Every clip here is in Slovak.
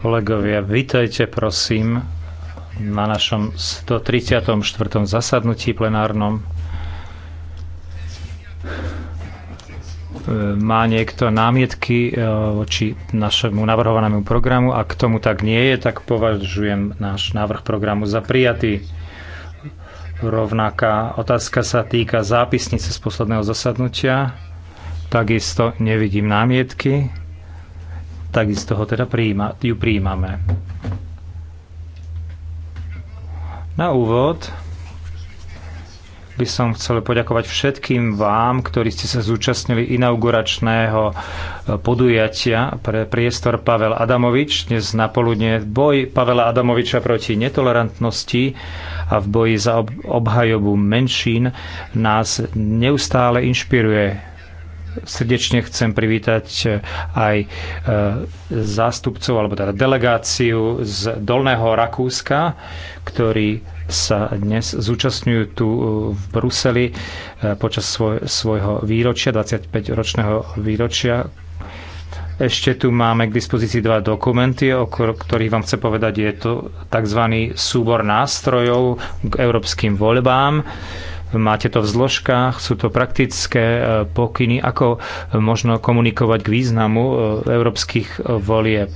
Kolegovia, vítajte prosím na našom 134. zasadnutí plenárnom. Má niekto námietky eh, voči našemu navrhovanému programu? a k tomu tak nie je, tak považujem náš návrh programu za prijatý. Rovnaká otázka sa týka zápisnice z posledného zasadnutia. Takisto nevidím námietky takisto ho teda prijíma, ju príjmame. Na úvod by som chcel poďakovať všetkým vám, ktorí ste sa zúčastnili inauguračného e, podujatia pre priestor Pavel Adamovič dnes na poludne. Boj Pavela Adamoviča proti netolerantnosti a v boji za obhajobu menšín nás neustále inšpiruje srdečne chcem privítať eh, aj eh, zástupcov, alebo teda delegáciu z Dolného Rakúska, ktorí sa dnes zúčastňujú tu eh, v Bruseli počas svoj, svojho výročia, 25-ročného výročia. Ešte tu máme k dispozícii dva dokumenty, o ktorých vám chcem povedať. Je to tzv. súbor nástrojov k európskym voľbám Máte to v zložkách, sú to praktické e, pokyny, ako e, možno komunikovať k významu e, európskych volieb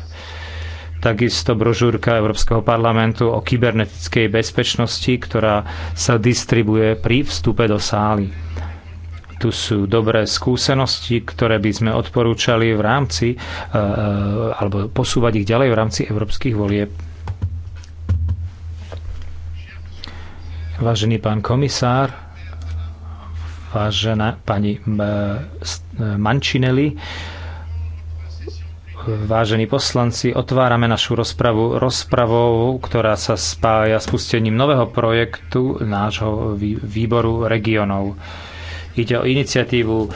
takisto brožúrka Európskeho parlamentu o kybernetickej bezpečnosti, ktorá sa distribuje pri vstupe do sály. Tu sú dobré skúsenosti, ktoré by sme odporúčali v rámci, alebo posúvať ich ďalej v rámci európskych volieb. Vážený pán komisár, vážená pani e, Mančineli. Vážení poslanci, otvárame našu rozpravu rozpravou, ktorá sa spája s pustením nového projektu nášho výboru regionov. Ide o iniciatívu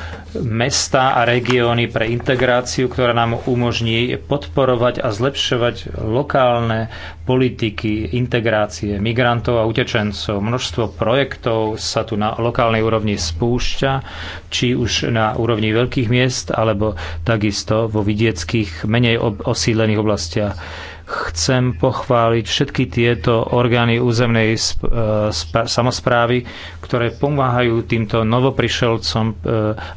mesta a regióny pre integráciu, ktorá nám umožní podporovať a zlepšovať lokálne politiky integrácie migrantov a utečencov. Množstvo projektov sa tu na lokálnej úrovni spúšťa, či už na úrovni veľkých miest, alebo takisto vo vidieckých, menej osídlených oblastiach Chcem pochváliť všetky tieto orgány územnej e, samozprávy, ktoré pomáhajú týmto novoprišelcom, e,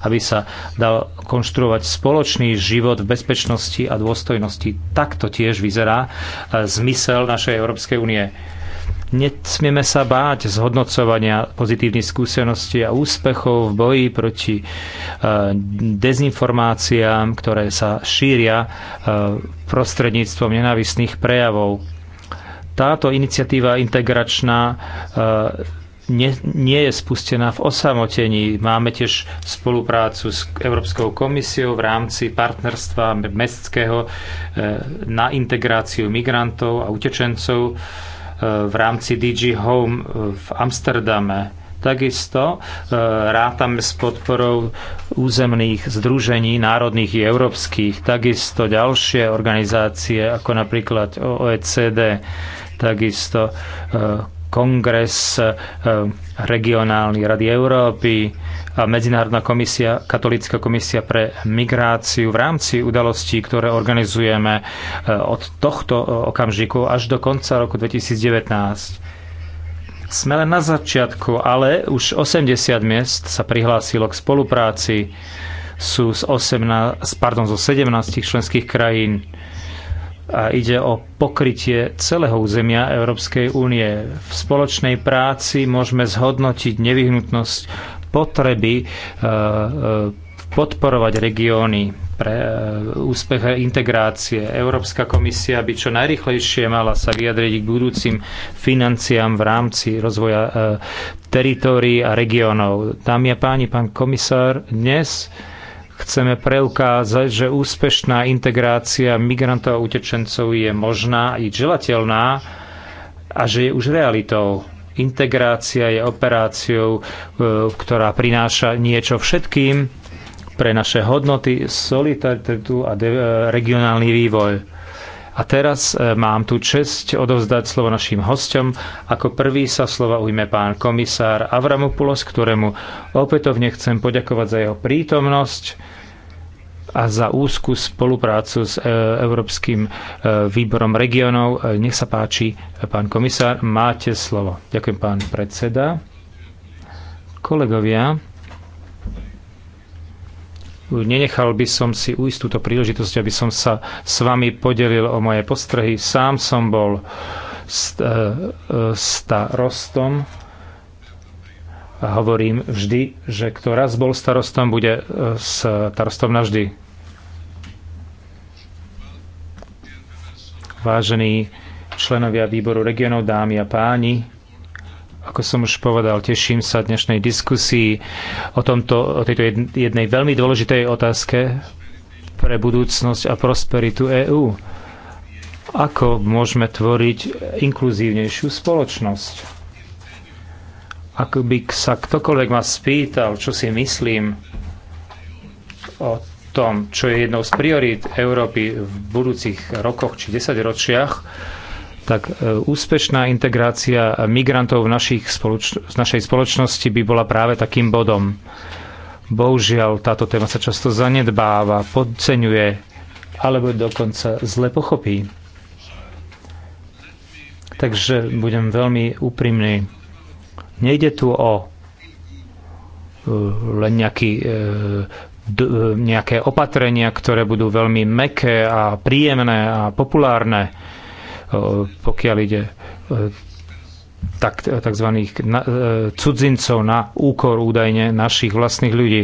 aby sa dal konštruovať spoločný život v bezpečnosti a dôstojnosti. Takto tiež vyzerá e, zmysel našej Európskej únie. Nesmieme sa báť zhodnocovania pozitívnych skúseností a úspechov v boji proti e, dezinformáciám, ktoré sa šíria e, prostredníctvom nenávistných prejavov. Táto iniciatíva integračná nie, nie je spustená v osamotení. Máme tiež spoluprácu s Európskou komisiou v rámci partnerstva mestského e, na integráciu migrantov a utečencov v rámci DG Home v Amsterdame. Takisto e, rátame s podporou územných združení národných i európskych, takisto ďalšie organizácie ako napríklad OECD, takisto e, kongres eh, regionálnej rady Európy a Medzinárodná komisia, katolícka komisia pre migráciu v rámci udalostí, ktoré organizujeme eh, od tohto eh, okamžiku až do konca roku 2019. Sme len na začiatku, ale už 80 miest sa prihlásilo k spolupráci sú z, 18, pardon, zo 17 členských krajín a ide o pokrytie celého územia Európskej únie. V spoločnej práci môžeme zhodnotiť nevyhnutnosť potreby e, e, podporovať regióny pre e, úspech integrácie. Európska komisia by čo najrychlejšie mala sa vyjadriť k budúcim financiám v rámci rozvoja teritórií a regiónov. Dámy a páni, pán komisár, dnes Chceme preukázať, že úspešná integrácia migrantov a utečencov je možná i želateľná a že je už realitou. Integrácia je operáciou, e, ktorá prináša niečo všetkým pre naše hodnoty, solidaritu a regionálny vývoj a teraz e, mám tu čest odovzdať slovo našim hostom. Ako prvý sa slova ujme pán komisár Avramopulos, ktorému opätovne chcem poďakovať za jeho prítomnosť a za úzkú spoluprácu s e, Európskym e, výborom regionov. Nech sa páči, pán komisár, máte slovo. Ďakujem, pán predseda. Kolegovia, Nenechal by som si ujsť túto príležitosť, aby som sa s vami podelil o moje postrehy. Sám som bol e, e, starostom a hovorím vždy, že kto raz bol starostom, bude e, starostom navždy. Vážení členovia výboru regionov, dámy a páni, ako som už povedal, teším sa dnešnej diskusii o, tomto, o tejto jednej veľmi dôležitej otázke pre budúcnosť a prosperitu EÚ. Ako môžeme tvoriť inkluzívnejšiu spoločnosť? Ak by sa ktokoľvek ma spýtal, čo si myslím o tom, čo je jednou z priorít Európy v budúcich rokoch či desaťročiach, ročiach, tak e, úspešná integrácia migrantov v, našich spoloč- v našej spoločnosti by bola práve takým bodom. Bohužiaľ, táto téma sa často zanedbáva, podceňuje alebo dokonca zle pochopí. Takže budem veľmi úprimný. Nejde tu o e, len nejaký, e, nejaké opatrenia, ktoré budú veľmi meké a príjemné a populárne pokiaľ ide tzv. E, cudzincov na úkor údajne našich vlastných ľudí.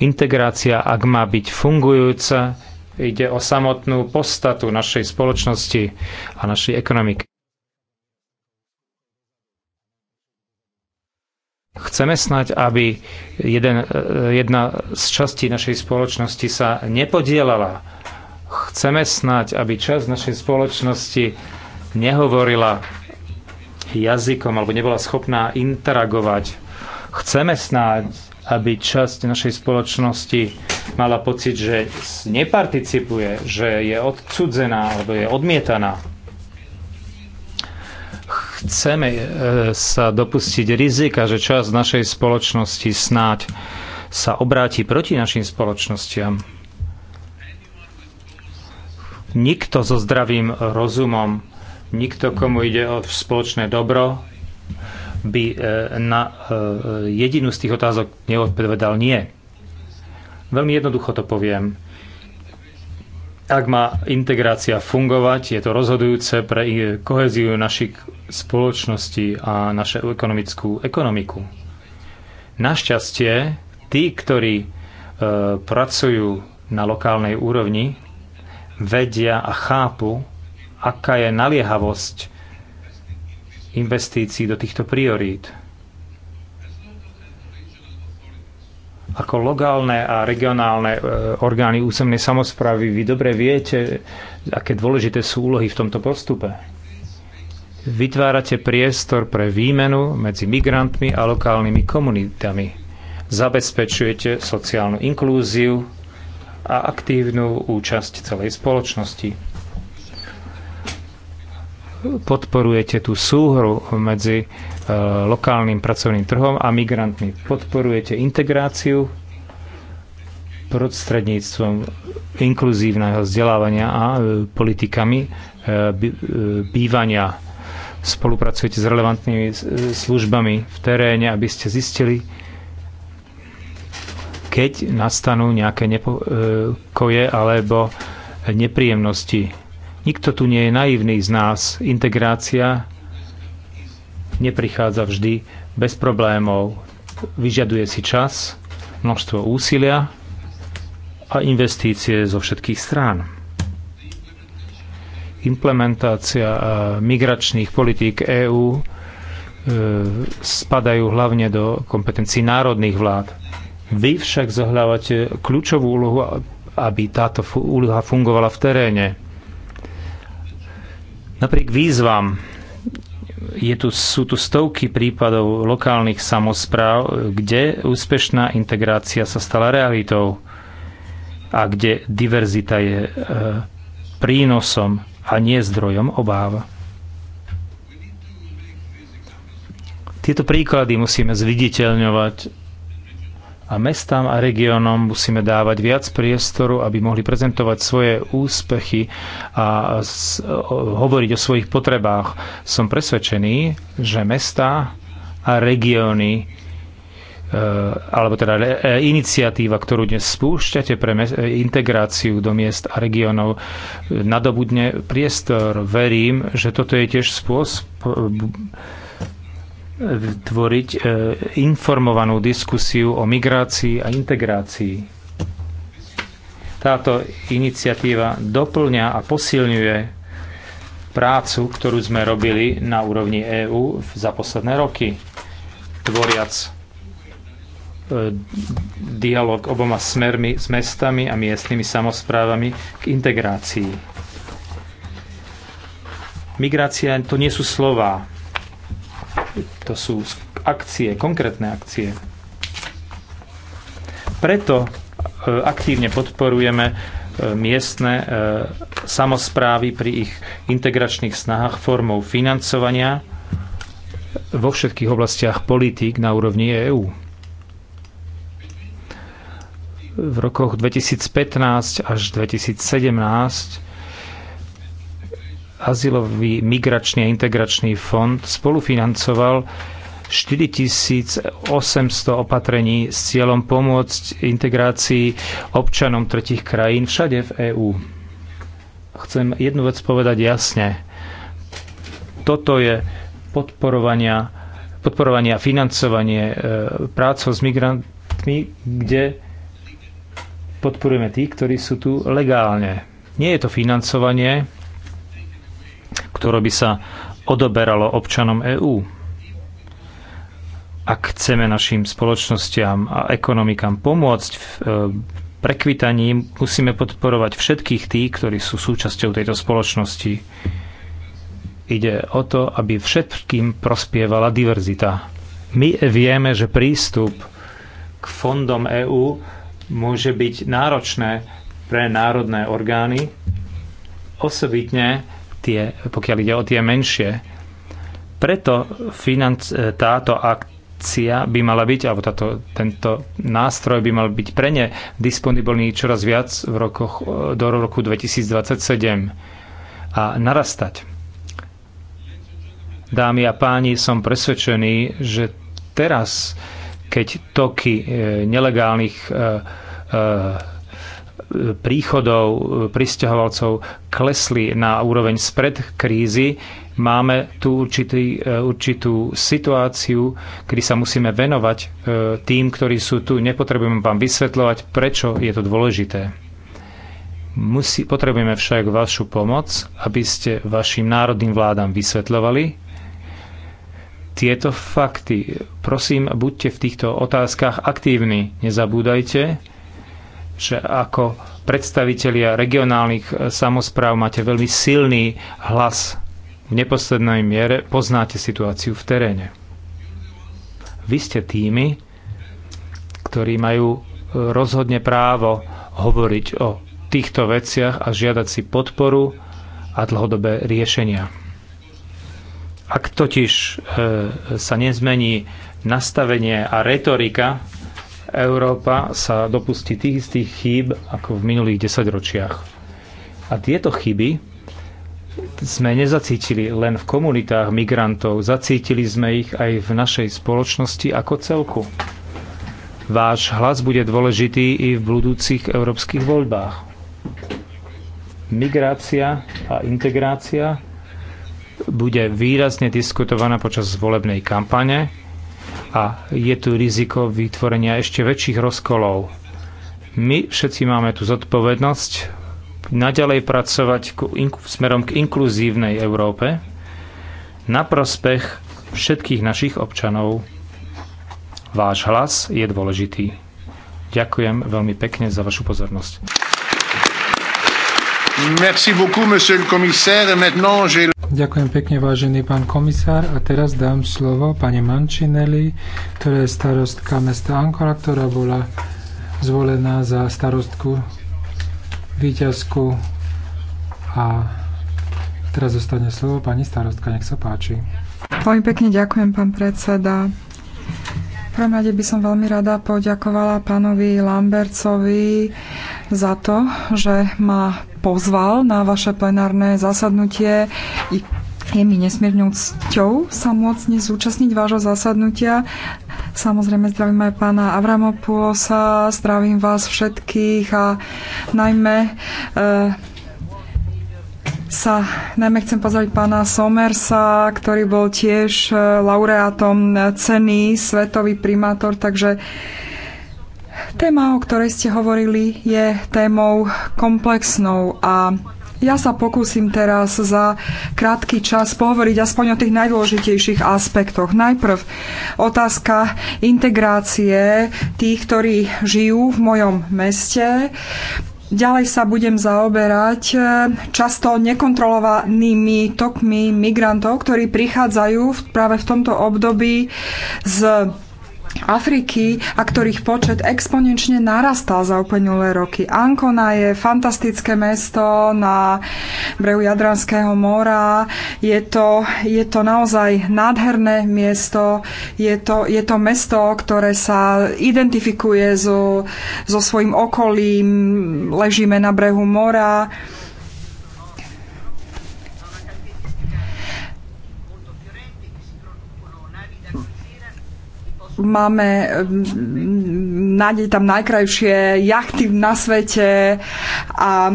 Integrácia, ak má byť fungujúca, ide o samotnú postatu našej spoločnosti a našej ekonomiky. Chceme snať, aby jeden, e, jedna z častí našej spoločnosti sa nepodielala Chceme snať, aby časť našej spoločnosti nehovorila jazykom alebo nebola schopná interagovať. Chceme snať, aby časť našej spoločnosti mala pocit, že neparticipuje, že je odcudzená alebo je odmietaná. Chceme e, sa dopustiť rizika, že časť našej spoločnosti snáď sa obráti proti našim spoločnostiam nikto so zdravým rozumom, nikto, komu ide o spoločné dobro, by e, na e, jedinú z tých otázok neodpovedal nie. Veľmi jednoducho to poviem. Ak má integrácia fungovať, je to rozhodujúce pre koheziu našich spoločností a našu ekonomickú ekonomiku. Našťastie, tí, ktorí e, pracujú na lokálnej úrovni, vedia a chápu, aká je naliehavosť investícií do týchto priorít. Ako lokálne a regionálne e, orgány územnej samozprávy, vy dobre viete, aké dôležité sú úlohy v tomto postupe vytvárate priestor pre výmenu medzi migrantmi a lokálnymi komunitami. Zabezpečujete sociálnu inklúziu, a aktívnu účasť celej spoločnosti. Podporujete tú súhru medzi e, lokálnym pracovným trhom a migrantmi. Podporujete integráciu prostredníctvom inkluzívneho vzdelávania a e, politikami e, bývania. Spolupracujete s relevantnými službami v teréne, aby ste zistili, keď nastanú nejaké nepokoje alebo nepríjemnosti. Nikto tu nie je naivný z nás. Integrácia neprichádza vždy bez problémov. Vyžaduje si čas, množstvo úsilia a investície zo všetkých strán. Implementácia e, migračných politík EÚ e, spadajú hlavne do kompetencií národných vlád. Vy však zohľávate kľúčovú úlohu, aby táto úloha fungovala v teréne. Napriek výzvam je tu, sú tu stovky prípadov lokálnych samozpráv, kde úspešná integrácia sa stala realitou a kde diverzita je e, prínosom a nie zdrojom obáv. Tieto príklady musíme zviditeľňovať a mestám a regiónom musíme dávať viac priestoru, aby mohli prezentovať svoje úspechy a hovoriť o svojich potrebách. Som presvedčený, že mestá a regióny e, alebo teda e, iniciatíva, ktorú dnes spúšťate pre e, integráciu do miest a regiónov, nadobudne priestor. Verím, že toto je tiež spôsob tvoriť e, informovanú diskusiu o migrácii a integrácii. Táto iniciatíva doplňa a posilňuje prácu, ktorú sme robili na úrovni EÚ za posledné roky, tvoriac e, dialog oboma smermi s mestami a miestnymi samozprávami k integrácii. Migrácia to nie sú slova, to sú akcie, konkrétne akcie. Preto e, aktívne podporujeme e, miestne e, samozprávy pri ich integračných snahách formou financovania vo všetkých oblastiach politík na úrovni EÚ. V rokoch 2015 až 2017 azylový migračný a integračný fond spolufinancoval 4800 opatrení s cieľom pomôcť integrácii občanom tretich krajín všade v EÚ. Chcem jednu vec povedať jasne. Toto je podporovania, podporovania financovanie e, s migrantmi, kde podporujeme tých, ktorí sú tu legálne. Nie je to financovanie, ktoré by sa odoberalo občanom EÚ. Ak chceme našim spoločnostiam a ekonomikám pomôcť v e, prekvitaní, musíme podporovať všetkých tých, ktorí sú súčasťou tejto spoločnosti. Ide o to, aby všetkým prospievala diverzita. My vieme, že prístup k fondom EÚ môže byť náročné pre národné orgány, osobitne tie, pokiaľ ide o tie menšie. Preto financ, e, táto akcia by mala byť, alebo táto, tento nástroj by mal byť pre ne disponibilný čoraz viac v rokoch, e, do roku 2027 a narastať. Dámy a páni, som presvedčený, že teraz, keď toky e, nelegálnych príchodov e, pristahovalcov klesli na úroveň spred krízy. Máme tu určitý, e, určitú situáciu, kedy sa musíme venovať e, tým, ktorí sú tu. Nepotrebujeme vám vysvetľovať, prečo je to dôležité. Musí, potrebujeme však vašu pomoc, aby ste vašim národným vládam vysvetľovali, tieto fakty. Prosím, buďte v týchto otázkach aktívni. Nezabúdajte, že ako predstavitelia regionálnych e, samozpráv máte veľmi silný hlas v neposlednej miere, poznáte situáciu v teréne. Vy ste tými, ktorí majú e, rozhodne právo hovoriť o týchto veciach a žiadať si podporu a dlhodobé riešenia. Ak totiž e, sa nezmení nastavenie a retorika Európa sa dopustí tých istých chýb ako v minulých desaťročiach. A tieto chyby sme nezacítili len v komunitách migrantov, zacítili sme ich aj v našej spoločnosti ako celku. Váš hlas bude dôležitý i v budúcich európskych voľbách. Migrácia a integrácia bude výrazne diskutovaná počas volebnej kampane a je tu riziko vytvorenia ešte väčších rozkolov. My všetci máme tu zodpovednosť naďalej pracovať k, smerom k inkluzívnej Európe na prospech všetkých našich občanov. Váš hlas je dôležitý. Ďakujem veľmi pekne za vašu pozornosť. Merci beaucoup, monsieur le commissaire. Maintenant, j'ai Ďakujem pekne, vážený pán komisár. A teraz dám slovo pani Mančinelli, ktorá je starostka mesta Ankora, ktorá bola zvolená za starostku, výťazku a teraz zostane slovo pani starostka, nech sa páči. Veľmi pekne ďakujem, pán predseda. V prvom rade by som veľmi rada poďakovala pánovi Lambercovi za to, že ma pozval na vaše plenárne zasadnutie. Je mi nesmiernou cťou sa môcť dnes zúčastniť vášho zasadnutia. Samozrejme zdravím aj pána Avramopulosa, zdravím vás všetkých a najmä e, sa najmä chcem pozrieť pána Somersa, ktorý bol tiež e, laureátom ceny Svetový primátor, takže Téma, o ktorej ste hovorili, je témou komplexnou a ja sa pokúsim teraz za krátky čas pohovoriť aspoň o tých najdôležitejších aspektoch. Najprv otázka integrácie tých, ktorí žijú v mojom meste. Ďalej sa budem zaoberať e, často nekontrolovanými tokmi migrantov, ktorí prichádzajú práve v tomto období z Afriky a ktorých počet exponenčne narastal za uplynulé roky. Ankona je fantastické mesto na brehu Jadranského mora. Je to, je to naozaj nádherné miesto. Je to, je to mesto, ktoré sa identifikuje so, so svojim okolím. Ležíme na brehu mora máme mm, nádej tam najkrajšie jachty na svete a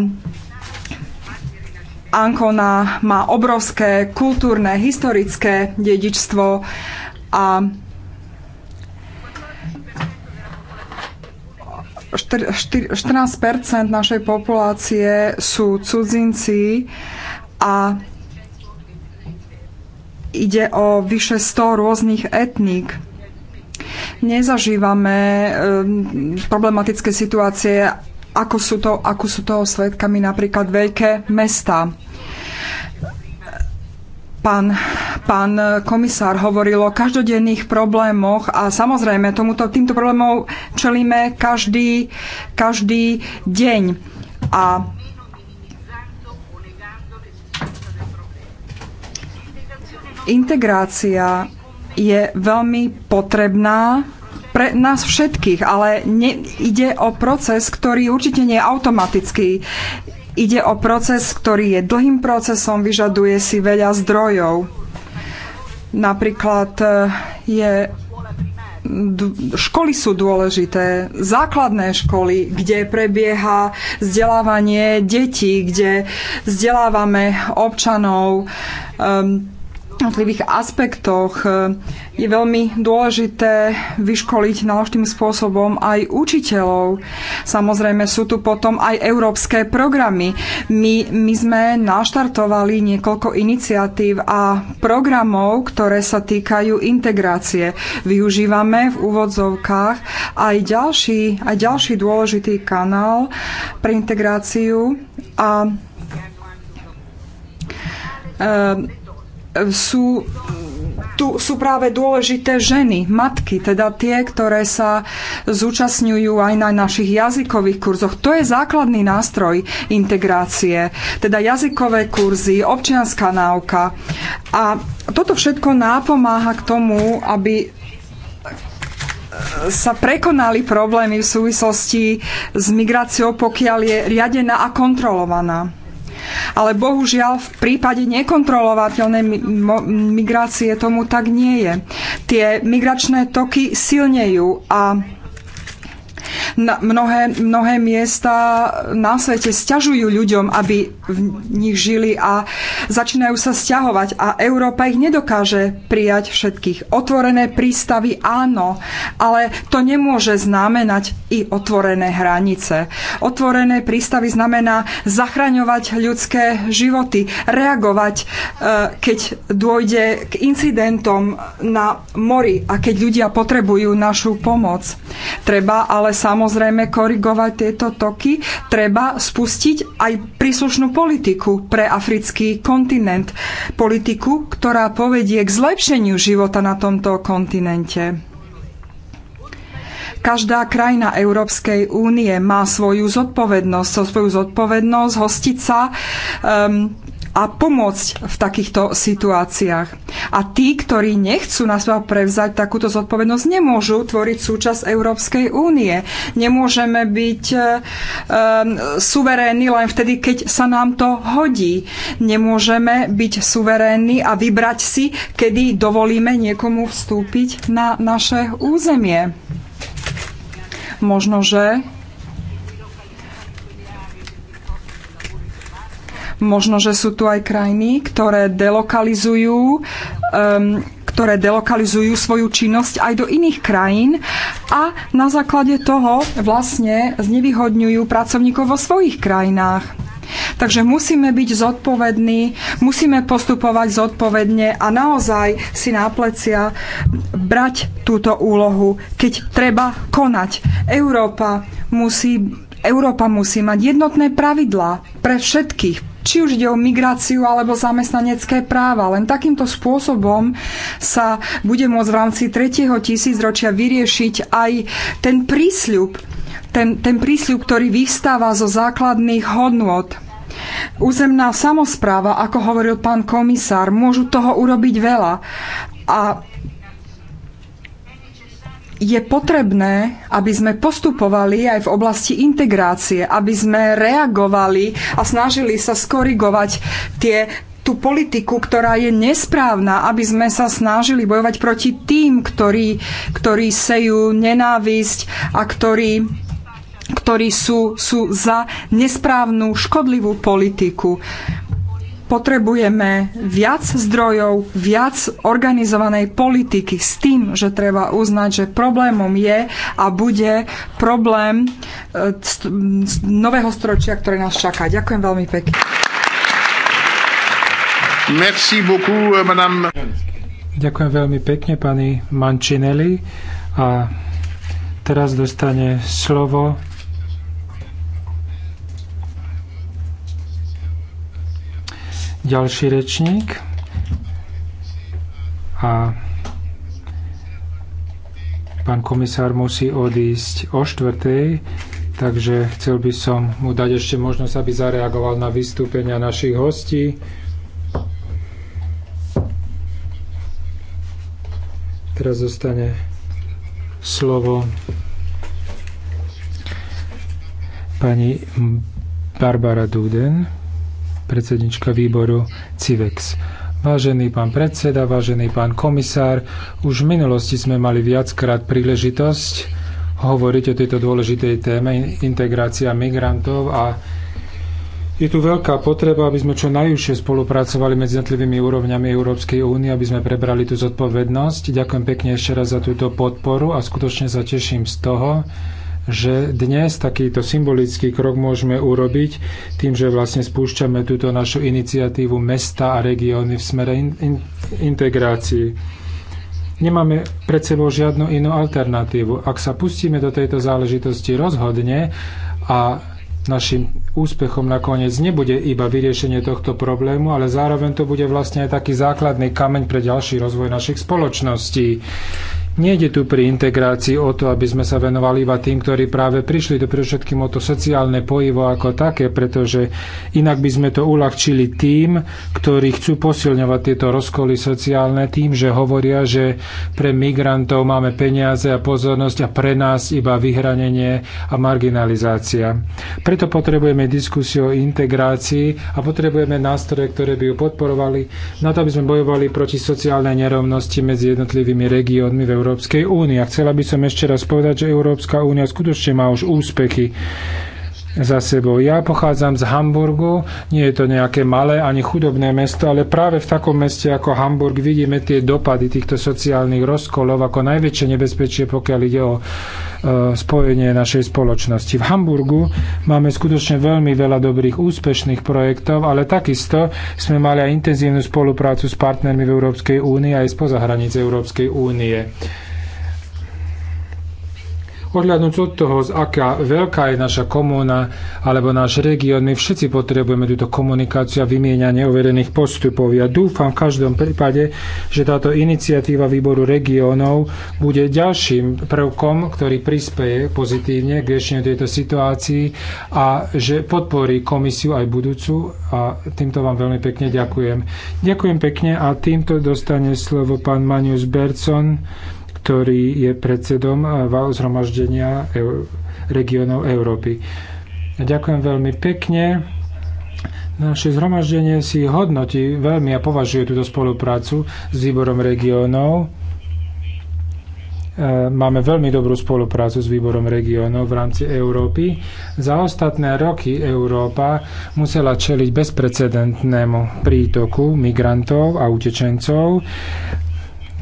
Ankona má obrovské kultúrne, historické dedičstvo a 14 našej populácie sú cudzinci a ide o vyše 100 rôznych etník nezažívame ehm, problematické situácie, ako sú, to, ako sú toho svetkami napríklad veľké mesta. Pán, pán komisár hovoril o každodenných problémoch a samozrejme tomuto, týmto problémom čelíme každý, každý deň. A integrácia je veľmi potrebná pre nás všetkých, ale ne, ide o proces, ktorý určite nie je automatický. Ide o proces, ktorý je dlhým procesom, vyžaduje si veľa zdrojov. Napríklad e, je školy sú dôležité, základné školy, kde prebieha vzdelávanie detí, kde vzdelávame občanov. Um, jednotlivých aspektoch je veľmi dôležité vyškoliť náležitým spôsobom aj učiteľov. Samozrejme sú tu potom aj európske programy. My, my sme naštartovali niekoľko iniciatív a programov, ktoré sa týkajú integrácie. Využívame v úvodzovkách aj ďalší, aj ďalší dôležitý kanál pre integráciu a e, sú tu sú práve dôležité ženy, matky, teda tie, ktoré sa zúčastňujú aj na našich jazykových kurzoch. To je základný nástroj integrácie, teda jazykové kurzy, občianská náuka. A toto všetko nápomáha k tomu, aby sa prekonali problémy v súvislosti s migráciou, pokiaľ je riadená a kontrolovaná ale bohužiaľ v prípade nekontrolovateľnej migrácie tomu tak nie je. Tie migračné toky silnejú a na mnohé, mnohé miesta na svete sťažujú ľuďom, aby v nich žili a začínajú sa sťahovať a Európa ich nedokáže prijať všetkých. Otvorené prístavy áno, ale to nemôže znamenať i otvorené hranice. Otvorené prístavy znamená zachraňovať ľudské životy, reagovať, e, keď dôjde k incidentom na mori a keď ľudia potrebujú našu pomoc. Treba ale samozrejme samozrejme korigovať tieto toky, treba spustiť aj príslušnú politiku pre africký kontinent. Politiku, ktorá povedie k zlepšeniu života na tomto kontinente. Každá krajina Európskej únie má svoju zodpovednosť, svoju zodpovednosť hostiť sa um, a pomôcť v takýchto situáciách. A tí, ktorí nechcú na seba prevzať takúto zodpovednosť, nemôžu tvoriť súčasť Európskej únie. Nemôžeme byť e, suverénni len vtedy, keď sa nám to hodí. Nemôžeme byť suverénni a vybrať si, kedy dovolíme niekomu vstúpiť na naše územie. Možno, že Možno, že sú tu aj krajiny, ktoré delokalizujú, um, ktoré delokalizujú svoju činnosť aj do iných krajín a na základe toho vlastne znevýhodňujú pracovníkov vo svojich krajinách. Takže musíme byť zodpovední, musíme postupovať zodpovedne a naozaj si na plecia brať túto úlohu, keď treba konať. Európa musí, Európa musí mať jednotné pravidlá pre všetkých, či už ide o migráciu alebo zamestnanecké práva. Len takýmto spôsobom sa bude môcť v rámci tretieho tisícročia vyriešiť aj ten prísľub, ten, ten prísľub, ktorý vystáva zo základných hodnôt. Územná samozpráva, ako hovoril pán komisár, môžu toho urobiť veľa. A je potrebné, aby sme postupovali aj v oblasti integrácie, aby sme reagovali a snažili sa skorigovať tie tú politiku, ktorá je nesprávna, aby sme sa snažili bojovať proti tým, ktorí, ktorí sejú nenávisť a ktorí, ktorí sú, sú za nesprávnu, škodlivú politiku potrebujeme viac zdrojov, viac organizovanej politiky s tým, že treba uznať, že problémom je a bude problém e, nového storočia, ktoré nás čaká. Ďakujem veľmi pekne. Merci beaucoup, euh, madame. Ďakujem veľmi pekne pani Mancinelli a teraz dostane slovo ďalší rečník. A pán komisár musí odísť o štvrtej, takže chcel by som mu dať ešte možnosť, aby zareagoval na vystúpenia našich hostí. Teraz zostane slovo pani Barbara Duden predsednička výboru CIVEX. Vážený pán predseda, vážený pán komisár, už v minulosti sme mali viackrát príležitosť hovoriť o tejto dôležitej téme integrácia migrantov a je tu veľká potreba, aby sme čo najúžšie spolupracovali medzi jednotlivými úrovňami Európskej únie, aby sme prebrali tú zodpovednosť. Ďakujem pekne ešte raz za túto podporu a skutočne sa teším z toho, že dnes takýto symbolický krok môžeme urobiť tým, že vlastne spúšťame túto našu iniciatívu mesta a regióny v smere in, in, integrácii. Nemáme pred sebou žiadnu inú alternatívu. Ak sa pustíme do tejto záležitosti rozhodne a našim úspechom nakoniec nebude iba vyriešenie tohto problému, ale zároveň to bude vlastne aj taký základný kameň pre ďalší rozvoj našich spoločností. Nejde tu pri integrácii o to, aby sme sa venovali iba tým, ktorí práve prišli, to predovšetkým o to sociálne pojivo ako také, pretože inak by sme to uľahčili tým, ktorí chcú posilňovať tieto rozkoly sociálne tým, že hovoria, že pre migrantov máme peniaze a pozornosť a pre nás iba vyhranenie a marginalizácia. Preto potrebujeme diskusiu o integrácii a potrebujeme nástroje, ktoré by ju podporovali na to, aby sme bojovali proti sociálnej nerovnosti medzi jednotlivými regiónmi v Európe Európskej únie. A chcela by som ešte raz povedať, že Európska únia skutočne má už úspechy za sebou. Ja pochádzam z Hamburgu, nie je to nejaké malé ani chudobné mesto, ale práve v takom meste ako Hamburg vidíme tie dopady týchto sociálnych rozkolov ako najväčšie nebezpečie, pokiaľ ide o e, spojenie našej spoločnosti. V Hamburgu máme skutočne veľmi veľa dobrých úspešných projektov, ale takisto sme mali aj intenzívnu spoluprácu s partnermi v Európskej únii aj spoza hranice Európskej únie. Odhľadnúť od toho, z aká veľká je naša komúna alebo náš región, my všetci potrebujeme túto komunikáciu a vymieňanie overených postupov. Ja dúfam v každom prípade, že táto iniciatíva výboru regiónov bude ďalším prvkom, ktorý prispieje pozitívne k riešeniu tejto situácii a že podporí komisiu aj budúcu a týmto vám veľmi pekne ďakujem. Ďakujem pekne a týmto dostane slovo pán Manius Bertson ktorý je predsedom eh, zhromaždenia regionov Európy. Ďakujem veľmi pekne. Naše zhromaždenie si hodnotí veľmi a považuje túto spoluprácu s výborom regiónov. Eh, máme veľmi dobrú spoluprácu s výborom regiónov v rámci Európy. Za ostatné roky Európa musela čeliť bezprecedentnému prítoku migrantov a utečencov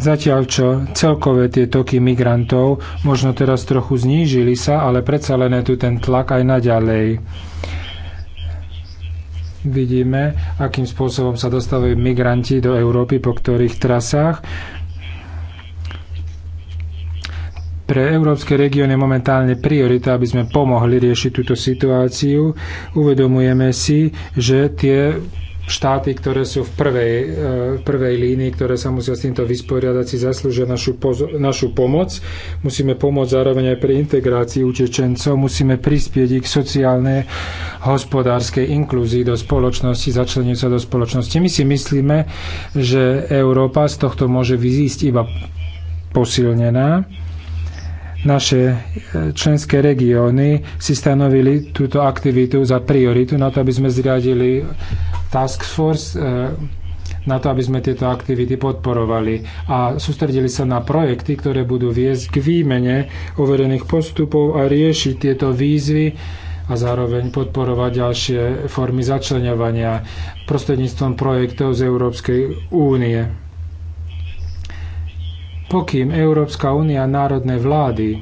Zatiaľ čo celkové tie toky migrantov možno teraz trochu znížili sa, ale predsa len je tu ten tlak aj naďalej vidíme, akým spôsobom sa dostávajú migranti do Európy, po ktorých trasách. Pre európske regióny je momentálne priorita, aby sme pomohli riešiť túto situáciu. Uvedomujeme si, že tie štáty, ktoré sú v prvej, e, v prvej línii, ktoré sa musia s týmto vysporiadať, si zaslúžia našu, našu pomoc. Musíme pomôcť zároveň aj pri integrácii utečencov, musíme prispieť ich sociálnej, hospodárskej inklúzii do spoločnosti, začleniť sa do spoločnosti. My si myslíme, že Európa z tohto môže vyzísť iba posilnená naše e, členské regióny si stanovili túto aktivitu za prioritu na to, aby sme zriadili task force e, na to, aby sme tieto aktivity podporovali a sústredili sa na projekty, ktoré budú viesť k výmene overených postupov a riešiť tieto výzvy, a zároveň podporovať ďalšie formy začlenovania prostredníctvom projektov z Európskej únie pokým Európska únia národné vlády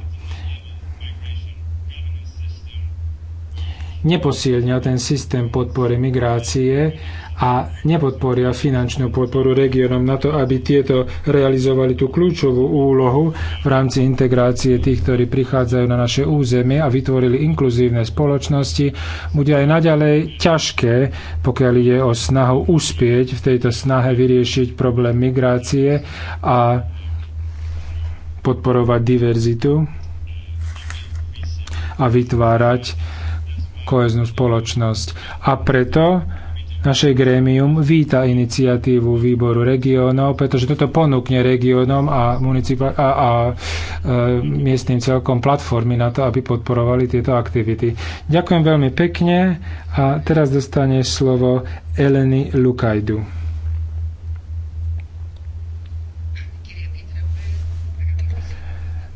neposilnia ten systém podpory migrácie a nepodporia finančnú podporu regiónom na to, aby tieto realizovali tú kľúčovú úlohu v rámci integrácie tých, ktorí prichádzajú na naše územie a vytvorili inkluzívne spoločnosti, bude aj naďalej ťažké, pokiaľ ide o snahu uspieť v tejto snahe vyriešiť problém migrácie a podporovať diverzitu a vytvárať koheznú spoločnosť. A preto naše grémium víta iniciatívu výboru regiónov, pretože toto ponúkne regiónom a, municipa- a, a e, miestnym celkom platformy na to, aby podporovali tieto aktivity. Ďakujem veľmi pekne a teraz dostane slovo Eleny Lukajdu.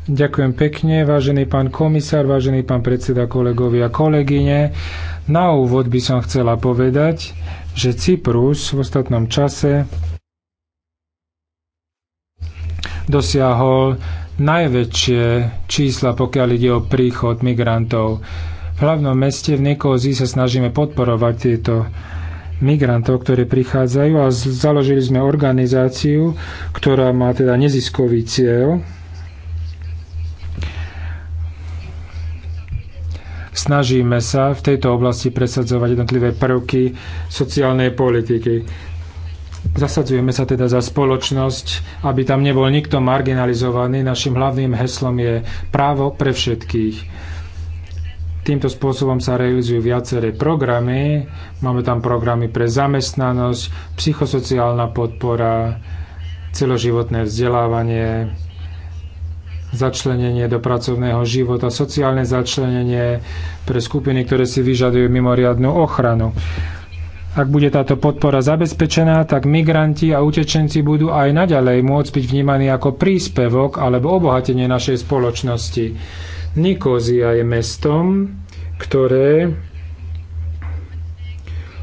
Ďakujem pekne, vážený pán komisár, vážený pán predseda, kolegovia, kolegyne. Na úvod by som chcela povedať, že Cyprus v ostatnom čase dosiahol najväčšie čísla, pokiaľ ide o príchod migrantov. V hlavnom meste v Nikozii sa snažíme podporovať tieto migrantov, ktorí prichádzajú a založili sme organizáciu, ktorá má teda neziskový cieľ snažíme sa v tejto oblasti presadzovať jednotlivé prvky sociálnej politiky. Zasadzujeme sa teda za spoločnosť, aby tam nebol nikto marginalizovaný. Našim hlavným heslom je právo pre všetkých. Týmto spôsobom sa realizujú viaceré programy. Máme tam programy pre zamestnanosť, psychosociálna podpora, celoživotné vzdelávanie, začlenenie do pracovného života, sociálne začlenenie pre skupiny, ktoré si vyžadujú mimoriadnú ochranu. Ak bude táto podpora zabezpečená, tak migranti a utečenci budú aj naďalej môcť byť vnímaní ako príspevok alebo obohatenie našej spoločnosti. Nikózia je mestom, ktoré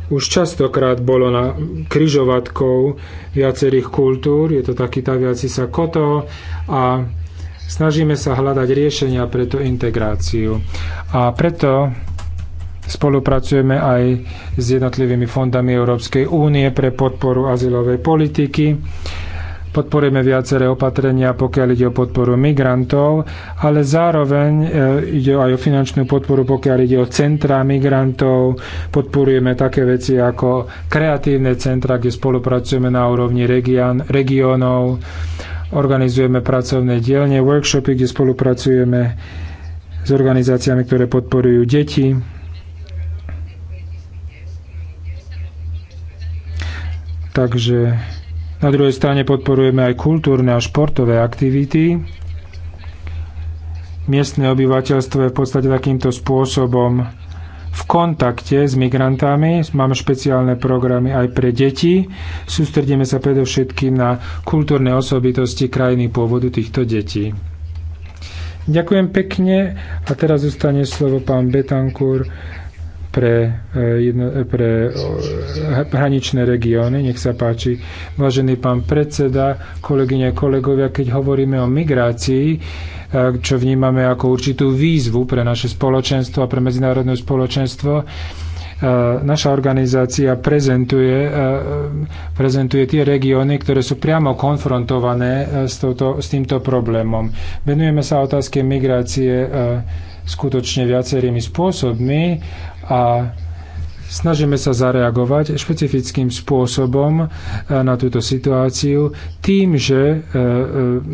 už častokrát bolo na križovatkou viacerých kultúr, je to taký taviaci sa koto a Snažíme sa hľadať riešenia pre tú integráciu. A preto spolupracujeme aj s jednotlivými fondami Európskej únie pre podporu azylovej politiky. Podporujeme viaceré opatrenia, pokiaľ ide o podporu migrantov, ale zároveň e, ide aj o finančnú podporu, pokiaľ ide o centra migrantov. Podporujeme také veci ako kreatívne centra, kde spolupracujeme na úrovni regiónov Organizujeme pracovné dielne, workshopy, kde spolupracujeme s organizáciami, ktoré podporujú deti. Takže na druhej strane podporujeme aj kultúrne a športové aktivity. Miestne obyvateľstvo je v podstate takýmto spôsobom v kontakte s migrantami. Máme špeciálne programy aj pre deti. Sústredíme sa predovšetkým na kultúrne osobitosti krajiny pôvodu týchto detí. Ďakujem pekne a teraz zostane slovo pán Betankur pre, eh, jedno, eh, pre eh, hraničné regióny. Nech sa páči. Vážený pán predseda, kolegyne, kolegovia, keď hovoríme o migrácii, čo vnímame ako určitú výzvu pre naše spoločenstvo a pre medzinárodné spoločenstvo, naša organizácia prezentuje, prezentuje tie regióny, ktoré sú priamo konfrontované s, touto, s týmto problémom. Venujeme sa otázke migrácie skutočne viacerými spôsobmi a snažíme sa zareagovať špecifickým spôsobom eh, na túto situáciu tým, že eh, eh,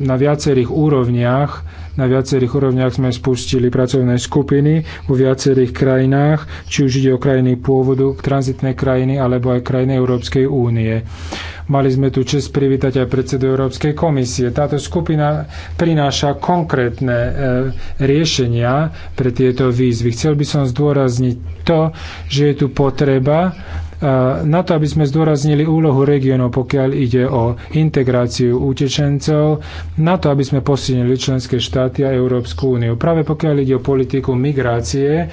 na viacerých úrovniach na viacerých úrovniach sme spustili pracovné skupiny vo viacerých krajinách, či už ide o krajiny pôvodu, tranzitné krajiny alebo aj krajiny Európskej únie. Mali sme tu čest privítať aj predsedu Európskej komisie. Táto skupina prináša konkrétne e, riešenia pre tieto výzvy. Chcel by som zdôrazniť to, že je tu potreba na to, aby sme zdôraznili úlohu regiónov, pokiaľ ide o integráciu utečencov, na to, aby sme posilnili členské štáty a Európsku úniu. Práve pokiaľ ide o politiku migrácie,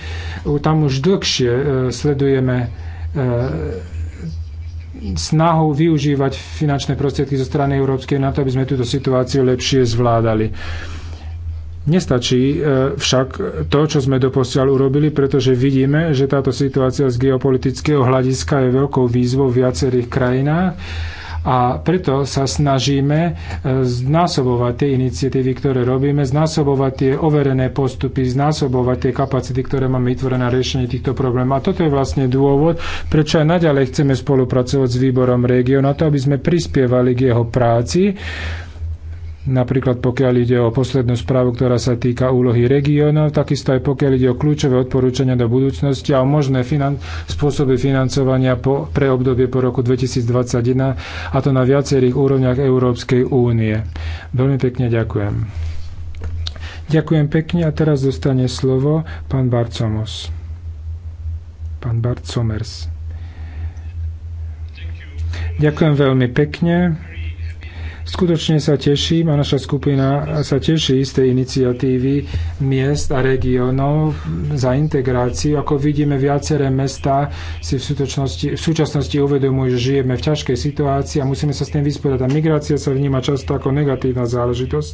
tam už dlhšie e, sledujeme e, snahu využívať finančné prostriedky zo strany Európskej na to, aby sme túto situáciu lepšie zvládali. Nestačí e, však to, čo sme doposiaľ urobili, pretože vidíme, že táto situácia z geopolitického hľadiska je veľkou výzvou v viacerých krajinách a preto sa snažíme e, znásobovať tie iniciatívy, ktoré robíme, znásobovať tie overené postupy, znásobovať tie kapacity, ktoré máme vytvorené na riešenie týchto problémov. A toto je vlastne dôvod, prečo aj naďalej chceme spolupracovať s výborom regiónu, na to, aby sme prispievali k jeho práci Napríklad pokiaľ ide o poslednú správu, ktorá sa týka úlohy regiónov, takisto aj pokiaľ ide o kľúčové odporúčania do budúcnosti a o možné finan- spôsoby financovania po, pre obdobie po roku 2021, a to na viacerých úrovniach Európskej únie. Veľmi pekne ďakujem. Ďakujem pekne a teraz dostane slovo pán Barcomos. Pán Barcomers. Ďakujem veľmi pekne. Skutočne sa teším a naša skupina sa teší z tej iniciatívy miest a regiónov za integráciu. Ako vidíme, viaceré mesta si v, v súčasnosti uvedomujú, že žijeme v ťažkej situácii a musíme sa s tým vysporiadať. A migrácia sa vníma často ako negatívna záležitosť,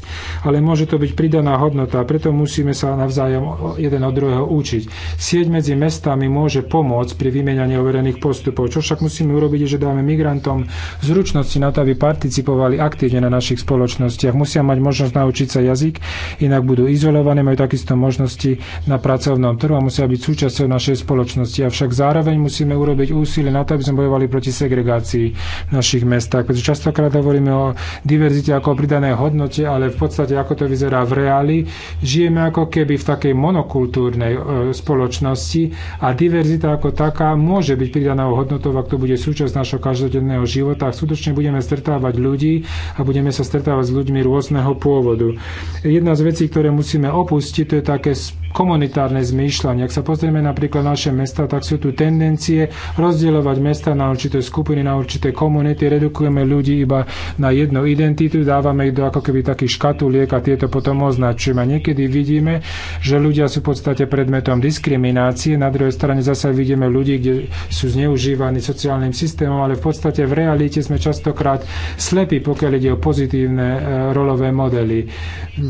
ale môže to byť pridaná hodnota, preto musíme sa navzájom jeden od druhého učiť. Sieť medzi mestami môže pomôcť pri vymieňaní overených postupov. Čo však musíme urobiť, je, že dáme migrantom zručnosti na to, aby participovali aktívne aktívne na našich spoločnostiach. Musia mať možnosť naučiť sa jazyk, inak budú izolované, majú takisto možnosti na pracovnom trhu a musia byť súčasťou našej spoločnosti. Avšak zároveň musíme urobiť úsilie na to, aby sme bojovali proti segregácii v našich mestách. Pretože častokrát hovoríme o diverzite ako o pridanej hodnote, ale v podstate ako to vyzerá v reáli, žijeme ako keby v takej monokultúrnej e, spoločnosti a diverzita ako taká môže byť pridanou hodnotou, ak to bude súčasť našho každodenného života. Ak skutočne budeme stretávať ľudí a budeme sa stretávať s ľuďmi rôzneho pôvodu. Jedna z vecí, ktoré musíme opustiť, to je také komunitárne zmýšľanie. Ak sa pozrieme napríklad naše mesta, tak sú tu tendencie rozdielovať mesta na určité skupiny, na určité komunity, redukujeme ľudí iba na jednu identitu, dávame ich do ako keby takých škatuliek a tieto potom označujeme. A niekedy vidíme, že ľudia sú v podstate predmetom diskriminácie, na druhej strane zase vidíme ľudí, kde sú zneužívaní sociálnym systémom, ale v podstate v realite sme častokrát slepí, pokiaľ ide o pozitívne e, rolové modely.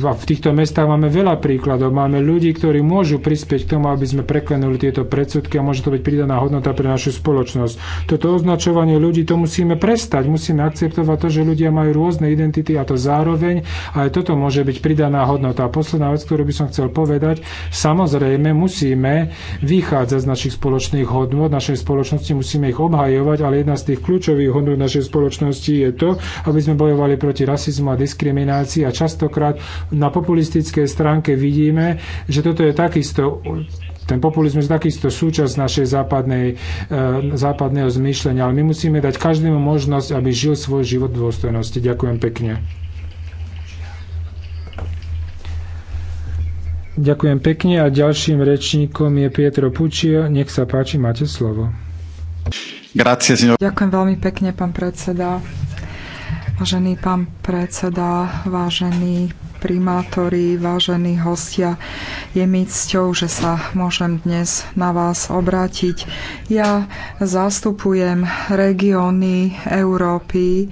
A v týchto mestách máme veľa príkladov. Máme ľudí, ktorí môžu prispieť k tomu, aby sme preklenuli tieto predsudky a môže to byť pridaná hodnota pre našu spoločnosť. Toto označovanie ľudí, to musíme prestať. Musíme akceptovať to, že ľudia majú rôzne identity a to zároveň. Aj toto môže byť pridaná hodnota. A posledná vec, ktorú by som chcel povedať, samozrejme musíme vychádzať z našich spoločných hodnot, našej spoločnosti musíme ich obhajovať, ale jedna z tých kľúčových hodnot našej spoločnosti je to, aby sme bojovali bojovali proti rasizmu a diskriminácii a častokrát na populistickej stránke vidíme, že toto je takisto ten populizmus je takisto súčasť našej západnej, e, západného zmýšľania, ale my musíme dať každému možnosť, aby žil svoj život v dôstojnosti. Ďakujem pekne. Ďakujem pekne a ďalším rečníkom je Pietro Pučio. Nech sa páči, máte slovo. Grazie, signor. Ďakujem veľmi pekne, pán predseda. Vážený pán predseda, vážení primátori, vážení hostia, je mi cťou, že sa môžem dnes na vás obrátiť. Ja zastupujem regióny Európy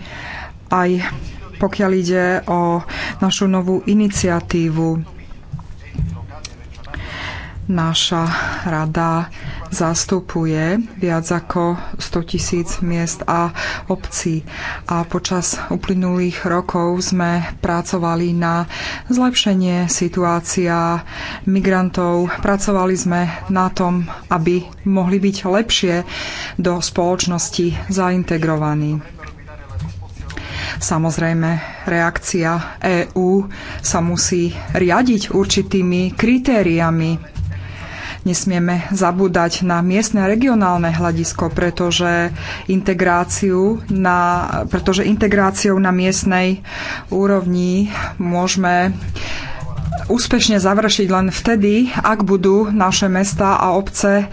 aj pokiaľ ide o našu novú iniciatívu Naša rada zastupuje viac ako 100 tisíc miest a obcí a počas uplynulých rokov sme pracovali na zlepšenie situácia migrantov. Pracovali sme na tom, aby mohli byť lepšie do spoločnosti zaintegrovaní. Samozrejme, reakcia EÚ sa musí riadiť určitými kritériami nesmieme zabúdať na miestne a regionálne hľadisko, pretože, integráciu na, pretože integráciou na miestnej úrovni môžeme úspešne završiť len vtedy, ak budú naše mesta a obce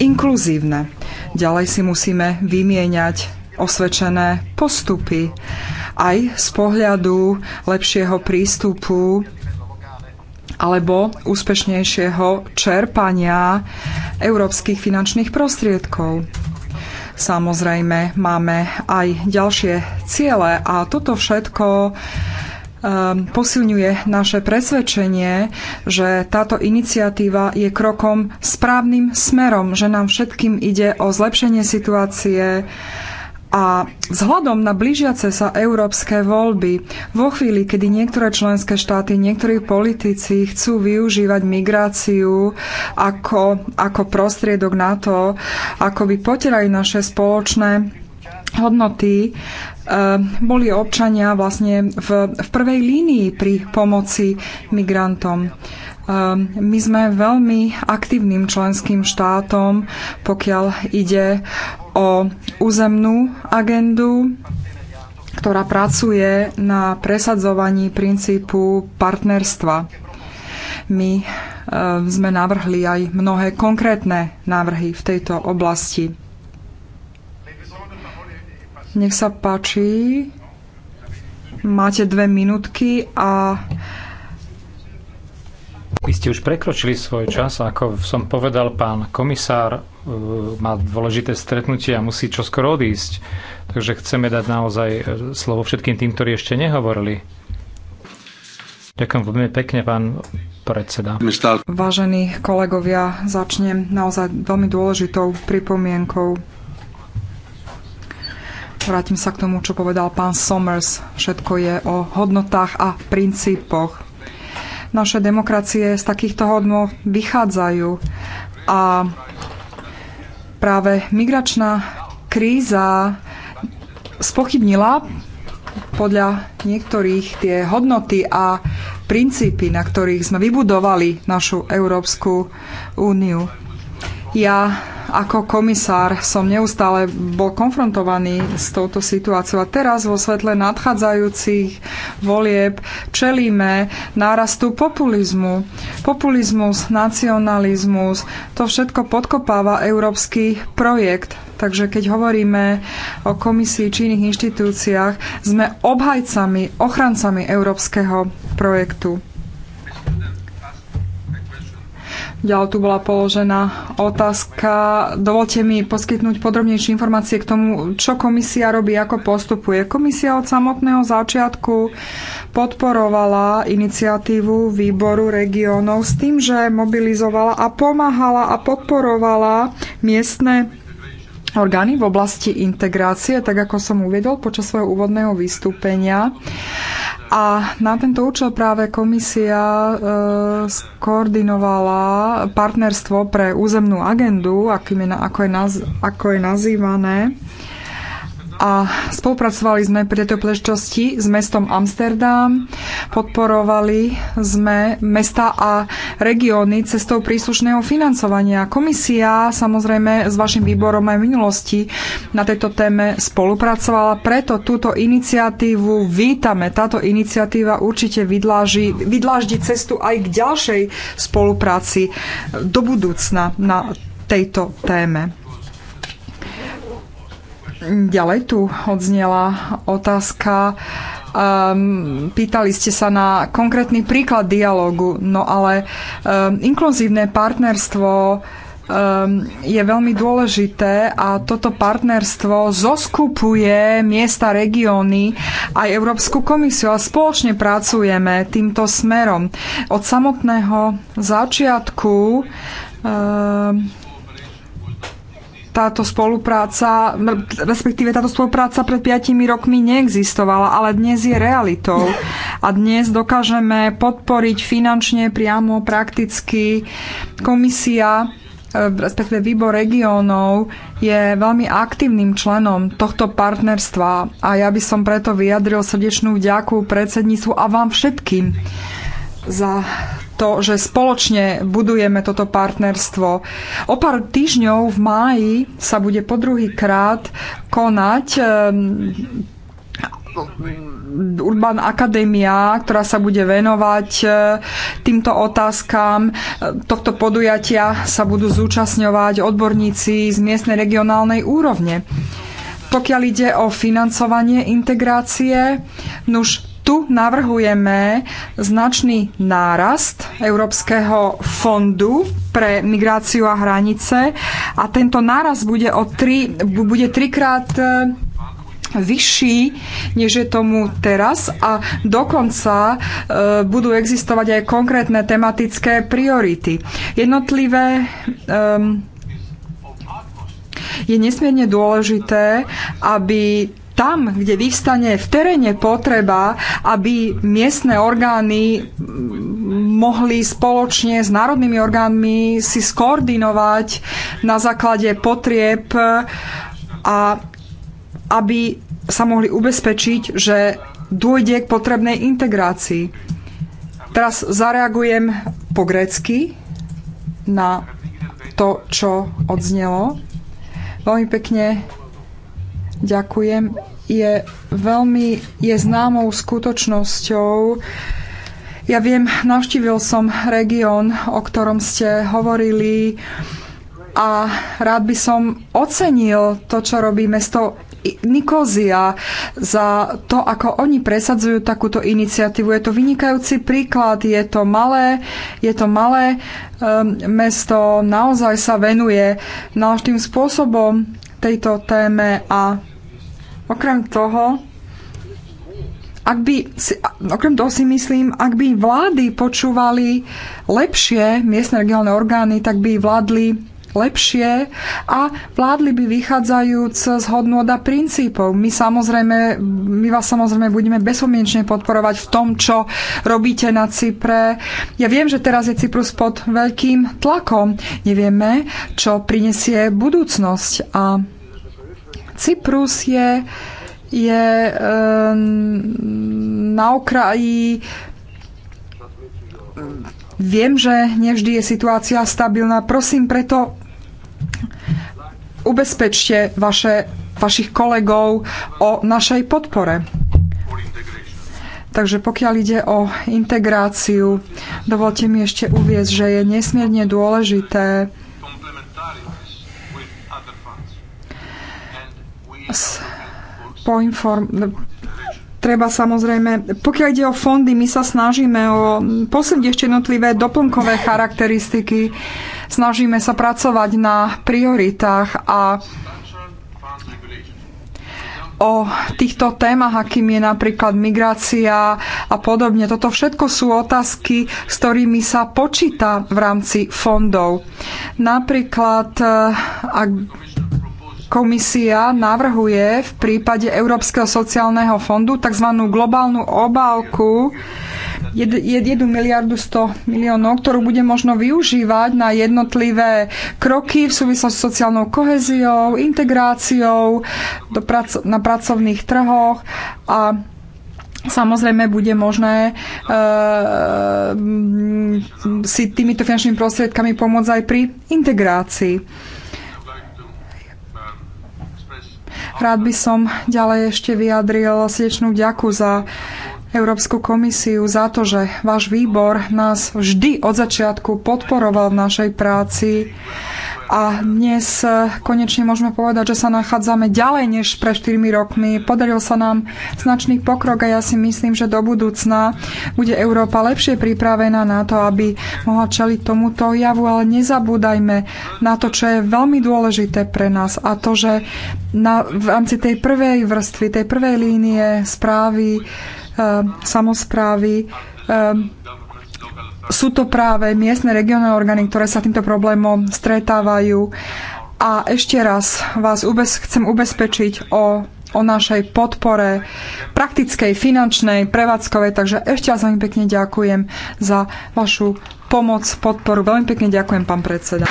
inkluzívne. Ďalej si musíme vymieňať osvedčené postupy aj z pohľadu lepšieho prístupu alebo úspešnejšieho čerpania európskych finančných prostriedkov. Samozrejme, máme aj ďalšie ciele a toto všetko ehm, posilňuje naše presvedčenie, že táto iniciatíva je krokom správnym smerom, že nám všetkým ide o zlepšenie situácie a vzhľadom na blížiace sa európske voľby, vo chvíli, kedy niektoré členské štáty, niektorí politici chcú využívať migráciu ako, ako prostriedok na to, ako by potierali naše spoločné hodnoty, e, boli občania vlastne v, v prvej línii pri pomoci migrantom. E, my sme veľmi aktívnym členským štátom, pokiaľ ide o územnú agendu, ktorá pracuje na presadzovaní princípu partnerstva. My e, sme navrhli aj mnohé konkrétne návrhy v tejto oblasti. Nech sa páči, máte dve minútky a vy ste už prekročili svoj čas, ako som povedal, pán komisár e, má dôležité stretnutie a musí čoskoro odísť. Takže chceme dať naozaj e, slovo všetkým tým, ktorí ešte nehovorili. Ďakujem veľmi pekne, pán predseda. Vážení kolegovia, začnem naozaj veľmi dôležitou pripomienkou. Vrátim sa k tomu, čo povedal pán Somers. Všetko je o hodnotách a princípoch naše demokracie z takýchto hodnot vychádzajú a práve migračná kríza spochybnila podľa niektorých tie hodnoty a princípy, na ktorých sme vybudovali našu Európsku úniu. Ja ako komisár som neustále bol konfrontovaný s touto situáciou a teraz vo svetle nadchádzajúcich volieb čelíme nárastu populizmu. Populizmus, nacionalizmus, to všetko podkopáva európsky projekt. Takže keď hovoríme o komisii či iných inštitúciách, sme obhajcami, ochrancami európskeho projektu. Ďalej tu bola položená otázka. Dovolte mi poskytnúť podrobnejšie informácie k tomu, čo komisia robí, ako postupuje. Komisia od samotného začiatku podporovala iniciatívu výboru regiónov s tým, že mobilizovala a pomáhala a podporovala miestne orgány v oblasti integrácie, tak ako som uvedol počas svojho úvodného vystúpenia. A na tento účel práve komisia e, skoordinovala partnerstvo pre územnú agendu, akým je, ako, je naz, ako je nazývané. E, a spolupracovali sme pri tejto plešťosti s mestom Amsterdam. Podporovali sme mesta a regióny cestou príslušného financovania. Komisia samozrejme s vašim výborom aj v minulosti na tejto téme spolupracovala, preto túto iniciatívu vítame. Táto iniciatíva určite vydláži, vydláždi cestu aj k ďalšej spolupráci do budúcna na tejto téme. Ďalej tu odznela otázka. Um, pýtali ste sa na konkrétny príklad dialogu, no ale um, inkluzívne partnerstvo um, je veľmi dôležité a toto partnerstvo zoskupuje miesta, regióny aj Európsku komisiu a spoločne pracujeme týmto smerom. Od samotného začiatku um, táto spolupráca, respektíve táto spolupráca pred 5 rokmi neexistovala, ale dnes je realitou. A dnes dokážeme podporiť finančne, priamo, prakticky. Komisia e, respektíve výbor regiónov je veľmi aktívnym členom tohto partnerstva a ja by som preto vyjadril srdečnú vďaku predsedníctvu a vám všetkým za to, že spoločne budujeme toto partnerstvo. O pár týždňov v máji sa bude po druhý krát konať ehm, Urban Akadémia, ktorá sa bude venovať e, týmto otázkam. E, tohto podujatia sa budú zúčastňovať odborníci z miestnej regionálnej úrovne. Pokiaľ ide o financovanie integrácie, nuž tu navrhujeme značný nárast Európskeho fondu pre migráciu a hranice a tento nárast bude, o tri, bude trikrát e, vyšší, než je tomu teraz a dokonca e, budú existovať aj konkrétne tematické priority. Jednotlivé e, je nesmierne dôležité, aby tam, kde vyvstane v teréne potreba, aby miestne orgány mohli spoločne s národnými orgánmi si skoordinovať na základe potrieb a aby sa mohli ubezpečiť, že dôjde k potrebnej integrácii. Teraz zareagujem po grécky na to, čo odznelo. Veľmi pekne Ďakujem. Je veľmi je známou skutočnosťou. Ja viem, navštívil som región, o ktorom ste hovorili a rád by som ocenil to, čo robí mesto Nikozia za to, ako oni presadzujú takúto iniciatívu. Je to vynikajúci príklad, je to malé, je to malé um, mesto, naozaj sa venuje náš tým spôsobom tejto téme a Okrem toho, ak by, okrem toho si myslím, ak by vlády počúvali lepšie miestne regionálne orgány, tak by vládli lepšie a vládli by vychádzajúc z hodnot a princípov. My, samozrejme, my vás samozrejme budeme bezpomienečne podporovať v tom, čo robíte na Cypre. Ja viem, že teraz je Cyprus pod veľkým tlakom. Nevieme, čo prinesie budúcnosť a Cyprus je, je e, na okraji. Viem, že nevždy je situácia stabilná. Prosím, preto ubezpečte vaše, vašich kolegov o našej podpore. Takže pokiaľ ide o integráciu, dovolte mi ešte uviezť, že je nesmierne dôležité, poinform... Treba samozrejme, pokiaľ ide o fondy, my sa snažíme o posledne ešte jednotlivé doplnkové charakteristiky, snažíme sa pracovať na prioritách a o týchto témach, akým je napríklad migrácia a podobne. Toto všetko sú otázky, s ktorými sa počíta v rámci fondov. Napríklad, eh, ak Komisia navrhuje v prípade Európskeho sociálneho fondu tzv. globálnu obálku 1 miliardu 100 miliónov, ktorú bude možno využívať na jednotlivé kroky v súvislosti s sociálnou koheziou, integráciou na pracovných trhoch a Samozrejme bude možné eh, si týmito finančnými prostriedkami pomôcť aj pri integrácii. Rád by som ďalej ešte vyjadril srdečnú ďaku za Európsku komisiu za to, že váš výbor nás vždy od začiatku podporoval v našej práci a dnes e, konečne môžeme povedať, že sa nachádzame ďalej než pre 4 rokmi. Podaril sa nám značný pokrok a ja si myslím, že do budúcna bude Európa lepšie pripravená na to, aby mohla čeliť tomuto javu, ale nezabúdajme na to, čo je veľmi dôležité pre nás a to, že na, v rámci tej prvej vrstvy, tej prvej línie správy Eh, samozprávy. Eh, sú to práve miestne regionálne orgány, ktoré sa týmto problémom stretávajú. A ešte raz vás ubez, chcem ubezpečiť o, o našej podpore praktickej, finančnej, prevádzkovej. Takže ešte raz veľmi pekne ďakujem za vašu pomoc, podporu. Veľmi pekne ďakujem, pán predseda.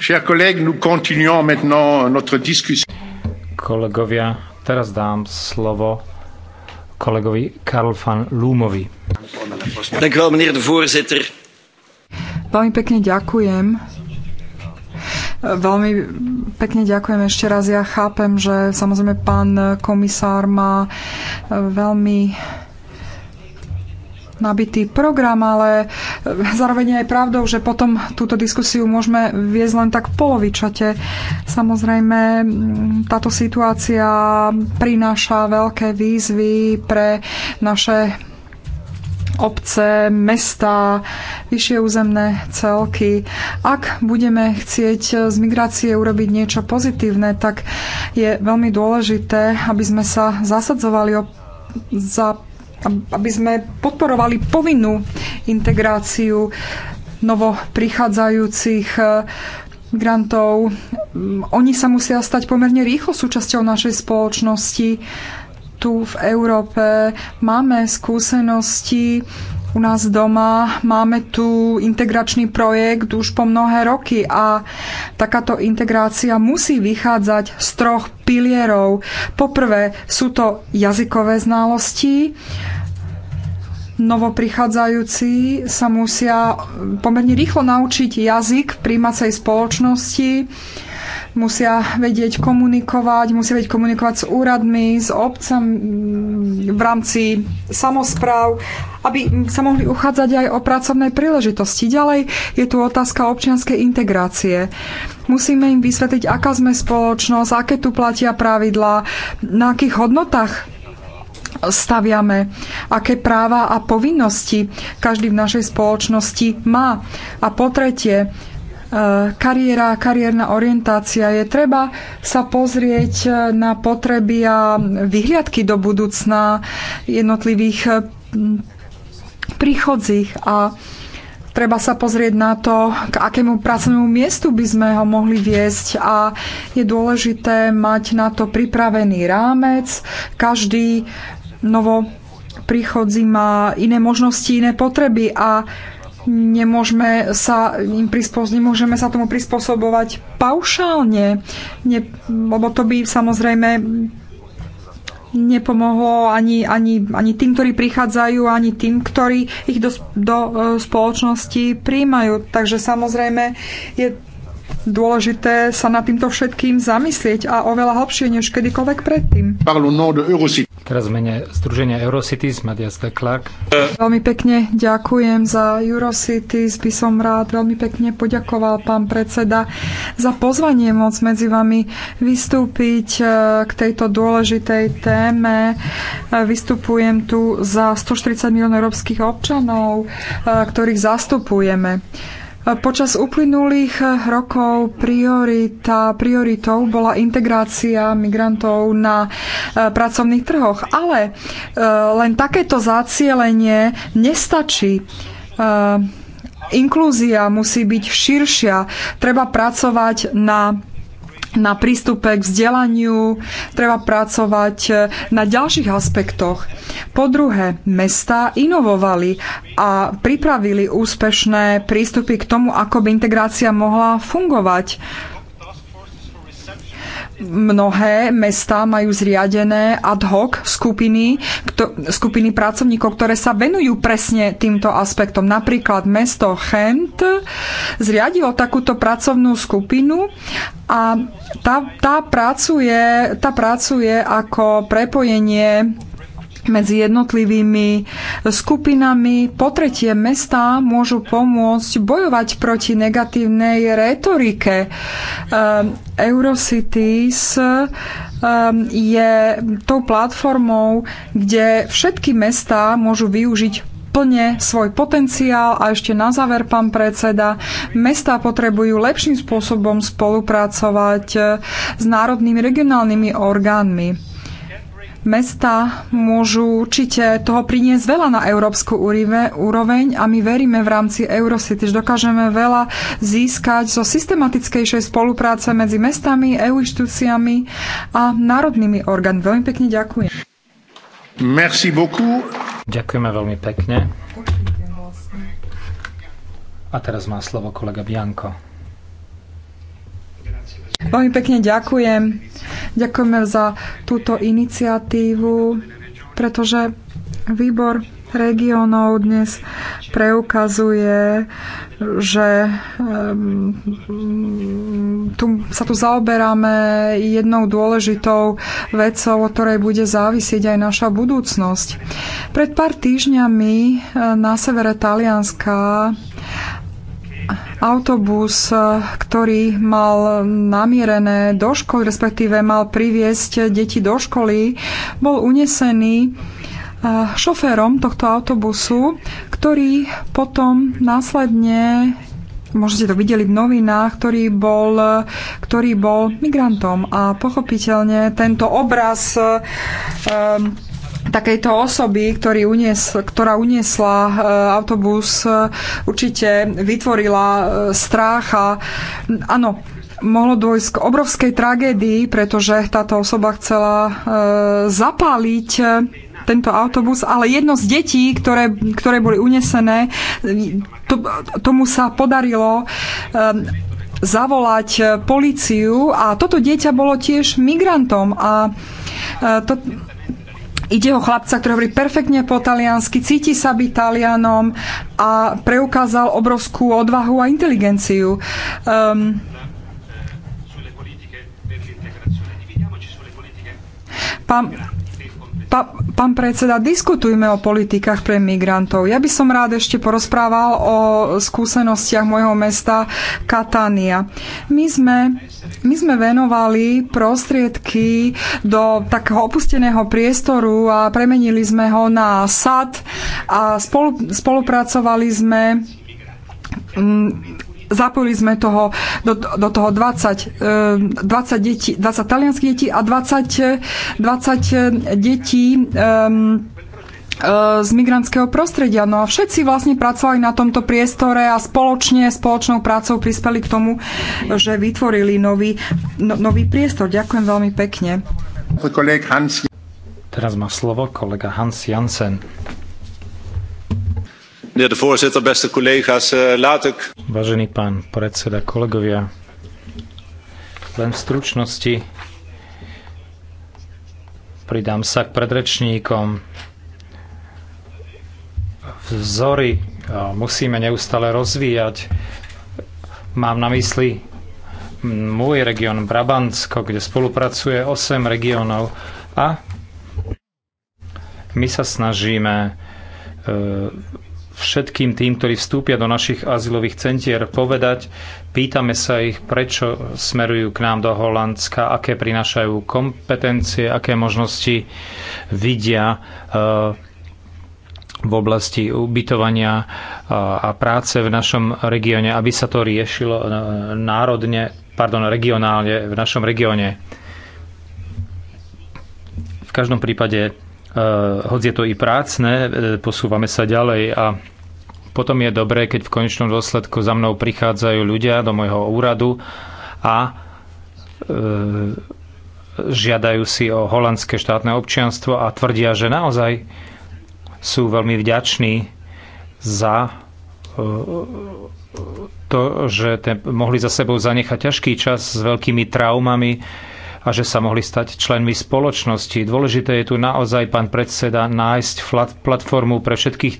Chers collègues, nous continuons maintenant notre discussion. Kolegovia, teraz dám slovo kolegovi Karl van Loomovi. Dank u wel, meneer de voorzitter. Veľmi pekne ďakujem. Veľmi pekne ďakujem ešte raz. Ja chápem, že samozrejme pán komisár má veľmi nabitý program, ale e, zároveň aj pravdou, že potom túto diskusiu môžeme viesť len tak polovičate. Samozrejme, táto situácia prináša veľké výzvy pre naše obce, mesta, vyššie územné celky. Ak budeme chcieť z migrácie urobiť niečo pozitívne, tak je veľmi dôležité, aby sme sa zasadzovali o za aby sme podporovali povinnú integráciu novo prichádzajúcich migrantov. Eh, mm, oni sa musia stať pomerne rýchlo súčasťou našej spoločnosti. Tu v Európe máme skúsenosti u nás doma. Máme tu integračný projekt už po mnohé roky a takáto integrácia musí vychádzať z troch pilierov. Poprvé sú to jazykové znalosti, novoprichádzajúci sa musia pomerne rýchlo naučiť jazyk v príjmacej spoločnosti musia vedieť komunikovať, musia vedieť komunikovať s úradmi, s obcom mm, v rámci samozpráv, aby sa mohli uchádzať aj o pracovné príležitosti. Ďalej je tu otázka občianskej integrácie. Musíme im vysvetliť, aká sme spoločnosť, aké tu platia pravidlá, na akých hodnotách staviame, aké práva a povinnosti každý v našej spoločnosti má. A po tretie, Eh, kariéra, kariérna orientácia. Je treba sa pozrieť eh, na potreby a vyhliadky do budúcna jednotlivých mm, príchodzích a treba sa pozrieť na to, k akému pracovnému miestu by sme ho mohli viesť a je dôležité mať na to pripravený rámec. Každý novo príchodzí má iné možnosti, iné potreby a nemôžeme sa im prispôsobiť, nemôžeme sa tomu prispôsobovať paušálne, ne, lebo to by samozrejme nepomohlo ani, ani, ani tým, ktorí prichádzajú, ani tým, ktorí ich do, do e, spoločnosti príjmajú. Takže samozrejme je dôležité sa nad týmto všetkým zamyslieť a oveľa hlbšie než kedykoľvek predtým. Teraz mene Združenia Eurocities, Matias de Clark. Veľmi pekne ďakujem za Eurocities. By som rád veľmi pekne poďakoval pán predseda za pozvanie moc medzi vami vystúpiť e, k tejto dôležitej téme. E, vystupujem tu za 140 miliónov európskych občanov, e, ktorých zastupujeme. Počas uplynulých eh, rokov priorita, prioritou bola integrácia migrantov na eh, pracovných trhoch, ale eh, len takéto zacielenie nestačí inklúzia musí byť širšia. Treba pracovať na na prístupe k vzdelaniu, treba pracovať eh, na ďalších aspektoch. Po druhé, mesta inovovali a pripravili úspešné prístupy k tomu, ako by integrácia mohla fungovať mnohé mestá majú zriadené ad hoc skupiny, kto, skupiny pracovníkov, ktoré sa venujú presne týmto aspektom. Napríklad mesto Chent zriadilo takúto pracovnú skupinu a tá, tá, pracuje, tá pracuje ako prepojenie medzi jednotlivými skupinami. Po tretie, mestá môžu pomôcť bojovať proti negatívnej retorike. Ehm, Eurocities ehm, je tou platformou, kde všetky mestá môžu využiť plne svoj potenciál a ešte na záver, pán predseda, mestá potrebujú lepším spôsobom spolupracovať ehm, s národnými regionálnymi orgánmi Mesta môžu určite toho priniesť veľa na európsku úroveň a my veríme v rámci Eurocity, že dokážeme veľa získať zo systematickejšej spolupráce medzi mestami, EU inštitúciami a národnými orgánmi. Veľmi pekne ďakujem. Merci beaucoup. Ďakujeme veľmi pekne. A teraz má slovo kolega Bianko. Veľmi pekne ďakujem. Ďakujeme za túto iniciatívu, pretože výbor regiónov dnes preukazuje, že ehm, tu, sa tu zaoberáme jednou dôležitou vecou, o ktorej bude závisieť aj naša budúcnosť. Pred pár týždňami eh, na severe Talianska autobus, ktorý mal namierené do školy, respektíve mal priviesť deti do školy, bol unesený šoférom tohto autobusu, ktorý potom následne môžete to videli v novinách, ktorý bol, ktorý bol migrantom. A pochopiteľne tento obraz um, takejto osoby, ktorý unies, ktorá uniesla e, autobus, e, určite vytvorila e, strach a áno, mohlo dôjsť k obrovskej tragédii, pretože táto osoba chcela e, zapáliť e, tento autobus, ale jedno z detí, ktoré, ktoré boli unesené, to, tomu sa podarilo e, zavolať e, policiu a toto dieťa bolo tiež migrantom a e, to, Ide o chlapca, ktorý hovorí perfektne po taliansky, cíti sa byť Talianom a preukázal obrovskú odvahu a inteligenciu. Um, pán, Pa, pán predseda, diskutujme o politikách pre migrantov. Ja by som rád ešte porozprával o skúsenostiach môjho mesta Katania. My sme, my sme venovali prostriedky do takého opusteného priestoru a premenili sme ho na sad a spolu, spolupracovali sme mm, zapojili sme toho, do, do toho 20, 20, e, detí, 20 talianských detí a 20, 20 e, e, detí um, z migrantského prostredia. No a všetci vlastne pracovali na tomto priestore a spoločne, spoločnou prácou prispeli k tomu, že vytvorili nový, no, nový priestor. Ďakujem veľmi pekne. Teraz má slovo kolega Hans Jansen. Eh, Vážený pán predseda, kolegovia, len v stručnosti pridám sa k predrečníkom. Vzory eh, musíme neustále rozvíjať. Mám na mysli môj región Brabantsko, kde spolupracuje 8 regiónov a my sa snažíme e, všetkým tým, ktorí vstúpia do našich azylových centier, povedať, pýtame sa ich, prečo smerujú k nám do Holandska, aké prinášajú kompetencie, aké možnosti vidia eh, v oblasti ubytovania eh, a práce v našom regióne, aby sa to riešilo eh, národne, pardon, regionálne v našom regióne. V každom prípade Eh, hoď je to i prácne, eh, posúvame sa ďalej a potom je dobré, keď v konečnom dôsledku za mnou prichádzajú ľudia do môjho úradu a eh, žiadajú si o holandské štátne občianstvo a tvrdia, že naozaj sú veľmi vďační za to, že te, mohli za sebou zanechať ťažký čas s veľkými traumami, a že sa mohli stať členmi spoločnosti. Dôležité je tu naozaj, pán predseda, nájsť platformu pre všetkých,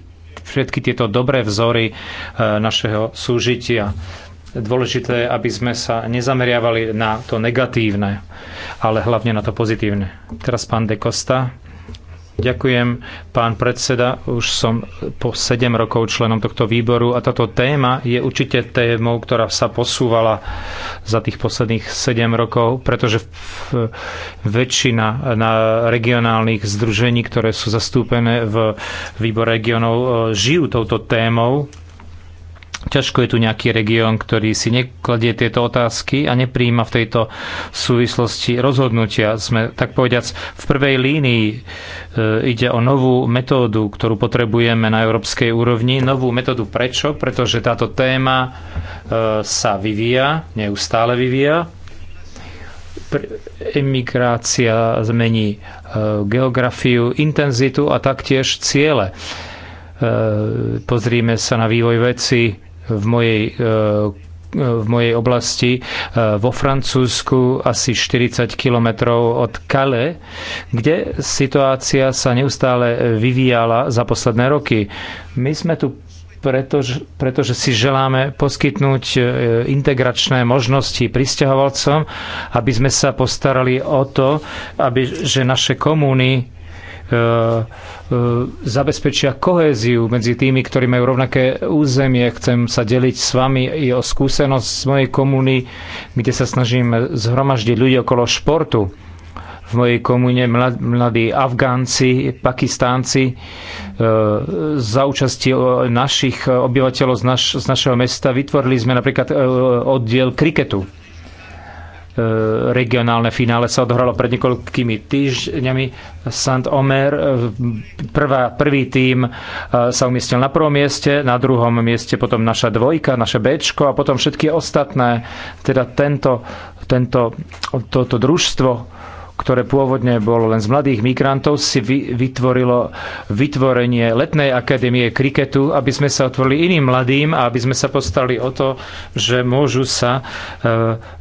všetky tieto dobré vzory e, našeho súžitia. Dôležité je, aby sme sa nezameriavali na to negatívne, ale hlavne na to pozitívne. Teraz pán De Costa. Ďakujem, pán predseda. Už som po 7 rokov členom tohto výboru a táto téma je určite témou, ktorá sa posúvala za tých posledných 7 rokov, pretože väčšina na regionálnych združení, ktoré sú zastúpené v výbore regionov, e, žijú touto témou Ťažko je tu nejaký región, ktorý si nekladie tieto otázky a nepríjima v tejto súvislosti rozhodnutia. Sme, tak povediac, v prvej línii e, ide o novú metódu, ktorú potrebujeme na európskej úrovni. Novú metódu prečo? Pretože táto téma e, sa vyvíja, neustále vyvíja. Emigrácia zmení e, geografiu, intenzitu a taktiež ciele. E, pozrime sa na vývoj veci v mojej eh, v mojej oblasti eh, vo Francúzsku asi 40 kilometrov od Calais, kde situácia sa neustále vyvíjala za posledné roky. My sme tu pretože, pretože si želáme poskytnúť eh, integračné možnosti pristahovalcom, aby sme sa postarali o to, aby, že naše komúny E, e, zabezpečia kohéziu medzi tými, ktorí majú rovnaké územie. Chcem sa deliť s vami i o skúsenosť z mojej komuny, kde sa snažím zhromaždiť ľudí okolo športu. V mojej komune mladí Afgánci, Pakistánci e, za účasti našich obyvateľov z, naš, z našeho mesta vytvorili sme napríklad oddiel kriketu E, regionálne finále sa odohralo pred niekoľkými týždňami. Sant Omer, e, prvá, prvý tím e, sa umiestnil na prvom mieste, na druhom mieste potom naša dvojka, naše Bčko a potom všetky ostatné. Teda tento, tento, toto družstvo ktoré pôvodne bolo len z mladých migrantov, si vytvorilo vytvorenie letnej akadémie kriketu, aby sme sa otvorili iným mladým a aby sme sa postali o to, že môžu sa e,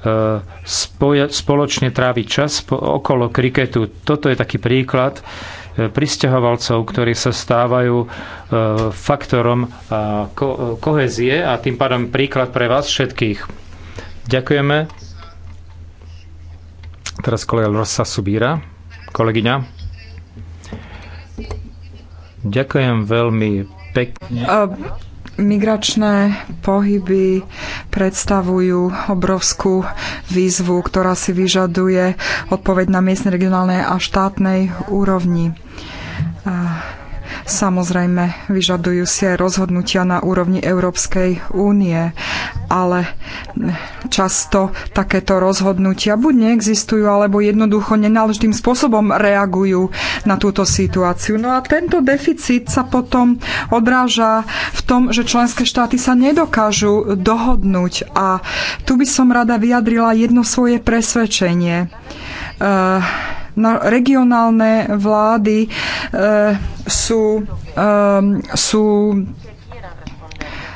e, spoločne tráviť čas okolo kriketu. Toto je taký príklad e, pristahovalcov, ktorí sa stávajú faktorom kohezie a tým pádom príklad pre vás všetkých. Ďakujeme. Teraz kolega Rosa Subíra, kolegyňa. Ďakujem veľmi pekne. Uh migračné pohyby predstavujú obrovskú výzvu, ktorá si vyžaduje odpoveď na miestne, regionálnej a štátnej úrovni. Samozrejme, vyžadujú si aj rozhodnutia na úrovni Európskej únie, ale často takéto rozhodnutia buď neexistujú, alebo jednoducho nenáležitým spôsobom reagujú na túto situáciu. No a tento deficit sa potom odráža v tom, že členské štáty sa nedokážu dohodnúť. A tu by som rada vyjadrila jedno svoje presvedčenie. Uh, na, regionálne vlády e, sú, e, sú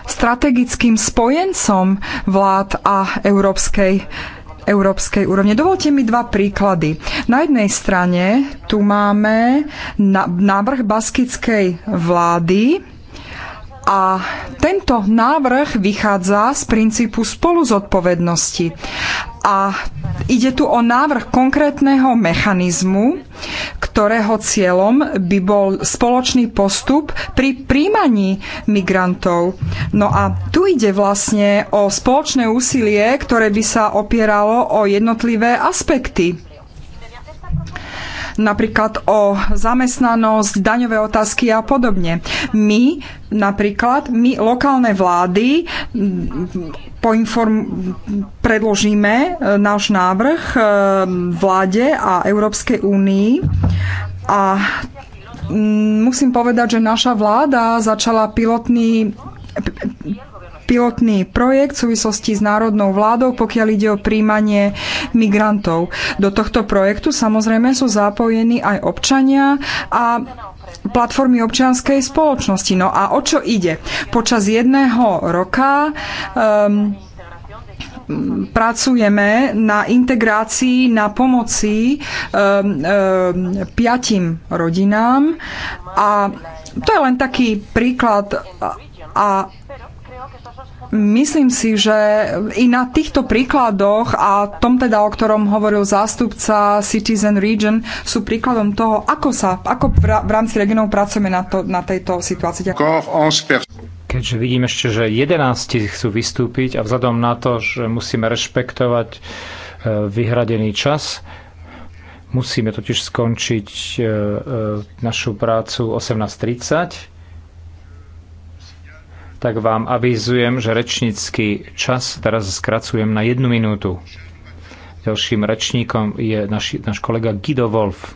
strategickým spojencom vlád a Európskej európskej úrovne. Dovolte mi dva príklady. Na jednej strane tu máme návrh baskickej vlády, a tento návrh vychádza z princípu spoluzodpovednosti. A ide tu o návrh konkrétneho mechanizmu, ktorého cieľom by bol spoločný postup pri príjmaní migrantov. No a tu ide vlastne o spoločné úsilie, ktoré by sa opieralo o jednotlivé aspekty napríklad o zamestnanosť, daňové otázky a podobne. My napríklad, my lokálne vlády poinform- predložíme e, náš návrh e, vláde a Európskej únii a mm, musím povedať, že naša vláda začala pilotný pilotný projekt v súvislosti s národnou vládou, pokiaľ ide o príjmanie migrantov. Do tohto projektu samozrejme sú zapojení aj občania a platformy občianskej spoločnosti. No a o čo ide? Počas jedného roka um, pracujeme na integrácii, na pomoci um, um, piatim rodinám a to je len taký príklad a myslím si, že i na týchto príkladoch a tom teda, o ktorom hovoril zástupca Citizen Region, sú príkladom toho, ako sa, ako v rámci regionov pracujeme na, to, na tejto situácii. Keďže vidím ešte, že 11 chcú vystúpiť a vzhľadom na to, že musíme rešpektovať e, vyhradený čas, musíme totiž skončiť e, e, našu prácu 18.30 tak vám avizujem, že rečnícky čas teraz skracujem na jednu minútu. Ďalším rečníkom je naš, náš kolega Guido Wolf.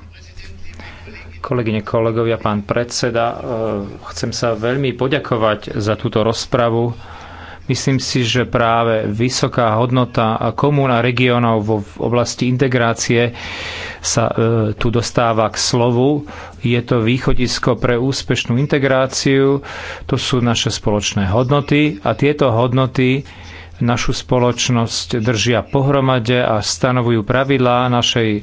Kolegyne, kolegovia, pán predseda, eh, chcem sa veľmi poďakovať za túto rozpravu Myslím si, že práve vysoká hodnota komún a regionov vo oblasti integrácie sa e, tu dostáva k slovu. Je to východisko pre úspešnú integráciu, to sú naše spoločné hodnoty a tieto hodnoty našu spoločnosť držia pohromade a stanovujú pravidlá našej,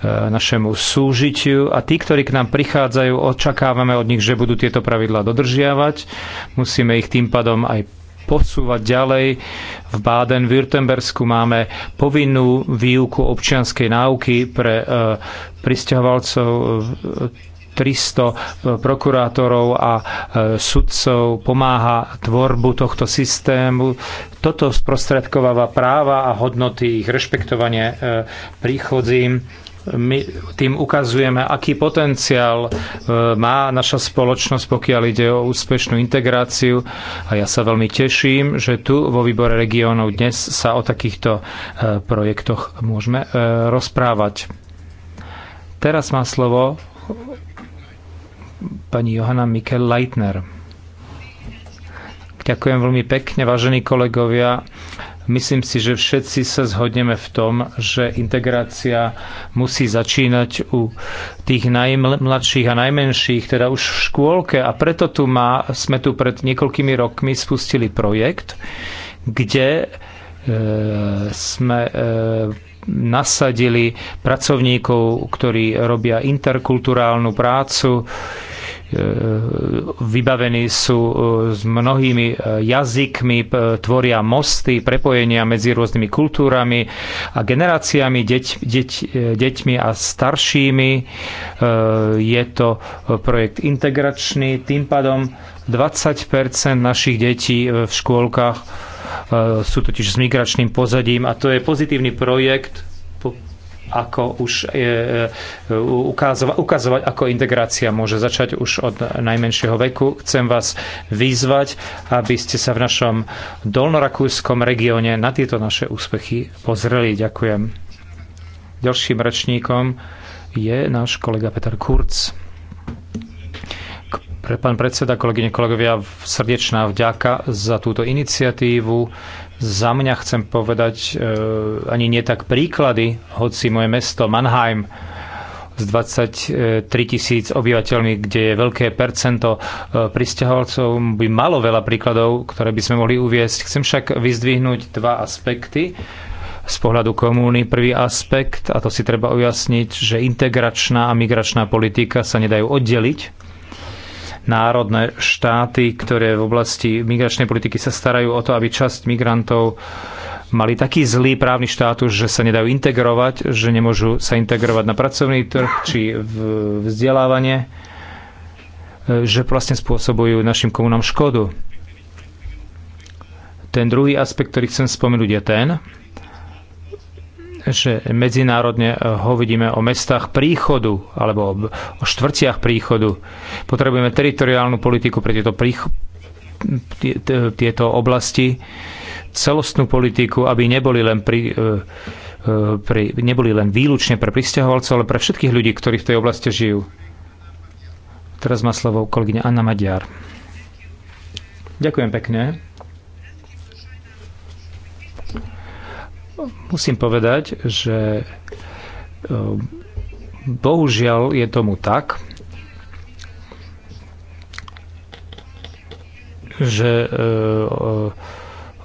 e, našemu súžitiu a tí, ktorí k nám prichádzajú, očakávame od nich, že budú tieto pravidlá dodržiavať. Musíme ich tým pádom aj posúvať ďalej. V Báden-Württembersku máme povinnú výuku občianskej náuky pre e, pristahovalcov. E, 300 e, prokurátorov a e, sudcov pomáha tvorbu tohto systému. Toto sprostredkováva práva a hodnoty ich rešpektovanie e, príchodzím my tým ukazujeme, aký potenciál e, má naša spoločnosť, pokiaľ ide o úspešnú integráciu. A ja sa veľmi teším, že tu vo výbore regiónov dnes sa o takýchto e, projektoch môžeme e, rozprávať. Teraz má slovo pani Johana Mikel Leitner. Ďakujem veľmi pekne, vážení kolegovia. Myslím si, že všetci sa zhodneme v tom, že integrácia musí začínať u tých najmladších a najmenších, teda už v škôlke. A preto tu má, sme tu pred niekoľkými rokmi spustili projekt, kde e, sme e, nasadili pracovníkov, ktorí robia interkulturálnu prácu, E, vybavení sú e, s mnohými e, jazykmi, tvoria mosty, prepojenia medzi rôznymi kultúrami a generáciami, deť, deť, deťmi a staršími. Je to projekt integračný, tým pádom 20 našich detí v škôlkach sú totiž s migračným pozadím a to je pozitívny projekt, ako už e, e, ukázova, ukazovať, ako integrácia môže začať už od najmenšieho veku. Chcem vás vyzvať, aby ste sa v našom dolnorakúskom regióne na tieto naše úspechy pozreli. Ďakujem. Ďalším rečníkom je náš kolega Peter Kurz. Pre pán predseda, kolegyne, kolegovia, srdečná vďaka za túto iniciatívu. Za mňa chcem povedať e, ani nie tak príklady, hoci moje mesto Mannheim s 23 tisíc obyvateľmi, kde je veľké percento e, pristahovalcov, by malo veľa príkladov, ktoré by sme mohli uviesť. Chcem však vyzdvihnúť dva aspekty z pohľadu komúny. Prvý aspekt, a to si treba ujasniť, že integračná a migračná politika sa nedajú oddeliť národné štáty, ktoré v oblasti migračnej politiky sa starajú o to, aby časť migrantov mali taký zlý právny štátus, že sa nedajú integrovať, že nemôžu sa integrovať na pracovný trh či v vzdelávanie, že vlastne spôsobujú našim komunám škodu. Ten druhý aspekt, ktorý chcem spomenúť, je ten, že medzinárodne e, hovoríme o mestách príchodu alebo o štvrtiach príchodu. Potrebujeme teritoriálnu politiku pre tieto, prícho- tieto oblasti, celostnú politiku, aby neboli len pri, e, e, pri, neboli len výlučne pre pristahovalcov, ale pre všetkých ľudí, ktorí v tej oblasti žijú. Teraz má slovo kolegyňa Anna Maďar. Ďakujem pekne. musím povedať, že e, bohužiaľ je tomu tak, že e,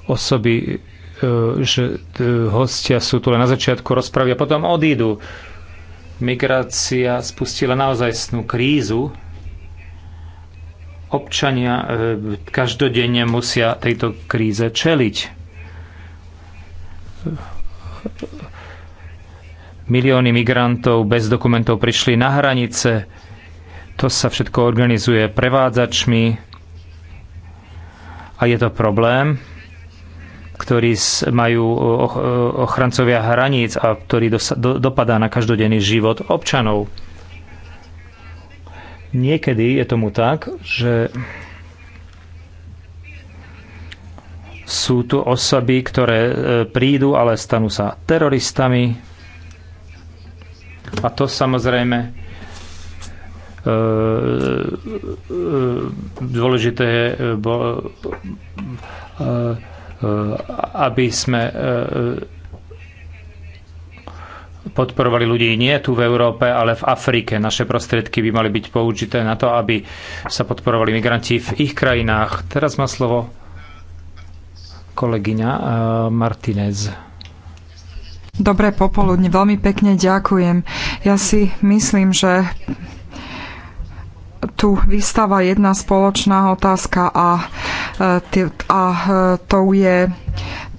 osoby, e, že hostia sú tu len na začiatku rozpravy a potom odídu. Migrácia spustila naozaj snú krízu. Občania každodenne musia tejto kríze čeliť Milióny migrantov bez dokumentov prišli na hranice. To sa všetko organizuje prevádzačmi a je to problém, ktorý majú ochrancovia hraníc a ktorý dopadá na každodenný život občanov. Niekedy je tomu tak, že Sú tu osoby, ktoré e, prídu, ale stanú sa teroristami. A to samozrejme e, e, dôležité je, aby sme podporovali ľudí nie tu v Európe, ale v Afrike. Naše prostriedky by mali byť použité na to, aby sa podporovali migranti v ich krajinách. Teraz má slovo kolegyňa eh, Martinez. Dobré popoludne, veľmi pekne ďakujem. Ja si myslím, že tu vystáva jedna spoločná otázka a, eh, a eh, to je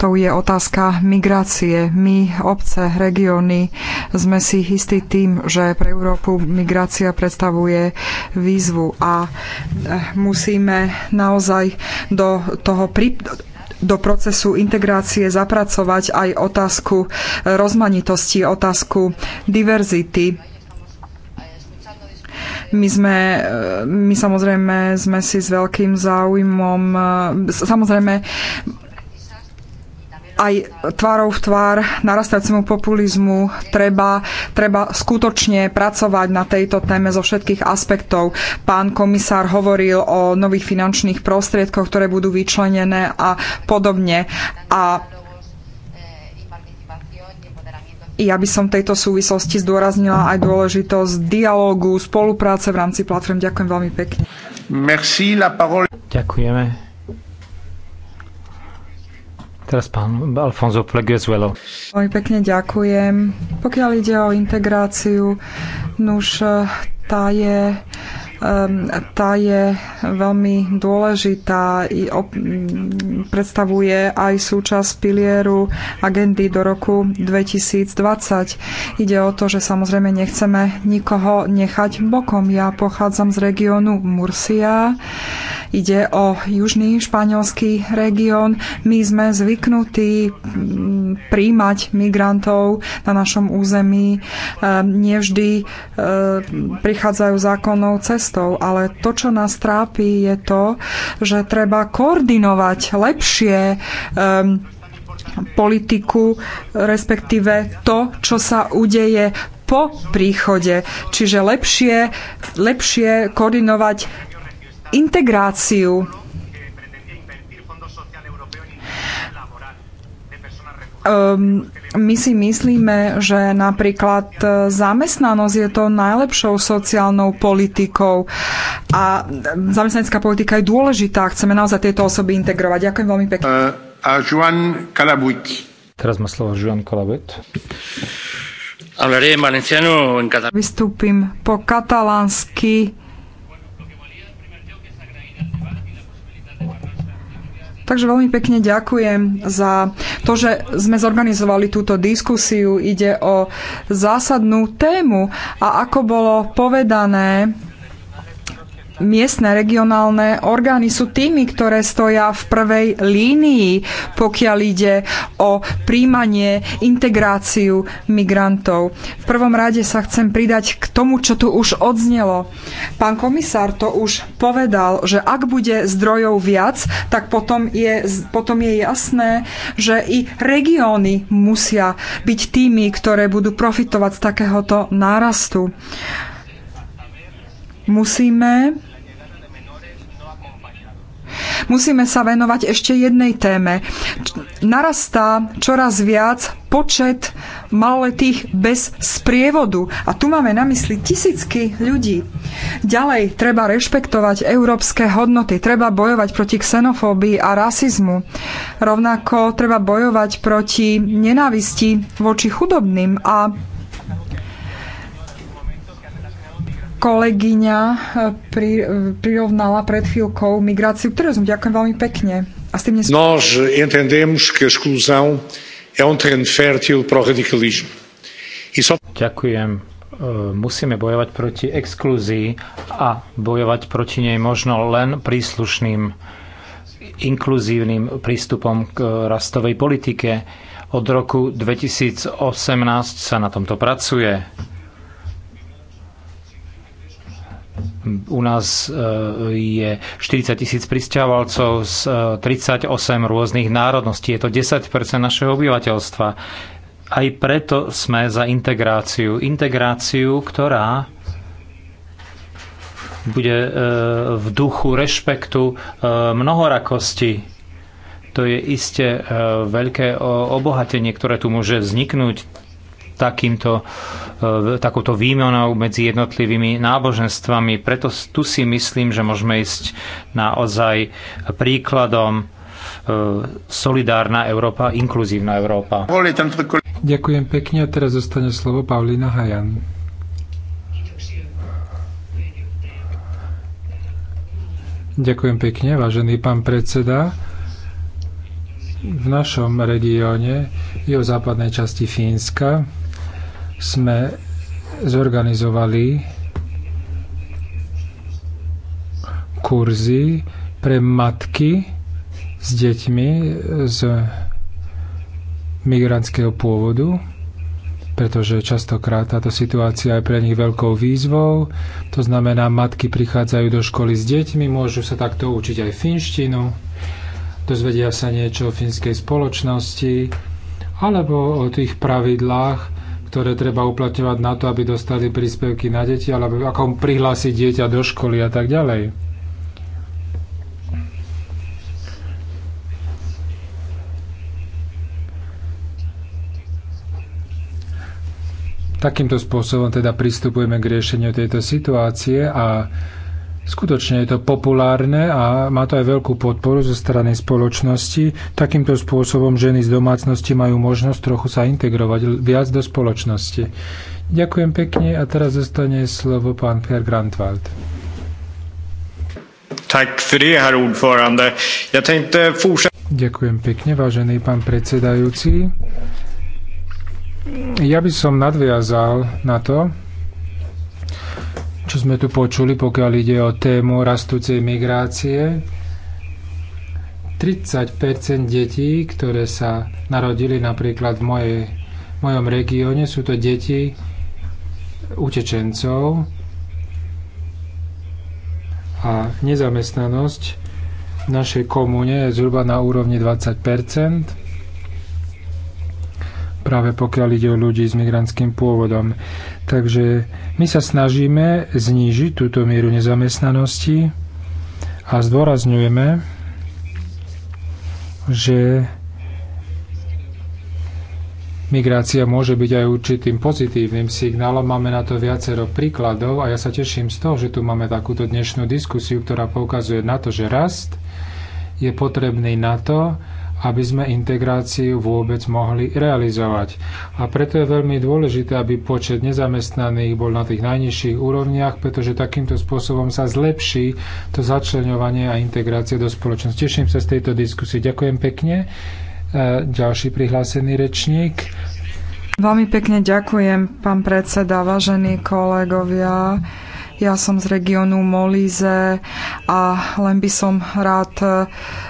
to je otázka migrácie. My, obce, regióny, sme si istí tým, že pre Európu migrácia predstavuje výzvu a musíme naozaj do toho do procesu integrácie zapracovať aj otázku e, rozmanitosti, otázku diverzity. My sme, e, my samozrejme sme si s veľkým záujmom, e, samozrejme aj tvárou v tvár narastajúcemu populizmu treba, treba skutočne pracovať na tejto téme zo všetkých aspektov. Pán komisár hovoril o nových finančných prostriedkoch, ktoré budú vyčlenené a podobne. A ja by som v tejto súvislosti zdôraznila aj dôležitosť dialógu, spolupráce v rámci platform. Ďakujem veľmi pekne. Merci, la parole. Ďakujeme. Teraz pán Alfonso Pleguezuelo. Veľmi pekne ďakujem. Pokiaľ ide o integráciu, nuž tá je tá je veľmi dôležitá, predstavuje aj súčasť pilieru agendy do roku 2020. Ide o to, že samozrejme nechceme nikoho nechať bokom. Ja pochádzam z regiónu Murcia, ide o južný španielský región. My sme zvyknutí príjmať migrantov na našom území. Nevždy e, prichádzajú zákonnou cestou kontextov, ale to, čo nás trápi, je to, že treba koordinovať lepšie um, politiku, respektíve to, čo sa udeje po príchode. Čiže lepšie, lepšie koordinovať integráciu Um, my si myslíme, že napríklad e, zamestnanosť je to najlepšou sociálnou politikou a e, zamestnanecká politika je dôležitá. Chceme naozaj tieto osoby integrovať. Ďakujem veľmi pekne. Uh, a Joan Calabuit. Teraz má slovo Joan Calabuit. Vystúpim po katalánsky Takže veľmi pekne ďakujem za to, že sme zorganizovali túto diskusiu. Ide o zásadnú tému a ako bolo povedané, miestne regionálne orgány sú tými, ktoré stoja v prvej línii, pokiaľ ide o príjmanie, integráciu migrantov. V prvom rade sa chcem pridať k tomu, čo tu už odznelo. Pán komisár to už povedal, že ak bude zdrojov viac, tak potom je, potom je jasné, že i regióny musia byť tými, ktoré budú profitovať z takéhoto nárastu. Musíme musíme sa venovať ešte jednej téme. Narastá čoraz viac počet maloletých bez sprievodu. A tu máme na mysli tisícky ľudí. Ďalej treba rešpektovať európske hodnoty, treba bojovať proti xenofóbii a rasizmu. Rovnako treba bojovať proti nenávisti voči chudobným a kolegyňa e, pri, e, prirovnala pred chvíľkou migráciu, ktorú som ďakujem veľmi pekne. A s tým nesú... Nós entendemos que a exclusão é um terreno fértil radicalismo. E só... Ďakujem. E, musíme bojovať proti exklúzii a bojovať proti nej možno len príslušným inkluzívnym prístupom k rastovej politike. Od roku 2018 sa na tomto pracuje U nás e, je 40 tisíc pristahovalcov z 38 e, rôznych národností. Je to 10 našeho obyvateľstva. Aj preto sme za integráciu. Integráciu, ktorá bude e, v duchu rešpektu mnohorakosti. To je iste veľké obohatenie, ktoré tu môže vzniknúť takýmto, e, takouto výmenou medzi jednotlivými náboženstvami. Preto tu si myslím, že môžeme ísť naozaj príkladom e, solidárna Európa, inkluzívna Európa. Ďakujem pekne a teraz zostane slovo Pavlína Hajan. Ďakujem pekne, vážený pán predseda. V našom regióne je o západnej časti Fínska sme zorganizovali kurzy pre matky s deťmi z migrantského pôvodu, pretože častokrát táto situácia je pre nich veľkou výzvou. To znamená, matky prichádzajú do školy s deťmi, môžu sa takto učiť aj finštinu, dozvedia sa niečo o finskej spoločnosti alebo o tých pravidlách, ktoré treba uplatňovať na to, aby dostali príspevky na deti, alebo ako prihlásiť dieťa do školy a tak ďalej. Takýmto spôsobom teda pristupujeme k riešeniu tejto situácie a Skutočne je to populárne a má to aj veľkú podporu zo strany spoločnosti. Takýmto spôsobom ženy z domácnosti majú možnosť trochu sa integrovať viac do spoločnosti. Ďakujem pekne a teraz zostane slovo pán Per Grantwald. Tak Ďakujem pekne, vážený pán predsedajúci. Ja by som nadviazal na to, čo sme tu počuli, pokiaľ ide o tému rastúcej migrácie. 30 detí, ktoré sa narodili napríklad v, mojej, v mojom regióne, sú to deti utečencov a nezamestnanosť v našej komune je zhruba na úrovni 20 práve pokiaľ ide o ľudí s migrantským pôvodom. Takže my sa snažíme znížiť túto mieru nezamestnanosti a zdôrazňujeme, že migrácia môže byť aj určitým pozitívnym signálom. Máme na to viacero príkladov a ja sa teším z toho, že tu máme takúto dnešnú diskusiu, ktorá poukazuje na to, že rast je potrebný na to, aby sme integráciu vôbec mohli realizovať. A preto je veľmi dôležité, aby počet nezamestnaných bol na tých najnižších úrovniach, pretože takýmto spôsobom sa zlepší to začlenovanie a integrácia do spoločnosti. Teším sa z tejto diskusie. Ďakujem pekne. E, ďalší prihlásený rečník. Veľmi pekne ďakujem, pán predseda, vážení kolegovia. Ja som z regiónu Molíze a len by som rád e,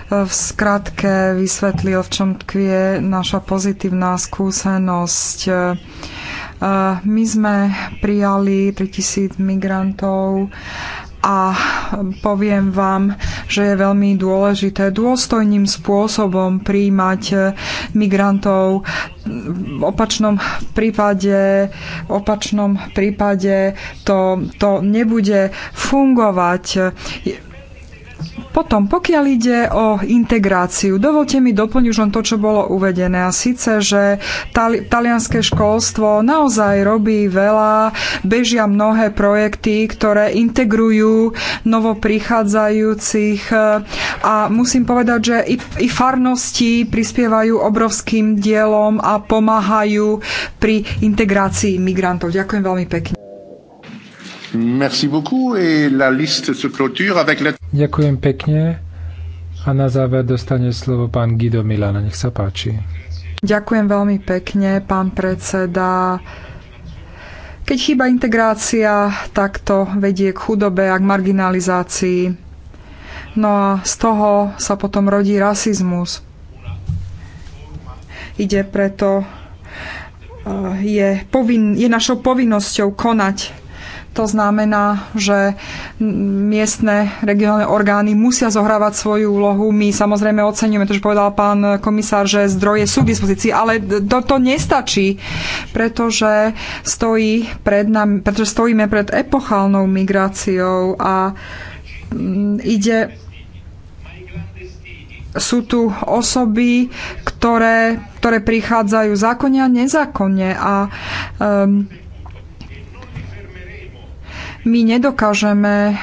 v skratke vysvetlil, v čom tkvie naša pozitívna skúsenosť. E, my sme prijali 3000 migrantov a poviem vám, že je veľmi dôležité dôstojným spôsobom príjmať eh, migrantov. V opačnom prípade, v opačnom prípade to, to nebude fungovať potom, pokiaľ ide o integráciu, dovolte mi doplniť už len to, čo bolo uvedené. A síce, že tali, talianské školstvo naozaj robí veľa, bežia mnohé projekty, ktoré integrujú novoprichádzajúcich e, a musím povedať, že i, i farnosti prispievajú obrovským dielom a pomáhajú pri integrácii migrantov. Ďakujem veľmi pekne. Merci beaucoup et la liste se clôture avec la... Ďakujem pekne a na záver dostane slovo pán Guido Milan. Nech sa páči. Ďakujem veľmi pekne, pán predseda. Keď chýba integrácia, tak to vedie k chudobe a k marginalizácii. No a z toho sa potom rodí rasizmus. Ide preto, eh, je, povin, je našou povinnosťou konať to znamená, že miestne regionálne orgány musia zohrávať svoju úlohu. My samozrejme oceňujeme to, že povedal pán komisár, že zdroje sú k dispozícii, ale to, to nestačí, pretože, stojí pred nami, pretože stojíme pred epochálnou migráciou a mm, ide sú tu osoby, ktoré, ktoré prichádzajú zákonne a nezákonne a um, my nedokážeme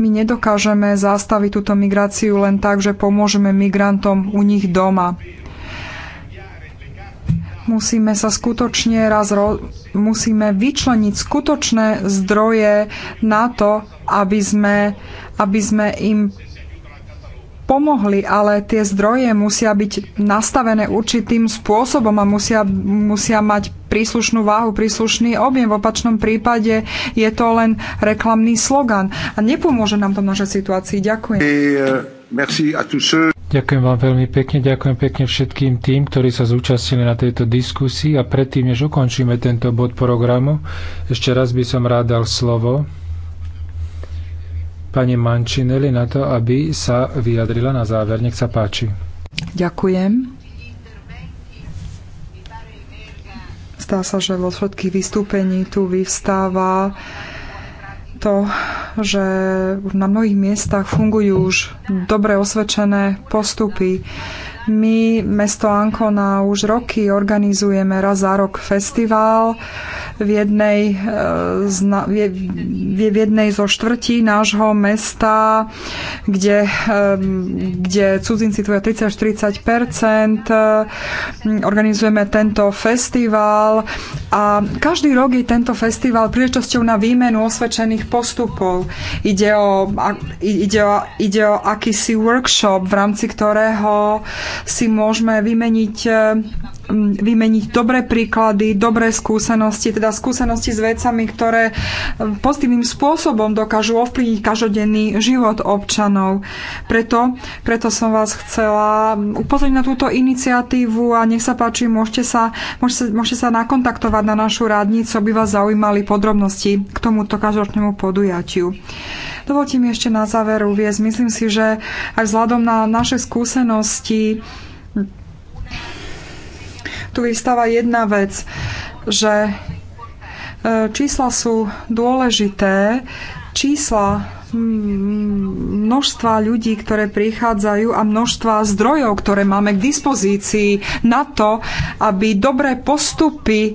my nedokážeme zastaviť túto migráciu len tak, že pomôžeme migrantom u nich doma. Musíme sa skutočne raz ro- musíme vyčleniť skutočné zdroje na to, aby sme, aby sme im pomohli, ale tie zdroje musia byť nastavené určitým spôsobom a musia, musia mať príslušnú váhu, príslušný objem. V opačnom prípade je to len reklamný slogan. A nepomôže nám to v našej situácii. Ďakujem. Euh, ďakujem vám veľmi pekne, ďakujem pekne všetkým tým, ktorí sa zúčastnili na tejto diskusii a predtým, než ukončíme tento bod programu, ešte raz by som rád dal slovo pani Mančineli na to, aby sa vyjadrila na záver. Nech sa páči. Ďakujem. Zdá sa, že vo všetkých vystúpení tu vyvstáva to, že na mnohých miestach fungujú už dobre osvedčené postupy. My, mesto Ankona, už roky organizujeme raz za rok festival v jednej, e, v jednej zo štvrtí nášho mesta, kde, kde cudzinci tvoja 30 40 e, Organizujeme tento festival a každý rok je tento festival príležitosťou na výmenu osvedčených postupov. Ide o, ide o, ide o akýsi workshop, v rámci ktorého si môžeme vymeniť eh, vymeniť dobré príklady, dobré skúsenosti, teda skúsenosti s vecami, ktoré pozitívnym spôsobom dokážu ovplyvniť každodenný život občanov. Preto, preto som vás chcela upozorniť na túto iniciatívu a nech sa páči, môžete sa, môžete, môžete sa nakontaktovať na našu rádnicu, aby vás zaujímali podrobnosti k tomuto každoročnému podujatiu. Dovolte mi ešte na záver uviezť. Myslím si, že aj vzhľadom na naše skúsenosti, tu vystáva jedna vec, že e, čísla sú dôležité. Čísla množstva ľudí, ktoré prichádzajú a množstva zdrojov, ktoré máme k dispozícii na to, aby dobré postupy e,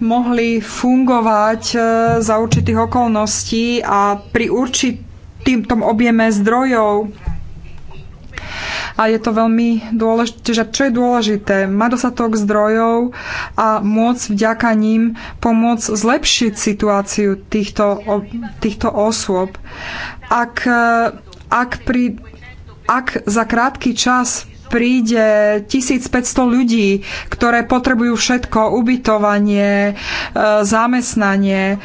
mohli fungovať e, za určitých okolností a pri určitým tom objeme zdrojov a je to veľmi dôležité, že čo je dôležité, má dostatok zdrojov a môcť vďaka ním pomôcť zlepšiť situáciu týchto, týchto osôb. Ak, ak, pri, ak za krátky čas príde 1500 ľudí, ktoré potrebujú všetko, ubytovanie, e, zamestnanie,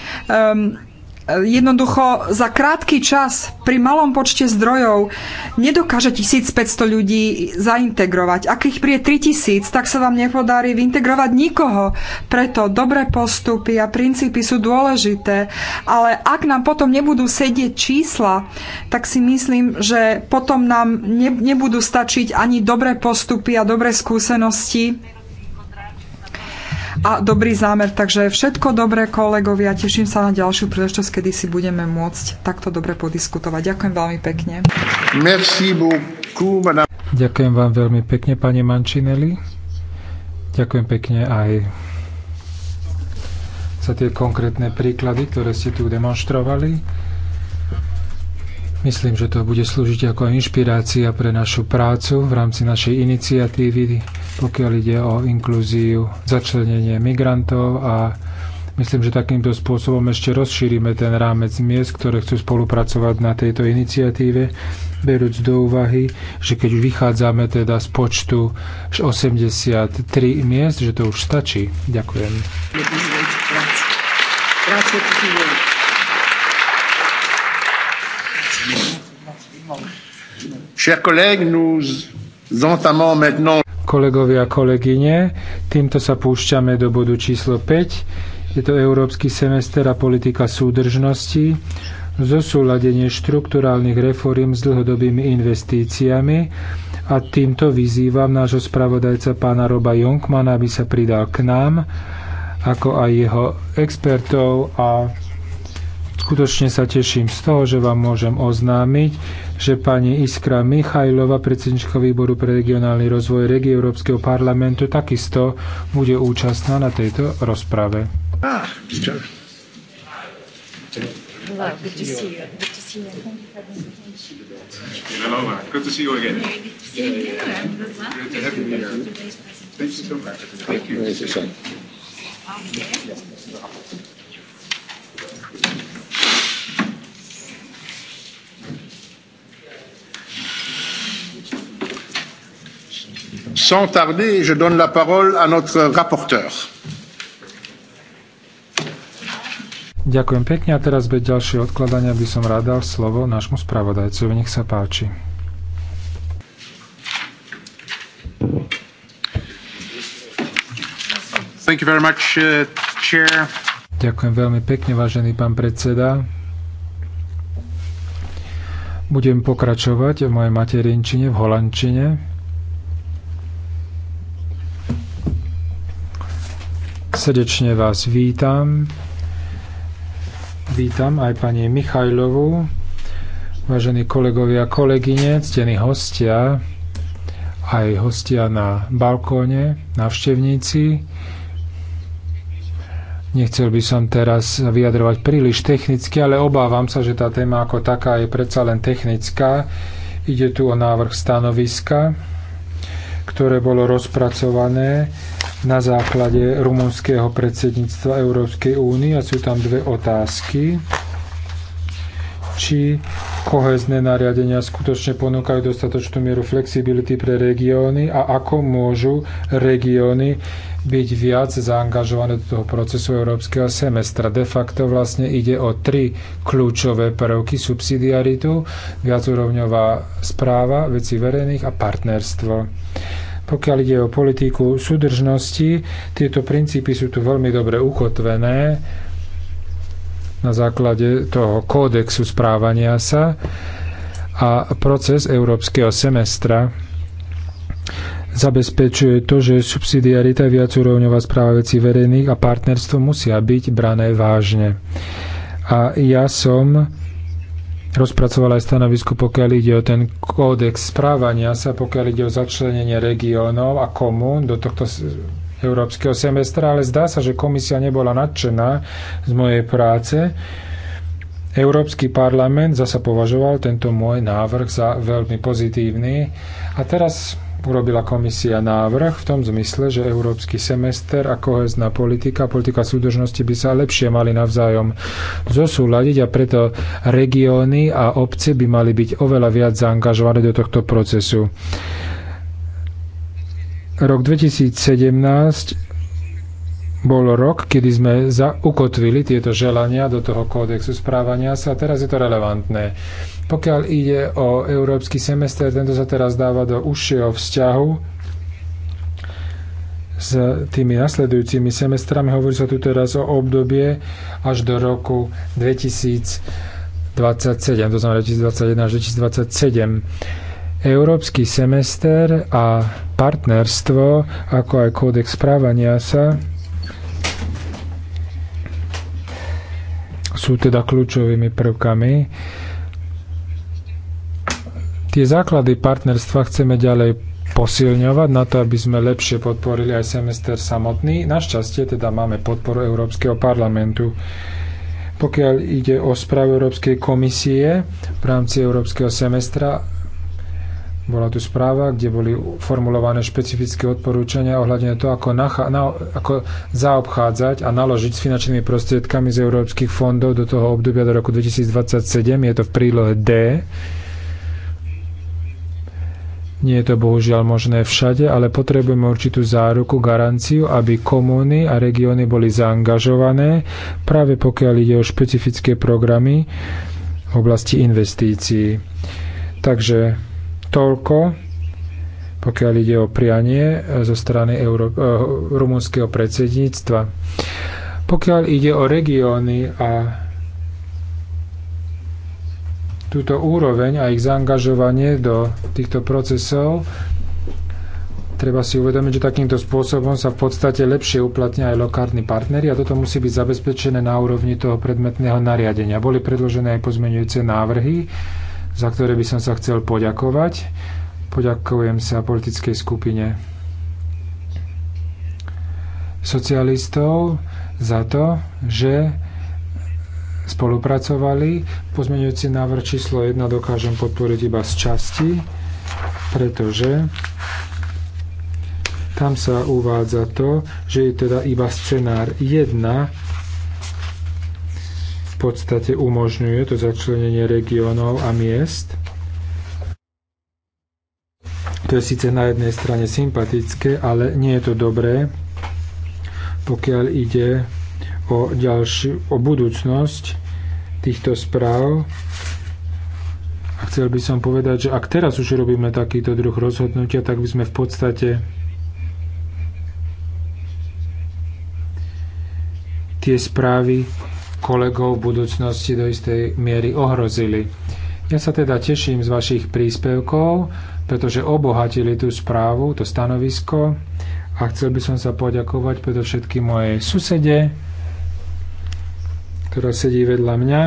Eh, jednoducho za krátky čas pri malom počte zdrojov nedokáže 1500 ľudí zaintegrovať. Ak ich prie 3000, tak sa vám nepodarí vyintegrovať nikoho. Preto dobré postupy a princípy sú dôležité, ale ak nám potom nebudú sedieť čísla, tak si myslím, že potom nám nebudú stačiť ani dobré postupy a dobré skúsenosti a dobrý zámer. Takže všetko dobré, kolegovia. Teším sa na ďalšiu príležitosť, kedy si budeme môcť takto dobre podiskutovať. Ďakujem veľmi pekne. Merci beaucoup, madame. Ďakujem vám veľmi pekne, pani Mančinelli. Ďakujem pekne aj za tie konkrétne príklady, ktoré ste tu demonstrovali. Myslím, že to bude slúžiť ako inšpirácia pre našu prácu v rámci našej iniciatívy, pokiaľ ide o inklúziu, začlenenie migrantov a myslím, že takýmto spôsobom ešte rozšírime ten rámec miest, ktoré chcú spolupracovať na tejto iniciatíve, berúc do úvahy, že keď už vychádzame teda z počtu 83 miest, že to už stačí. Ďakujem. Ďakujem. Kolegovia, kolegyne, týmto sa púšťame do bodu číslo 5. Je to Európsky semester a politika súdržnosti, zosúladenie štrukturálnych reforiem s dlhodobými investíciami a týmto vyzývam nášho spravodajca pána Roba Jonkmana, aby sa pridal k nám, ako aj jeho expertov a Skutočne sa teším z toho, že vám môžem oznámiť, že pani Iskra Michajlova, predsednička výboru pre regionálny rozvoj regie Európskeho parlamentu, takisto bude účastná na tejto rozprave. Ah, you. Good to Thank you Thank you. Sans tarder, je donne la parole à notre rapporteur. Ďakujem pekne a teraz bez ďalšieho odkladania by som rád dal slovo nášmu spravodajcovi. Nech sa páči. Thank you very much, uh, chair. Ďakujem veľmi pekne, vážený pán predseda. Budem pokračovať v mojej materinčine, v holandčine. Srdečne vás vítam. Vítam aj pani Michajlovú, vážení kolegovia, kolegyne, ctení hostia, aj hostia na balkóne, navštevníci. Nechcel by som teraz vyjadrovať príliš technicky, ale obávam sa, že tá téma ako taká je predsa len technická. Ide tu o návrh stanoviska ktoré bolo rozpracované na základe rumunského predsedníctva Európskej únie a sú tam dve otázky či kohezné nariadenia skutočne ponúkajú dostatočnú mieru flexibility pre regióny a ako môžu regióny byť viac zaangažované do toho procesu európskeho semestra. De facto vlastne ide o tri kľúčové prvky subsidiaritu, viacúrovňová správa veci verejných a partnerstvo. Pokiaľ ide o politiku súdržnosti, tieto princípy sú tu veľmi dobre ukotvené na základe toho kódexu správania sa a proces európskeho semestra zabezpečuje to, že subsidiarita, viacúrovňová správa vecí verejných a partnerstvo musia byť brané vážne. A ja som rozpracovala aj stanovisko, pokiaľ ide o ten kódex správania sa, pokiaľ ide o začlenenie regiónov a komún do tohto európskeho semestra, ale zdá sa, že komisia nebola nadšená z mojej práce. Európsky parlament zasa považoval tento môj návrh za veľmi pozitívny a teraz urobila komisia návrh v tom zmysle, že európsky semester a kohezná politika, politika súdržnosti by sa lepšie mali navzájom zosúľadiť a preto regióny a obce by mali byť oveľa viac zaangažované do tohto procesu. Rok 2017 bol rok, kedy sme za, ukotvili tieto želania do toho kódexu správania sa a teraz je to relevantné. Pokiaľ ide o európsky semester, tento sa teraz dáva do užšieho vzťahu s tými nasledujúcimi semestrami. Hovorí sa tu teraz o obdobie až do roku 2027, to znamená 2021 až 2027. Európsky semester a partnerstvo, ako aj kódex správania sa, sú teda kľúčovými prvkami. Tie základy partnerstva chceme ďalej posilňovať na to, aby sme lepšie podporili aj semester samotný. Našťastie teda máme podporu Európskeho parlamentu. Pokiaľ ide o správu Európskej komisie v rámci Európskeho semestra, bola tu správa, kde boli formulované špecifické odporúčania ohľadne toho, ako, nacha- na- ako zaobchádzať a naložiť s finančnými prostriedkami z európskych fondov do toho obdobia do roku 2027. Je to v prílohe D. Nie je to bohužiaľ možné všade, ale potrebujeme určitú záruku, garanciu, aby komúny a regióny boli zaangažované, práve pokiaľ ide o špecifické programy v oblasti investícií. Takže Toľko, pokiaľ ide o prianie eh, zo strany Euró- eh, rumúnskeho predsedníctva. Pokiaľ ide o regióny a túto úroveň a ich zaangažovanie do týchto procesov, treba si uvedomiť, že takýmto spôsobom sa v podstate lepšie uplatňa aj lokárni partnery a toto musí byť zabezpečené na úrovni toho predmetného nariadenia. Boli predložené aj pozmeňujúce návrhy, za ktoré by som sa chcel poďakovať. Poďakujem sa politickej skupine socialistov za to, že spolupracovali. Pozmeňujúci návrh číslo 1 dokážem podporiť iba z časti, pretože tam sa uvádza to, že je teda iba scenár 1 podstate umožňuje to začlenenie regiónov a miest. To je síce na jednej strane sympatické, ale nie je to dobré, pokiaľ ide o, ďalši, o budúcnosť týchto správ. A chcel by som povedať, že ak teraz už robíme takýto druh rozhodnutia, tak by sme v podstate tie správy kolegov v budúcnosti do istej miery ohrozili. Ja sa teda teším z vašich príspevkov, pretože obohatili tú správu, to stanovisko a chcel by som sa poďakovať všetky mojej susede, ktorá sedí vedľa mňa.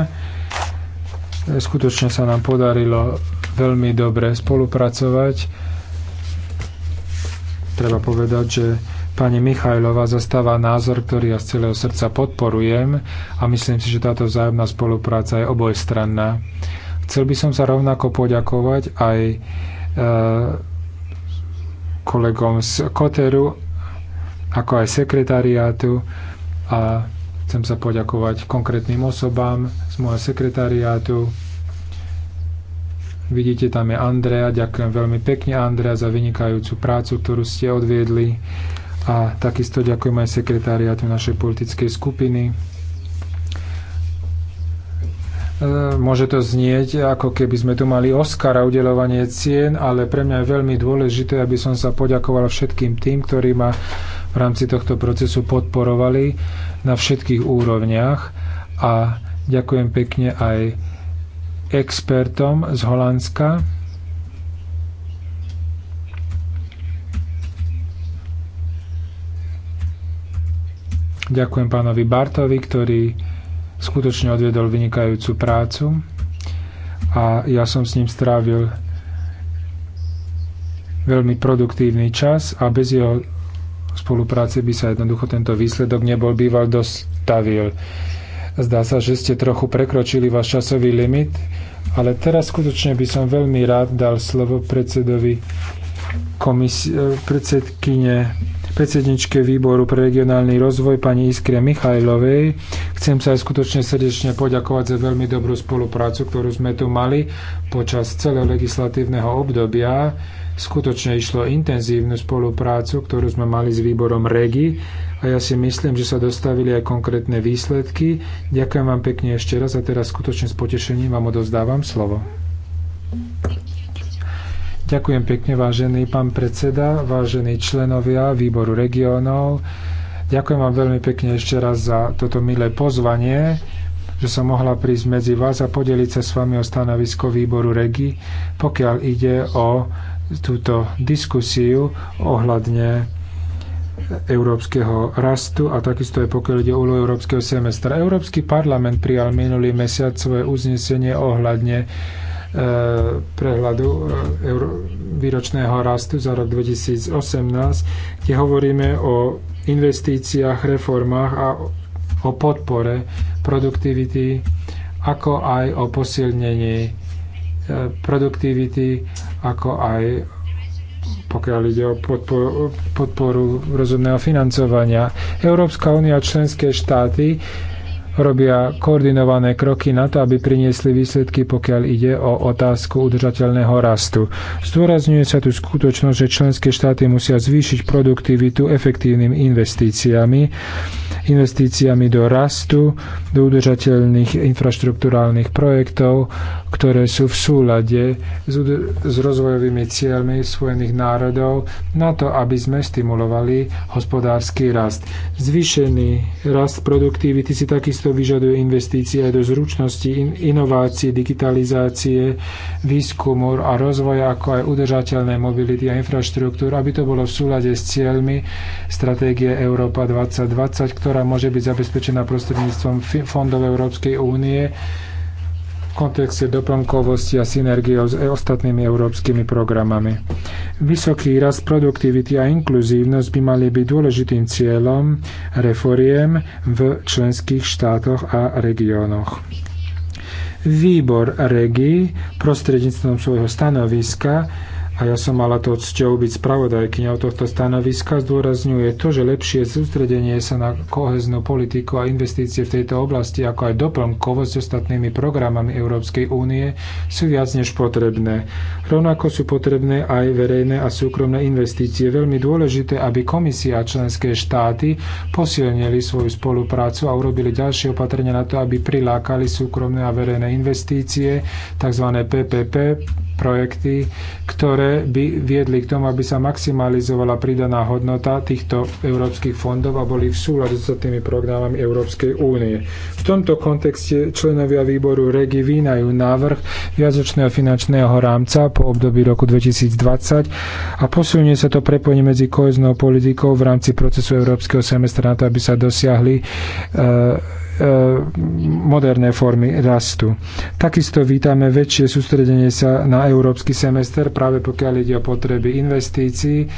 Skutočne sa nám podarilo veľmi dobre spolupracovať. Treba povedať, že Pani Michajlova zastáva názor, ktorý ja z celého srdca podporujem a myslím si, že táto vzájomná spolupráca je obojstranná. Chcel by som sa rovnako poďakovať aj e, kolegom z Koteru, ako aj sekretariátu a chcem sa poďakovať konkrétnym osobám z môjho sekretariátu. Vidíte, tam je Andrea. Ďakujem veľmi pekne, Andrea, za vynikajúcu prácu, ktorú ste odviedli. A takisto ďakujem aj sekretariátu našej politickej skupiny. E, môže to znieť, ako keby sme tu mali Oscara, udelovanie cien, ale pre mňa je veľmi dôležité, aby som sa poďakoval všetkým tým, ktorí ma v rámci tohto procesu podporovali na všetkých úrovniach a ďakujem pekne aj expertom z Holandska, Ďakujem pánovi Bartovi, ktorý skutočne odviedol vynikajúcu prácu a ja som s ním strávil veľmi produktívny čas a bez jeho spolupráce by sa jednoducho tento výsledok nebol býval dostavil. Zdá sa, že ste trochu prekročili váš časový limit, ale teraz skutočne by som veľmi rád dal slovo predsedovi komis- eh, predsedkyne predsedničke výboru pre regionálny rozvoj pani Iskre Michajlovej. Chcem sa aj skutočne srdečne poďakovať za veľmi dobrú spoluprácu, ktorú sme tu mali počas celého legislatívneho obdobia. Skutočne išlo intenzívnu spoluprácu, ktorú sme mali s výborom REGI a ja si myslím, že sa dostavili aj konkrétne výsledky. Ďakujem vám pekne ešte raz a teraz skutočne s potešením vám odovzdávam slovo. Ďakujem pekne, vážený pán predseda, vážení členovia výboru regiónov. Ďakujem vám veľmi pekne ešte raz za toto milé pozvanie, že som mohla prísť medzi vás a podeliť sa s vami o stanovisko výboru regi, pokiaľ ide o túto diskusiu ohľadne európskeho rastu a takisto aj pokiaľ ide o úlohu európskeho semestra. Európsky parlament prijal minulý mesiac svoje uznesenie ohľadne E, prehľadu e, výročného rastu za rok 2018, kde hovoríme o investíciách, reformách a o podpore produktivity, ako aj o posilnení e, produktivity, ako aj pokiaľ ide o podporu, podporu rozumného financovania. Európska únia a členské štáty robia koordinované kroky na to, aby priniesli výsledky, pokiaľ ide o otázku udržateľného rastu. Zdôrazňuje sa tu skutočnosť, že členské štáty musia zvýšiť produktivitu efektívnym investíciami, investíciami do rastu, do udržateľných infraštruktúrálnych projektov ktoré sú v súlade s, s rozvojovými cieľmi Spojených národov na to, aby sme stimulovali hospodársky rast. Zvýšený rast produktivity si takisto vyžaduje investície aj do zručnosti, in, inovácií, digitalizácie, výskumu a rozvoja, ako aj udržateľnej mobility a infraštruktúr, aby to bolo v súlade s cieľmi stratégie Európa 2020, ktorá môže byť zabezpečená prostredníctvom fondov Európskej únie kontexte doplnkovosti a synergiou s e- ostatnými európskymi programami. Vysoký rast produktivity a inkluzívnosť by mali byť dôležitým cieľom reforiem v členských štátoch a regiónoch. Výbor REGI prostredníctvom svojho stanoviska a ja som mala to cťou byť spravodajkyňou tohto stanoviska, zdôrazňuje to, že lepšie sústredenie sa na koheznú politiku a investície v tejto oblasti, ako aj doplnkovosť s ostatnými programami Európskej únie, sú viac než potrebné. Rovnako sú potrebné aj verejné a súkromné investície. Veľmi dôležité, aby komisia a členské štáty posilnili svoju spoluprácu a urobili ďalšie opatrenia na to, aby prilákali súkromné a verejné investície, tzv. PPP projekty, ktoré ktoré by viedli k tomu, aby sa maximalizovala pridaná hodnota týchto európskych fondov a boli v súlade s tými programami Európskej únie. V tomto kontexte členovia výboru REGI vínajú návrh viazočného finančného rámca po období roku 2020 a posunie sa to prepojenie medzi koheznou politikou v rámci procesu Európskeho semestra na to, aby sa dosiahli uh, E, moderné formy rastu. Takisto vítame väčšie sústredenie sa na európsky semester, práve pokiaľ ide o potreby investícií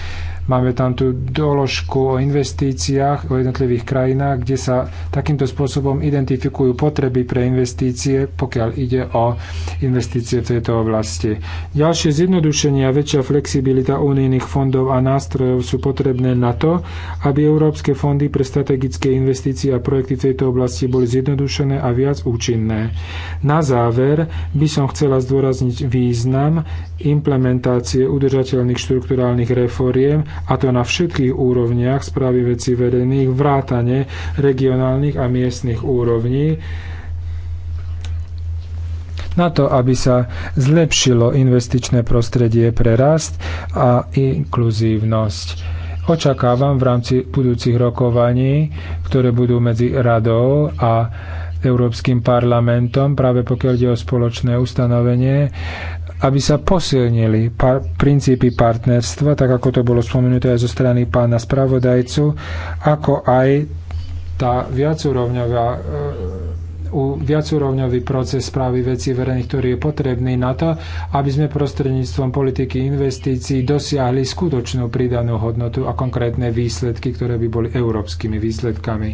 Máme tam tú doložku o investíciách o jednotlivých krajinách, kde sa takýmto spôsobom identifikujú potreby pre investície, pokiaľ ide o investície v tejto oblasti. Ďalšie zjednodušenie a väčšia flexibilita unijných fondov a nástrojov sú potrebné na to, aby európske fondy pre strategické investície a projekty v tejto oblasti boli zjednodušené a viac účinné. Na záver by som chcela zdôrazniť význam implementácie udržateľných štruktúrálnych reforiem a to na všetkých úrovniach správy veci verejných, vrátane regionálnych a miestnych úrovní, na to, aby sa zlepšilo investičné prostredie pre rast a inkluzívnosť. Očakávam v rámci budúcich rokovaní, ktoré budú medzi radou a Európskym parlamentom, práve pokiaľ ide o spoločné ustanovenie aby sa posilnili par- princípy partnerstva, tak ako to bolo spomenuté aj zo strany pána spravodajcu, ako aj tá viacúrovňová e, viacúrovňový proces správy vecí verejných, ktorý je potrebný na to, aby sme prostredníctvom politiky investícií dosiahli skutočnú pridanú hodnotu a konkrétne výsledky, ktoré by boli európskymi výsledkami.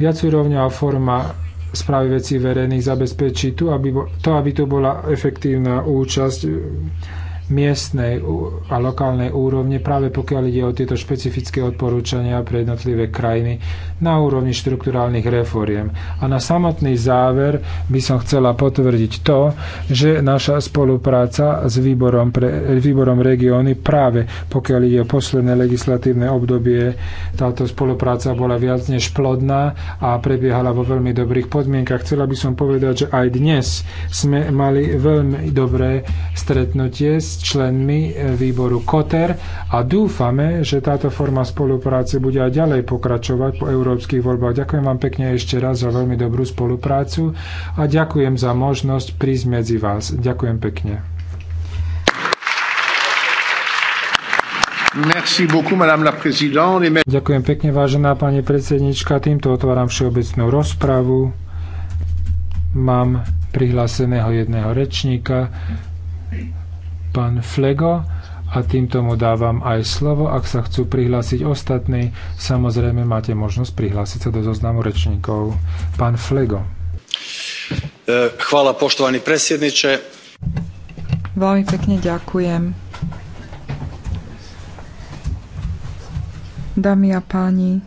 Viacúrovňová forma správy veci verejných zabezpečí tu, aby, to, aby tu bola efektívna účasť miestnej a lokálnej úrovne, práve pokiaľ ide o tieto špecifické odporúčania pre jednotlivé krajiny na úrovni štruktúrálnych reforiem. A na samotný záver by som chcela potvrdiť to, že naša spolupráca s výborom, pre, výborom regióny práve pokiaľ ide o posledné legislatívne obdobie, táto spolupráca bola viac než plodná a prebiehala vo veľmi dobrých podmienkach. Chcela by som povedať, že aj dnes sme mali veľmi dobré stretnutie s s členmi e, výboru KOTER a dúfame, že táto forma spolupráce bude aj ďalej pokračovať po európskych voľbách. Ďakujem vám pekne ešte raz za veľmi dobrú spoluprácu a ďakujem za možnosť prísť medzi vás. Ďakujem pekne. Beaucoup, Ďakujem pekne, vážená pani predsednička. Týmto otváram všeobecnú rozpravu. Mám prihláseného jedného rečníka pán Flego a týmto mu dávam aj slovo. Ak sa chcú prihlásiť ostatní, samozrejme máte možnosť prihlásiť sa do zoznamu rečníkov. Pán Flego. E, chvála, poštovaný presiedniče. Veľmi pekne ďakujem. Dámy a páni,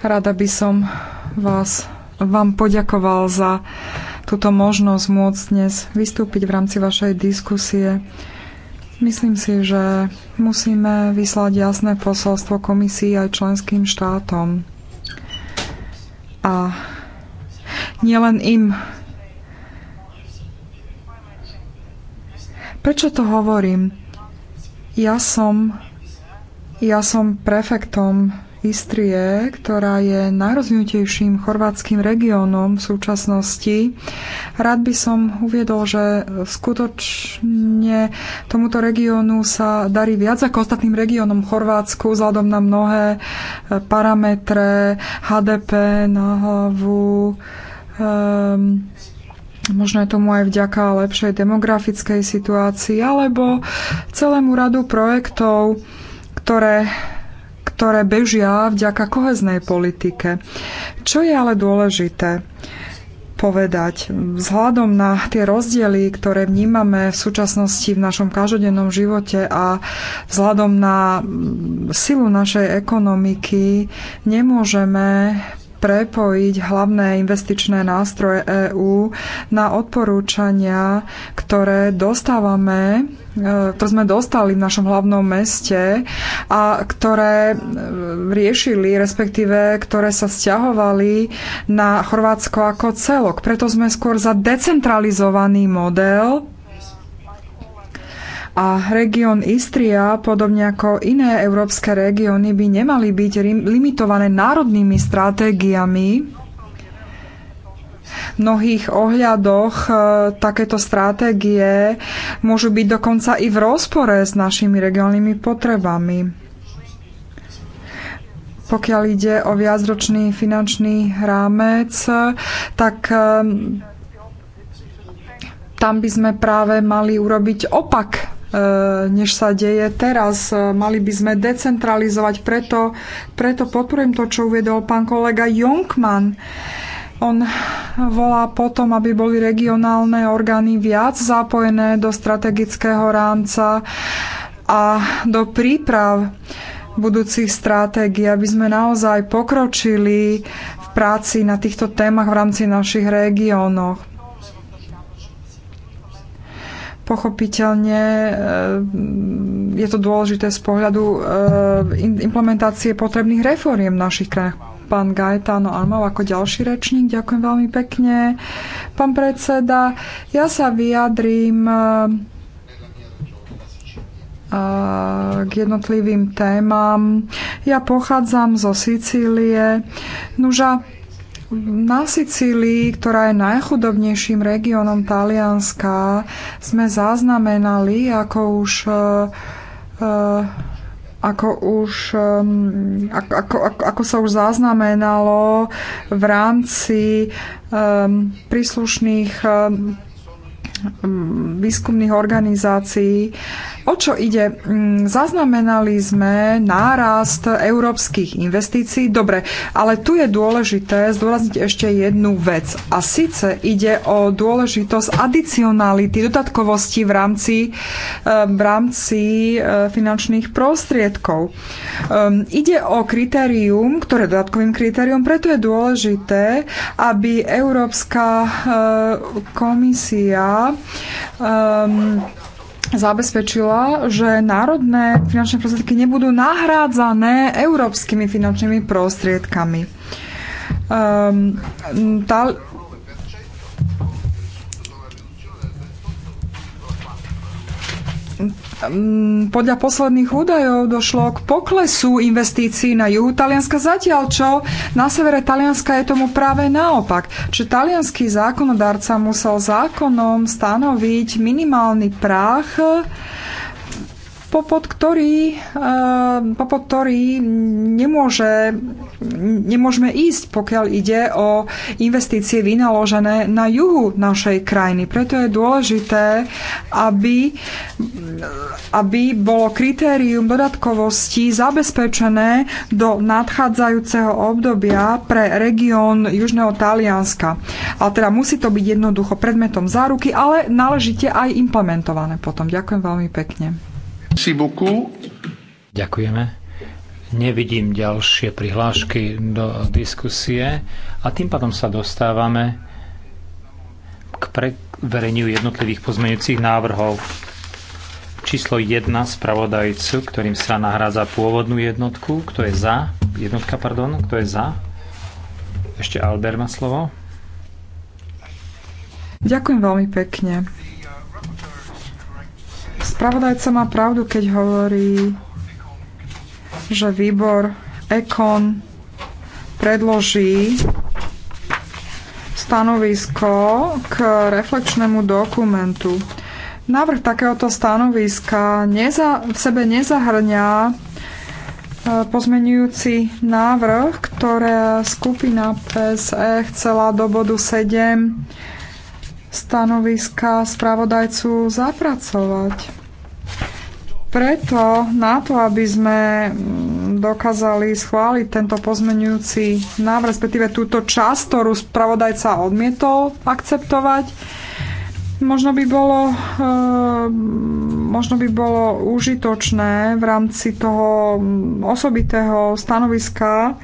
rada by som vás, vám poďakoval za túto možnosť môcť dnes vystúpiť v rámci vašej diskusie. Myslím si, že musíme vyslať jasné posolstvo komisii aj členským štátom. A nielen im. Prečo to hovorím? Ja som, ja som prefektom Istrie, ktorá je najrozvinutejším chorvátským regiónom v súčasnosti. Rád by som uviedol, že skutočne tomuto regiónu sa darí viac ako ostatným regiónom Chorvátsku vzhľadom na mnohé e, parametre HDP na hlavu. Um, možno je tomu aj vďaka lepšej demografickej situácii alebo celému radu projektov, ktoré ktoré bežia vďaka koheznej politike. Čo je ale dôležité? povedať. Vzhľadom na tie rozdiely, ktoré vnímame v súčasnosti v našom každodennom živote a vzhľadom na silu našej ekonomiky, nemôžeme prepojiť hlavné investičné nástroje EÚ na odporúčania, ktoré dostávame e, ktoré sme dostali v našom hlavnom meste a ktoré e, riešili, respektíve ktoré sa stiahovali na Chorvátsko ako celok. Preto sme skôr za decentralizovaný model a región Istria, podobne ako iné európske regióny, by nemali byť limitované národnými stratégiami. V mnohých ohľadoch e, takéto stratégie môžu byť dokonca i v rozpore s našimi regionálnymi potrebami pokiaľ ide o viacročný finančný rámec, tak e, tam by sme práve mali urobiť opak E, než sa deje teraz. E, mali by sme decentralizovať, preto, preto podporujem to, čo uviedol pán kolega Jonkman. On volá potom, aby boli regionálne orgány viac zapojené do strategického rámca a do príprav budúcich stratégií, aby sme naozaj pokročili v práci na týchto témach v rámci našich regiónoch. Pochopiteľne eh, je to dôležité z pohľadu eh, implementácie potrebných reforiem v našich krajinách. Pán Gaetano Almov ako ďalší rečník, ďakujem veľmi pekne. Pán predseda, ja sa vyjadrím eh, k jednotlivým témam. Ja pochádzam zo Sicílie. Nuža, na Sicílii, ktorá je najchudobnejším regiónom Talianska, sme zaznamenali, ako už e, e, ako už e, ako, ako, ako sa už zaznamenalo v rámci um, príslušných um, Mm, výskumných organizácií. O čo ide? Mm, zaznamenali sme nárast európskych investícií. Dobre, ale tu je dôležité zdôrazniť ešte jednu vec. A síce ide o dôležitosť adicionality, dodatkovosti v rámci, e, v rámci e, finančných prostriedkov. Ehm, ide o kritérium, ktoré je dodatkovým kritérium, preto je dôležité, aby Európska e, komisia um, zabezpečila, že národné finančné prostriedky nebudú nahrádzané európskymi finančnými prostriedkami. Um, tá, Mm, podľa posledných údajov došlo k poklesu investícií na juhu Talianska zatiaľ, čo na severe Talianska je tomu práve naopak. Čiže talianský zákonodárca musel zákonom stanoviť minimálny práh popod, ktorý, eh, popod, ktorý nemôže, nemôžeme ísť, pokiaľ ide o investície vynaložené na juhu našej krajiny. Preto je dôležité, aby, aby bolo kritérium dodatkovosti zabezpečené do nadchádzajúceho obdobia pre región Južného Talianska. A teda musí to byť jednoducho predmetom záruky, ale náležite aj implementované potom. Ďakujem veľmi pekne. Ďakujeme. Nevidím ďalšie prihlášky do diskusie a tým pádom sa dostávame k prevereniu jednotlivých pozmeňujúcich návrhov. Číslo 1 spravodajcu, ktorým sa nahrádza pôvodnú jednotku. Kto je za? Jednotka, pardon. Kto je za? Ešte Albert má slovo. Ďakujem veľmi pekne. Spravodajca má pravdu, keď hovorí, že výbor Ekon predloží stanovisko k reflekčnému dokumentu. Návrh takéhoto stanoviska neza, v sebe nezahrňa e, pozmenujúci návrh, ktoré skupina PSE chcela do bodu 7 stanoviska spravodajcu zapracovať. Preto na to, aby sme mm, dokázali schváliť tento pozmenujúci návrh, respektíve túto časť, ktorú spravodajca odmietol akceptovať, Možno by bolo, e, možno by bolo užitočné v rámci toho mm, osobitého stanoviska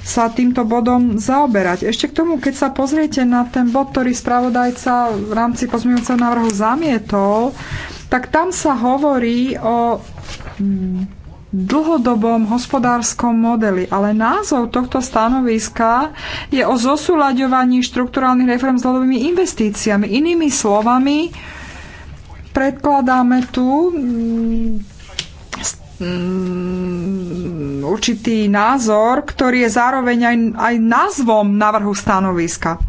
sa týmto bodom zaoberať. Ešte k tomu, keď sa pozriete na ten bod, ktorý spravodajca v rámci pozmeňujúceho návrhu zamietol, tak tam sa hovorí o mm, dlhodobom hospodárskom modeli, ale názov tohto stanoviska je o zosúľaďovaní štrukturálnych reform s dlhodobými investíciami. Inými slovami, predkladáme tu mm, určitý názor, ktorý je zároveň aj, aj názvom návrhu stanoviska.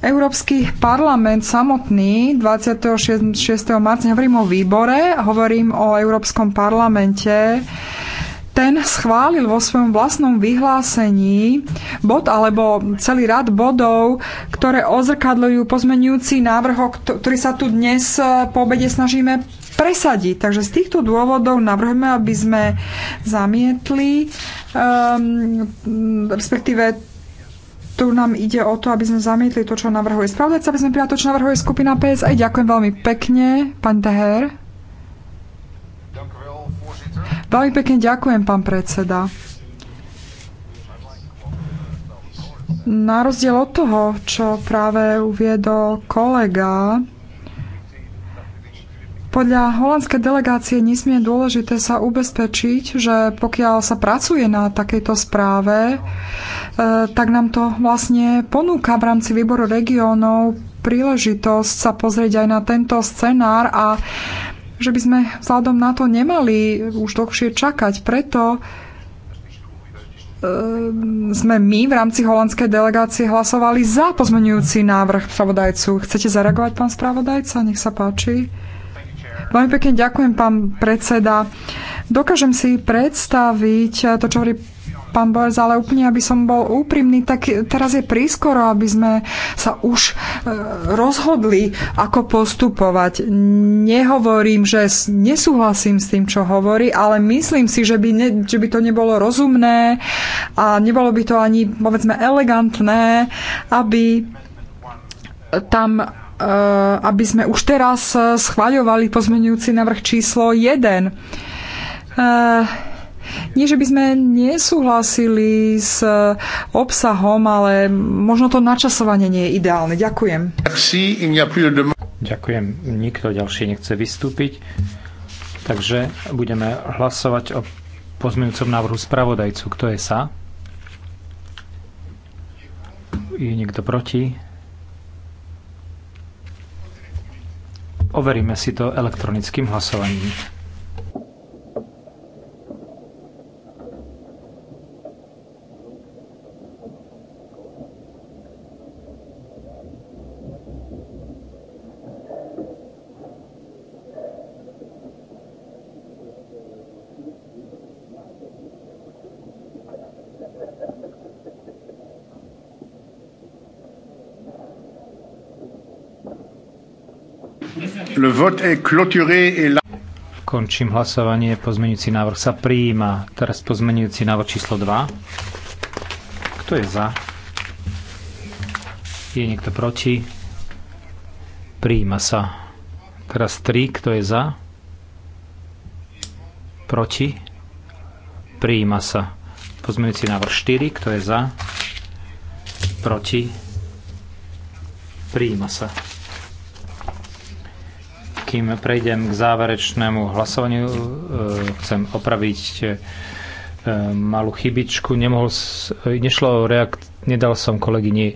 Európsky parlament samotný 26. marca, hovorím o výbore, hovorím o Európskom parlamente, ten schválil vo svojom vlastnom vyhlásení bod alebo celý rad bodov, ktoré ozrkadľujú pozmenujúci návrh, ktorý sa tu dnes e, po obede snažíme presadiť. Takže z týchto dôvodov navrhujeme, aby sme zamietli um, respektíve tu nám ide o to, aby sme zamietli to, čo navrhuje spravodajca, aby sme prijali to, čo navrhuje skupina PSA. Ďakujem veľmi pekne, pán Teher. Veľmi pekne ďakujem, pán predseda. Na rozdiel od toho, čo práve uviedol kolega, podľa holandskej delegácie nesmie dôležité sa ubezpečiť, že pokiaľ sa pracuje na takejto správe, e, tak nám to vlastne ponúka v rámci výboru regiónov príležitosť sa pozrieť aj na tento scenár a že by sme vzhľadom na to nemali už dlhšie čakať. Preto e, sme my v rámci holandskej delegácie hlasovali za pozmenujúci návrh spravodajcu. Chcete zareagovať, pán spravodajca? Nech sa páči. Veľmi pekne ďakujem, pán predseda. Dokážem si predstaviť to, čo hovorí pán Boers, ale úplne, aby som bol úprimný, tak teraz je prískoro, aby sme sa už e, rozhodli, ako postupovať. Nehovorím, že nesúhlasím s tým, čo hovorí, ale myslím si, že by, ne, že by to nebolo rozumné a nebolo by to ani, povedzme, elegantné, aby tam Eh, aby sme už teraz eh, schvaľovali pozmenujúci návrh číslo 1. Eh, nie, že by sme nesúhlasili s obsahom, ale možno to načasovanie nie je ideálne. Ďakujem. Ďakujem. Nikto ďalší nechce vystúpiť. Takže budeme hlasovať o pozmeňujúcom návrhu spravodajcu. Kto je sa? Je niekto proti? Overíme si to elektronickým hlasovaním. Le vote est clôturé et la... Končím hlasovanie. Pozmenujúci návrh sa prijíma. Teraz pozmenujúci návrh číslo 2. Kto je za? Je niekto proti? Prijíma sa. Teraz 3. Kto je za? Proti? Prijíma sa. Pozmeňujúci návrh 4. Kto je za? Proti? Prijíma sa kým prejdem k záverečnému hlasovaniu, e, chcem opraviť e, malú chybičku. Nemohol, e, nešlo o reakt, nedal som kolegyni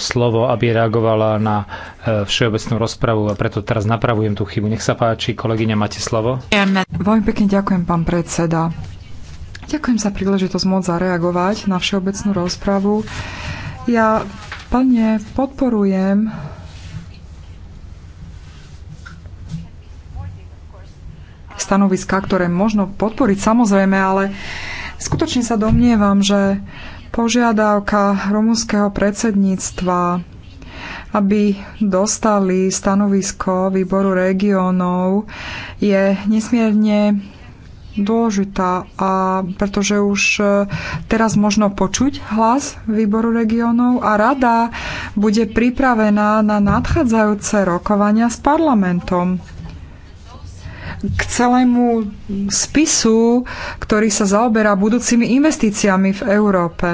slovo, aby reagovala na všeobecnú rozpravu a preto teraz napravujem tú chybu. Nech sa páči, kolegyňa, máte slovo. Veľmi pekne ďakujem, pán predseda. Ďakujem za príležitosť môcť zareagovať na všeobecnú rozpravu. Ja plne podporujem stanoviská, ktoré možno podporiť samozrejme, ale skutočne sa domnievam, že požiadavka rumúnskeho predsedníctva aby dostali stanovisko výboru regiónov, je nesmierne dôležitá, a pretože už e, teraz možno počuť hlas výboru regiónov a rada bude pripravená na nadchádzajúce rokovania s parlamentom k celému spisu, ktorý sa zaoberá budúcimi investíciami v Európe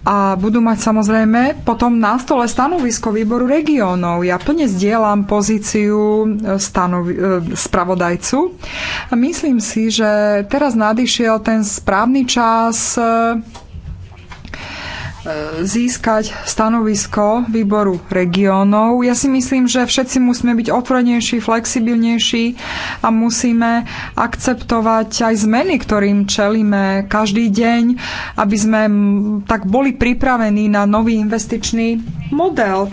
a budú mať samozrejme potom na stole stanovisko výboru regiónov. Ja plne zdieľam pozíciu e, stanovi- e, spravodajcu. Myslím si, že teraz nadišiel ten správny čas e, E, získať stanovisko výboru regiónov. Ja si myslím, že všetci musíme byť otvorenejší, flexibilnejší a musíme akceptovať aj zmeny, ktorým čelíme každý deň, aby sme tak boli pripravení na nový investičný model.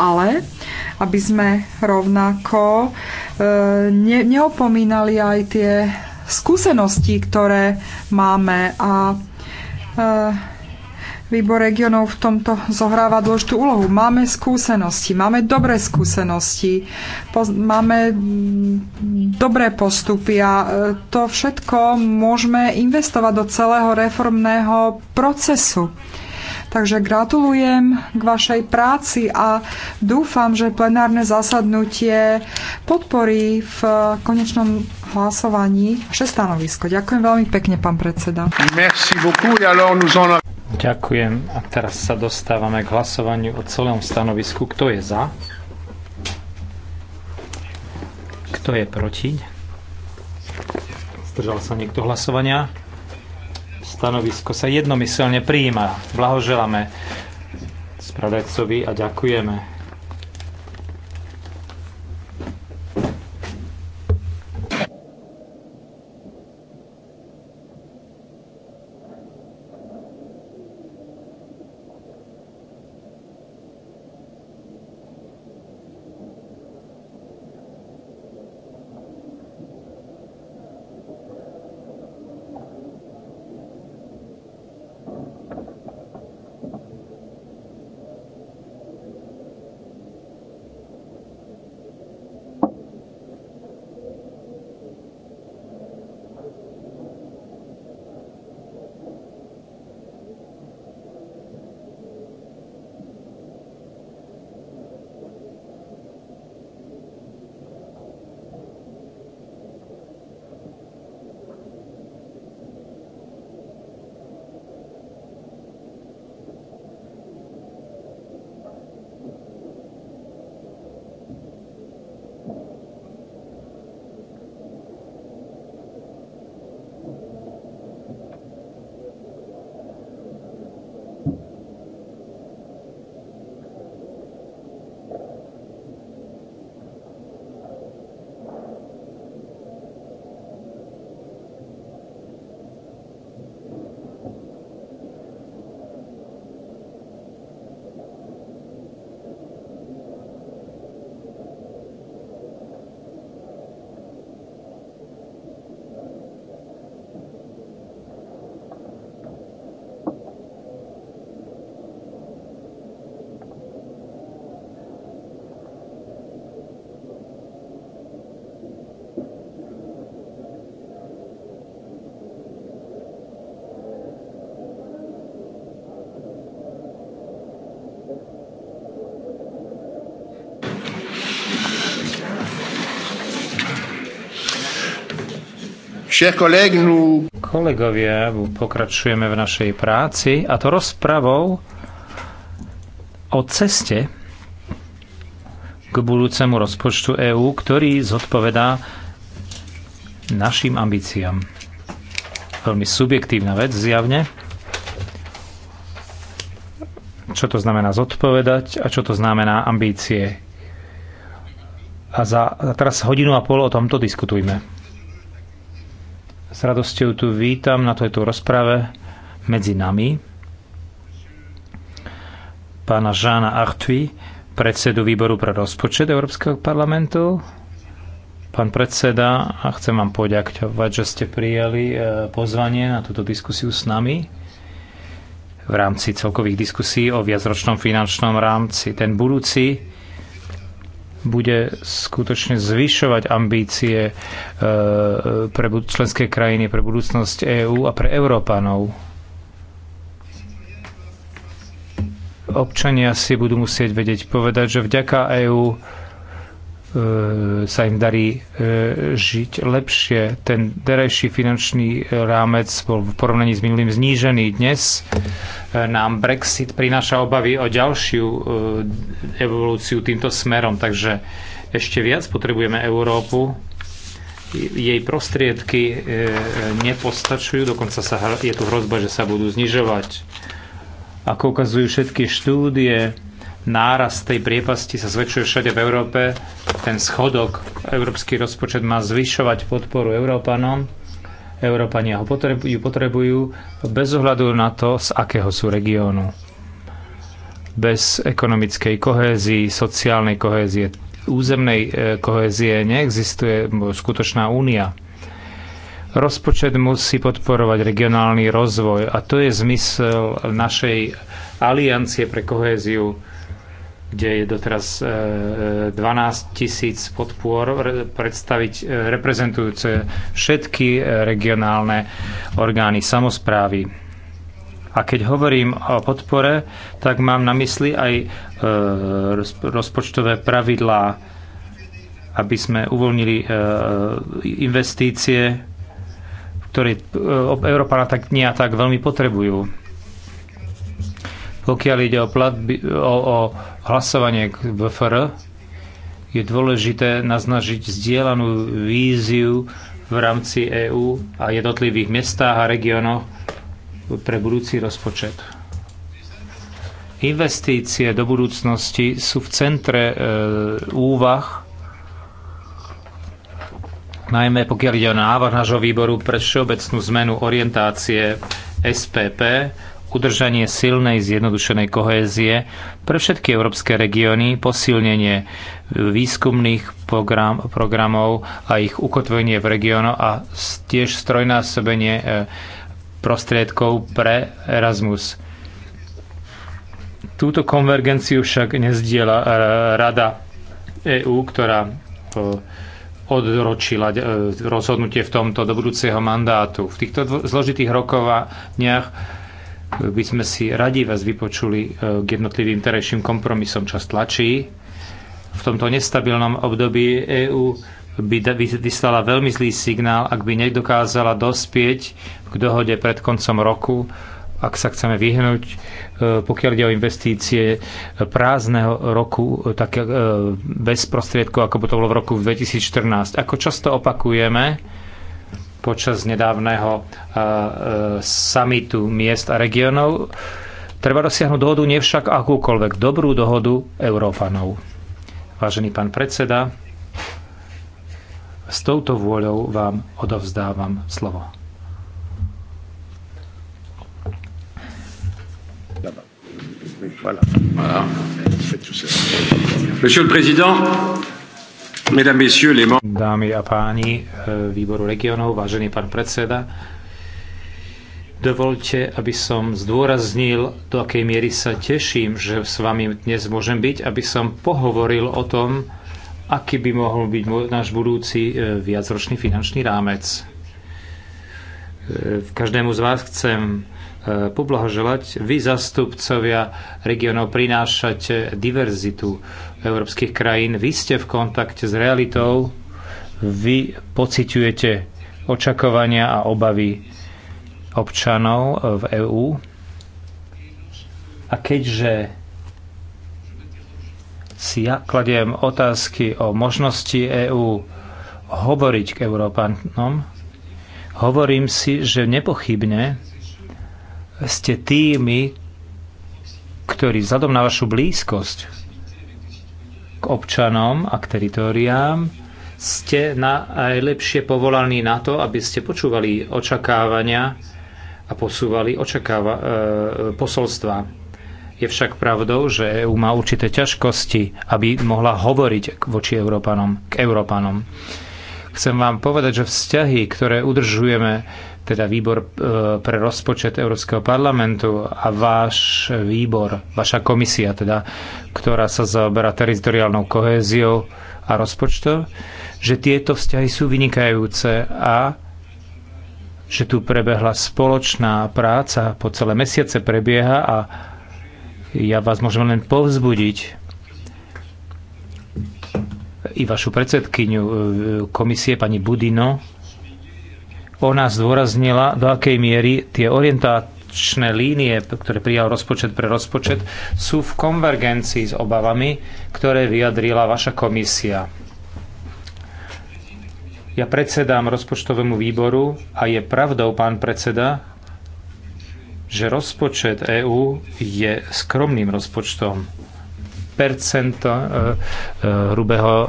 Ale aby sme rovnako e, ne, neopomínali aj tie skúsenosti, ktoré máme a Eh, výbor regionov v tomto zohráva dôležitú úlohu. Máme skúsenosti, máme dobré skúsenosti, máme mm, dobré postupy a eh, to všetko môžeme investovať do celého reformného procesu. Takže gratulujem k vašej práci a dúfam, že plenárne zasadnutie podporí v konečnom hlasovaní vaše stanovisko. Ďakujem veľmi pekne, pán predseda. Merci beaucoup. Alors nous en... Ďakujem. A teraz sa dostávame k hlasovaniu o celom stanovisku. Kto je za? Kto je proti? Zdržal sa niekto hlasovania? Stanovisko sa jednomyselne prijíma. Blahoželáme spravodajcovi a ďakujeme. Kolegovia, pokračujeme v našej práci a to rozpravou o ceste k budúcemu rozpočtu EÚ, ktorý zodpovedá našim ambíciám. Veľmi subjektívna vec zjavne. Čo to znamená zodpovedať a čo to znamená ambície. A, za, a teraz hodinu a pol o tomto diskutujme. S radosťou tu vítam na tejto rozprave medzi nami pána Žána Artui, predsedu výboru pre rozpočet Európskeho parlamentu. Pán predseda, a chcem vám poďakovať, že ste prijali e, pozvanie na túto diskusiu s nami v rámci celkových diskusí o viacročnom finančnom rámci. Ten budúci bude skutočne zvyšovať ambície e, pre členské krajiny, pre budúcnosť EÚ a pre Európanov. Občania si budú musieť vedieť povedať, že vďaka EÚ E, sa im darí e, žiť lepšie. Ten derajší finančný rámec bol v porovnaní s minulým znížený. Dnes e, nám Brexit prináša obavy o ďalšiu evolúciu týmto smerom, takže ešte viac potrebujeme Európu. Jej prostriedky nepostačujú, dokonca sa, je tu hrozba, že sa budú znižovať. Ako ukazujú všetky štúdie, nárast tej priepasti sa zväčšuje všade v Európe. Ten schodok, európsky rozpočet má zvyšovať podporu Európanom. Európania ho potrebujú, potrebujú bez ohľadu na to, z akého sú regiónu. Bez ekonomickej kohézii, sociálnej kohézie, územnej e, kohézie neexistuje skutočná únia. Rozpočet musí podporovať regionálny rozvoj a to je zmysel našej aliancie pre kohéziu kde je doteraz 12 e, e, tisíc podpôr predstaviť e, reprezentujúce všetky regionálne orgány samozprávy. A keď hovorím o podpore, tak mám na mysli aj rozpočtové pravidlá, aby sme uvoľnili investície, ktoré Európa tak nie a tak veľmi potrebujú. Pokiaľ ide o, platby, o, o hlasovanie k VFR je dôležité naznažiť zdieľanú víziu v rámci EÚ a jednotlivých mestách a regiónoch pre budúci rozpočet. Investície do budúcnosti sú v centre e, úvah, najmä pokiaľ ide o návrh nášho výboru pre všeobecnú zmenu orientácie SPP udržanie silnej zjednodušenej kohézie pre všetky európske regióny, posilnenie výskumných program, programov a ich ukotvenie v regiónu a tiež strojnásobenie e, prostriedkov pre Erasmus. Túto konvergenciu však nezdiela e, Rada EÚ, ktorá e, odročila rozhodnutie v tomto do budúceho mandátu. V týchto zložitých rokovaniach by sme si radi vás vypočuli e, k jednotlivým terajším kompromisom, čo stlačí. V tomto nestabilnom období EÚ by vyslala veľmi zlý signál, ak by nedokázala dospieť k dohode pred koncom roku, ak sa chceme vyhnúť, e, pokiaľ ide o investície prázdneho roku, e, tak bez prostriedkov, ako by to bolo v roku 2014. Ako často opakujeme, počas nedávneho e, e, samitu miest a regionov. Treba dosiahnuť dohodu nevšak akúkoľvek dobrú dohodu Európanov. Vážený pán predseda, s touto vôľou vám odovzdávam slovo. Monsieur le Président, Dámy a páni e, výboru regionov, vážený pán predseda, dovolte, aby som zdôraznil, do akej miery sa teším, že s vami dnes môžem byť, aby som pohovoril o tom, aký by mohol byť náš budúci e, viacročný finančný rámec. E, každému z vás chcem poblahoželať. Vy, zastupcovia regionov, prinášate diverzitu európskych krajín. Vy ste v kontakte s realitou, vy pociťujete očakovania a obavy občanov v EÚ. A keďže si ja kladiem otázky o možnosti EÚ hovoriť k Európanom, hovorím si, že nepochybne ste tými, ktorí vzhľadom na vašu blízkosť k občanom a k teritoriám, ste najlepšie povolaní na to, aby ste počúvali očakávania a posúvali očakáva, e, posolstva. Je však pravdou, že EU má určité ťažkosti, aby mohla hovoriť voči Európanom, k Európanom. Chcem vám povedať, že vzťahy, ktoré udržujeme teda výbor e, pre rozpočet Európskeho parlamentu a váš výbor, vaša komisia, teda, ktorá sa zaoberá teritoriálnou kohéziou a rozpočtom, že tieto vzťahy sú vynikajúce a že tu prebehla spoločná práca, po celé mesiace prebieha a ja vás môžem len povzbudiť i vašu predsedkyňu e, komisie, pani Budino, ona zdôraznila, do akej miery tie orientačné línie, ktoré prijal rozpočet pre rozpočet, sú v konvergencii s obavami, ktoré vyjadrila vaša komisia. Ja predsedám rozpočtovému výboru a je pravdou, pán predseda, že rozpočet EÚ je skromným rozpočtom. Percento e, e, hrubého e,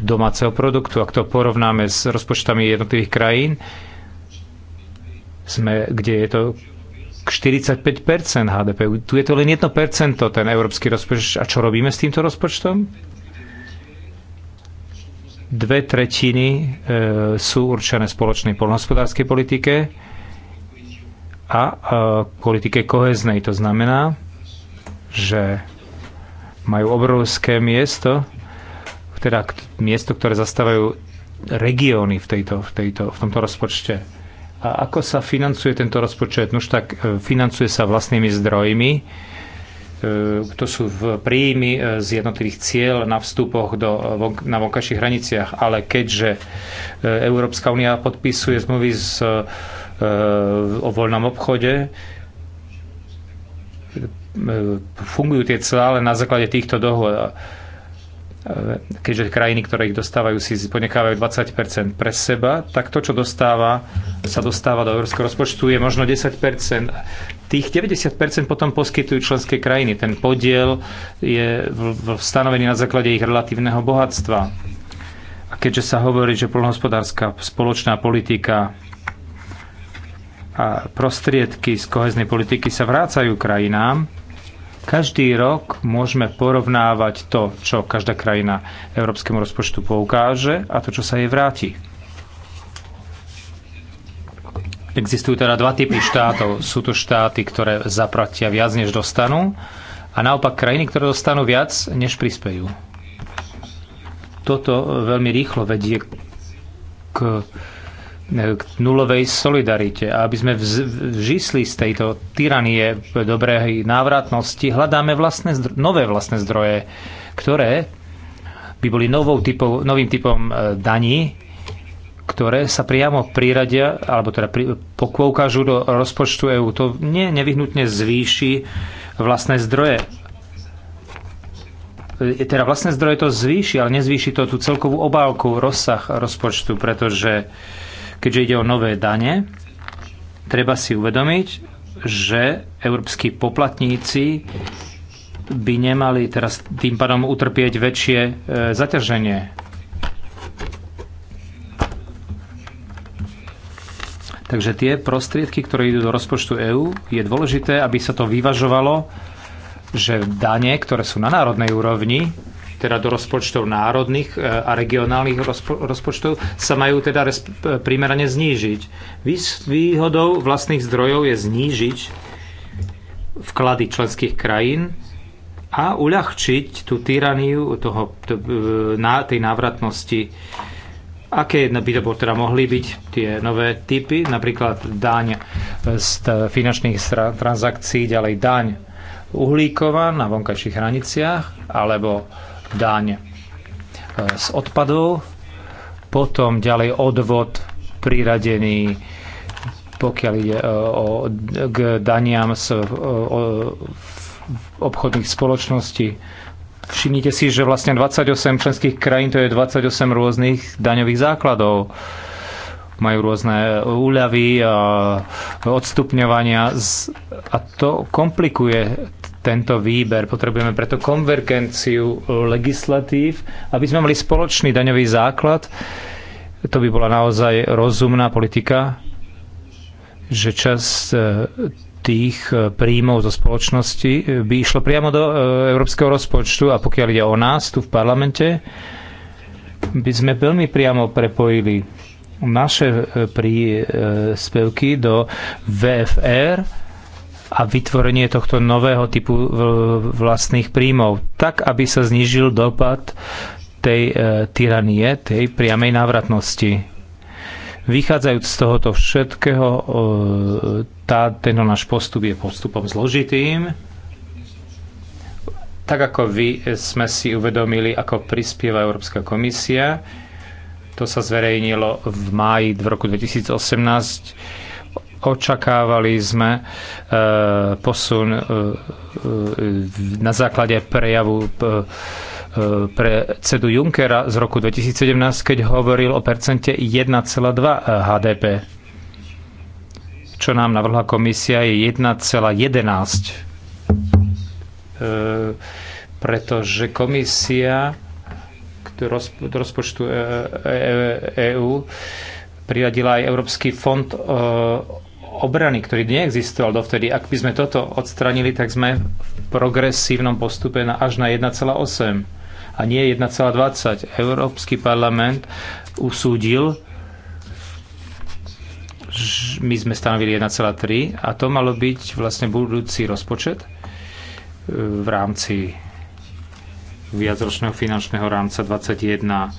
domáceho produktu. Ak to porovnáme s rozpočtami jednotlivých krajín, sme, kde je to 45% HDP. Tu je to len 1% ten európsky rozpočet. A čo robíme s týmto rozpočtom? Dve tretiny e, sú určené spoločnej polnohospodárskej politike a e, politike koheznej. To znamená, že majú obrovské miesto, teda miesto, ktoré zastávajú regióny v, tejto, v, tejto, v tomto rozpočte a ako sa financuje tento rozpočet? Nož tak e, financuje sa vlastnými zdrojmi. E, to sú v príjmy e, z jednotlivých cieľ na vstupoch do, na vonkajších hraniciach. Ale keďže Európska únia podpisuje zmluvy s, o voľnom obchode, fungujú tie celá ale na základe týchto dohod E, keďže krajiny, ktoré ich dostávajú, si ponekávajú 20 pre seba, tak to, čo dostáva, sa dostáva do európskeho rozpočtu, je možno 10 Tých 90 potom poskytujú členské krajiny. Ten podiel je stanovený na základe ich relatívneho bohatstva. A keďže sa hovorí, že polnohospodárska spoločná politika a prostriedky z koheznej politiky sa vrácajú krajinám, každý rok môžeme porovnávať to, čo každá krajina európskemu rozpočtu poukáže a to, čo sa jej vráti. Existujú teda dva typy štátov. Sú to štáty, ktoré zaplatia viac, než dostanú a naopak krajiny, ktoré dostanú viac, než prispejú. Toto veľmi rýchlo vedie k k nulovej solidarite a aby sme vžisli z tejto tyranie dobrej návratnosti, hľadáme vlastné, nové vlastné zdroje, ktoré by boli novou typov, novým typom e, daní, ktoré sa priamo priradia, alebo teda pri, pokôkažu do rozpočtu EÚ. To nie nevyhnutne zvýši vlastné zdroje. E, teda vlastné zdroje to zvýši, ale nezvýši to tú celkovú obálku, rozsah rozpočtu, pretože Keďže ide o nové dane, treba si uvedomiť, že európsky poplatníci by nemali teraz tým pádom utrpieť väčšie e, zaťaženie. Takže tie prostriedky, ktoré idú do rozpočtu EÚ, je dôležité, aby sa to vyvažovalo, že dane, ktoré sú na národnej úrovni, teda do rozpočtov národných e, a regionálnych rozpo, rozpočtov, sa majú teda primerane znížiť. Výhodou vlastných zdrojov je znížiť vklady členských krajín a uľahčiť tú tyraniu toho, to, e, na, tej návratnosti. Aké by to teda mohli byť tie nové typy, napríklad daň z finančných transakcií, ďalej daň uhlíková na vonkajších hraniciach, alebo daň e, z odpadov, potom ďalej odvod priradený pokiaľ ide e, o, k daniam z e, o, v obchodných spoločností. Všimnite si, že vlastne 28 členských krajín to je 28 rôznych daňových základov majú rôzne úľavy, a odstupňovania a to komplikuje tento výber. Potrebujeme preto konvergenciu e, legislatív, aby sme mali spoločný daňový základ. To by bola naozaj rozumná politika, že čas e, tých e, príjmov zo spoločnosti by išlo priamo do európskeho rozpočtu a pokiaľ ide o nás tu v parlamente, by sme veľmi priamo prepojili naše príspevky do VFR a vytvorenie tohto nového typu e, vlastných príjmov, tak aby sa znížil dopad tej e, tyranie, tej priamej návratnosti. Vychádzajúc z tohoto všetkého, e, tá, tento náš postup je postupom zložitým. Tak ako vy e, sme si uvedomili, ako prispieva Európska komisia, to sa zverejnilo v máji v roku 2018 Očakávali sme e, posun e, e, na základe prejavu pre CEDU Junckera z roku 2017, keď hovoril o percente 1,2 HDP. Čo nám navrhla komisia je 1,11. Pretože komisia rozpočtu EÚ priradila aj Európsky fond obrany, ktorý neexistoval dovtedy, ak by sme toto odstranili, tak sme v progresívnom postupe na až na 1,8 a nie 1,20. Európsky parlament usúdil, my sme stanovili 1,3 a to malo byť vlastne budúci rozpočet e, v rámci viacročného finančného rámca 21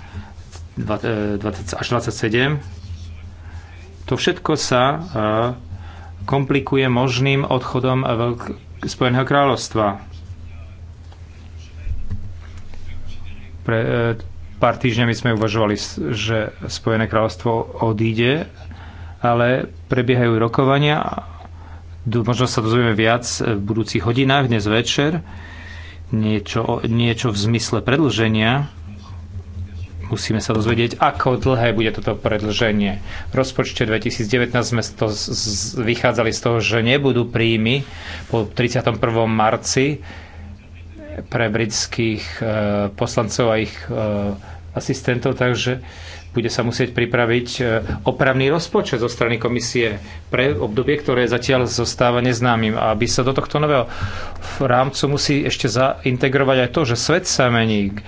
20, e, až 27 to všetko sa e, komplikuje možným odchodom Spojeného kráľovstva. Pre e, pár týždňami sme uvažovali, že Spojené kráľovstvo odíde, ale prebiehajú rokovania. Možno sa dozvieme viac v budúcich hodinách, dnes večer. Niečo, niečo v zmysle predlženia musíme sa dozvedieť, ako dlhé bude toto predlženie. V rozpočte 2019 sme to vychádzali z toho, že nebudú príjmy po 31. marci pre britských e, poslancov a ich e, asistentov, takže bude sa musieť pripraviť e, opravný rozpočet zo strany komisie pre obdobie, ktoré zatiaľ zostáva neznámym. A aby sa do tohto nového rámcu musí ešte zaintegrovať aj to, že svet sa mení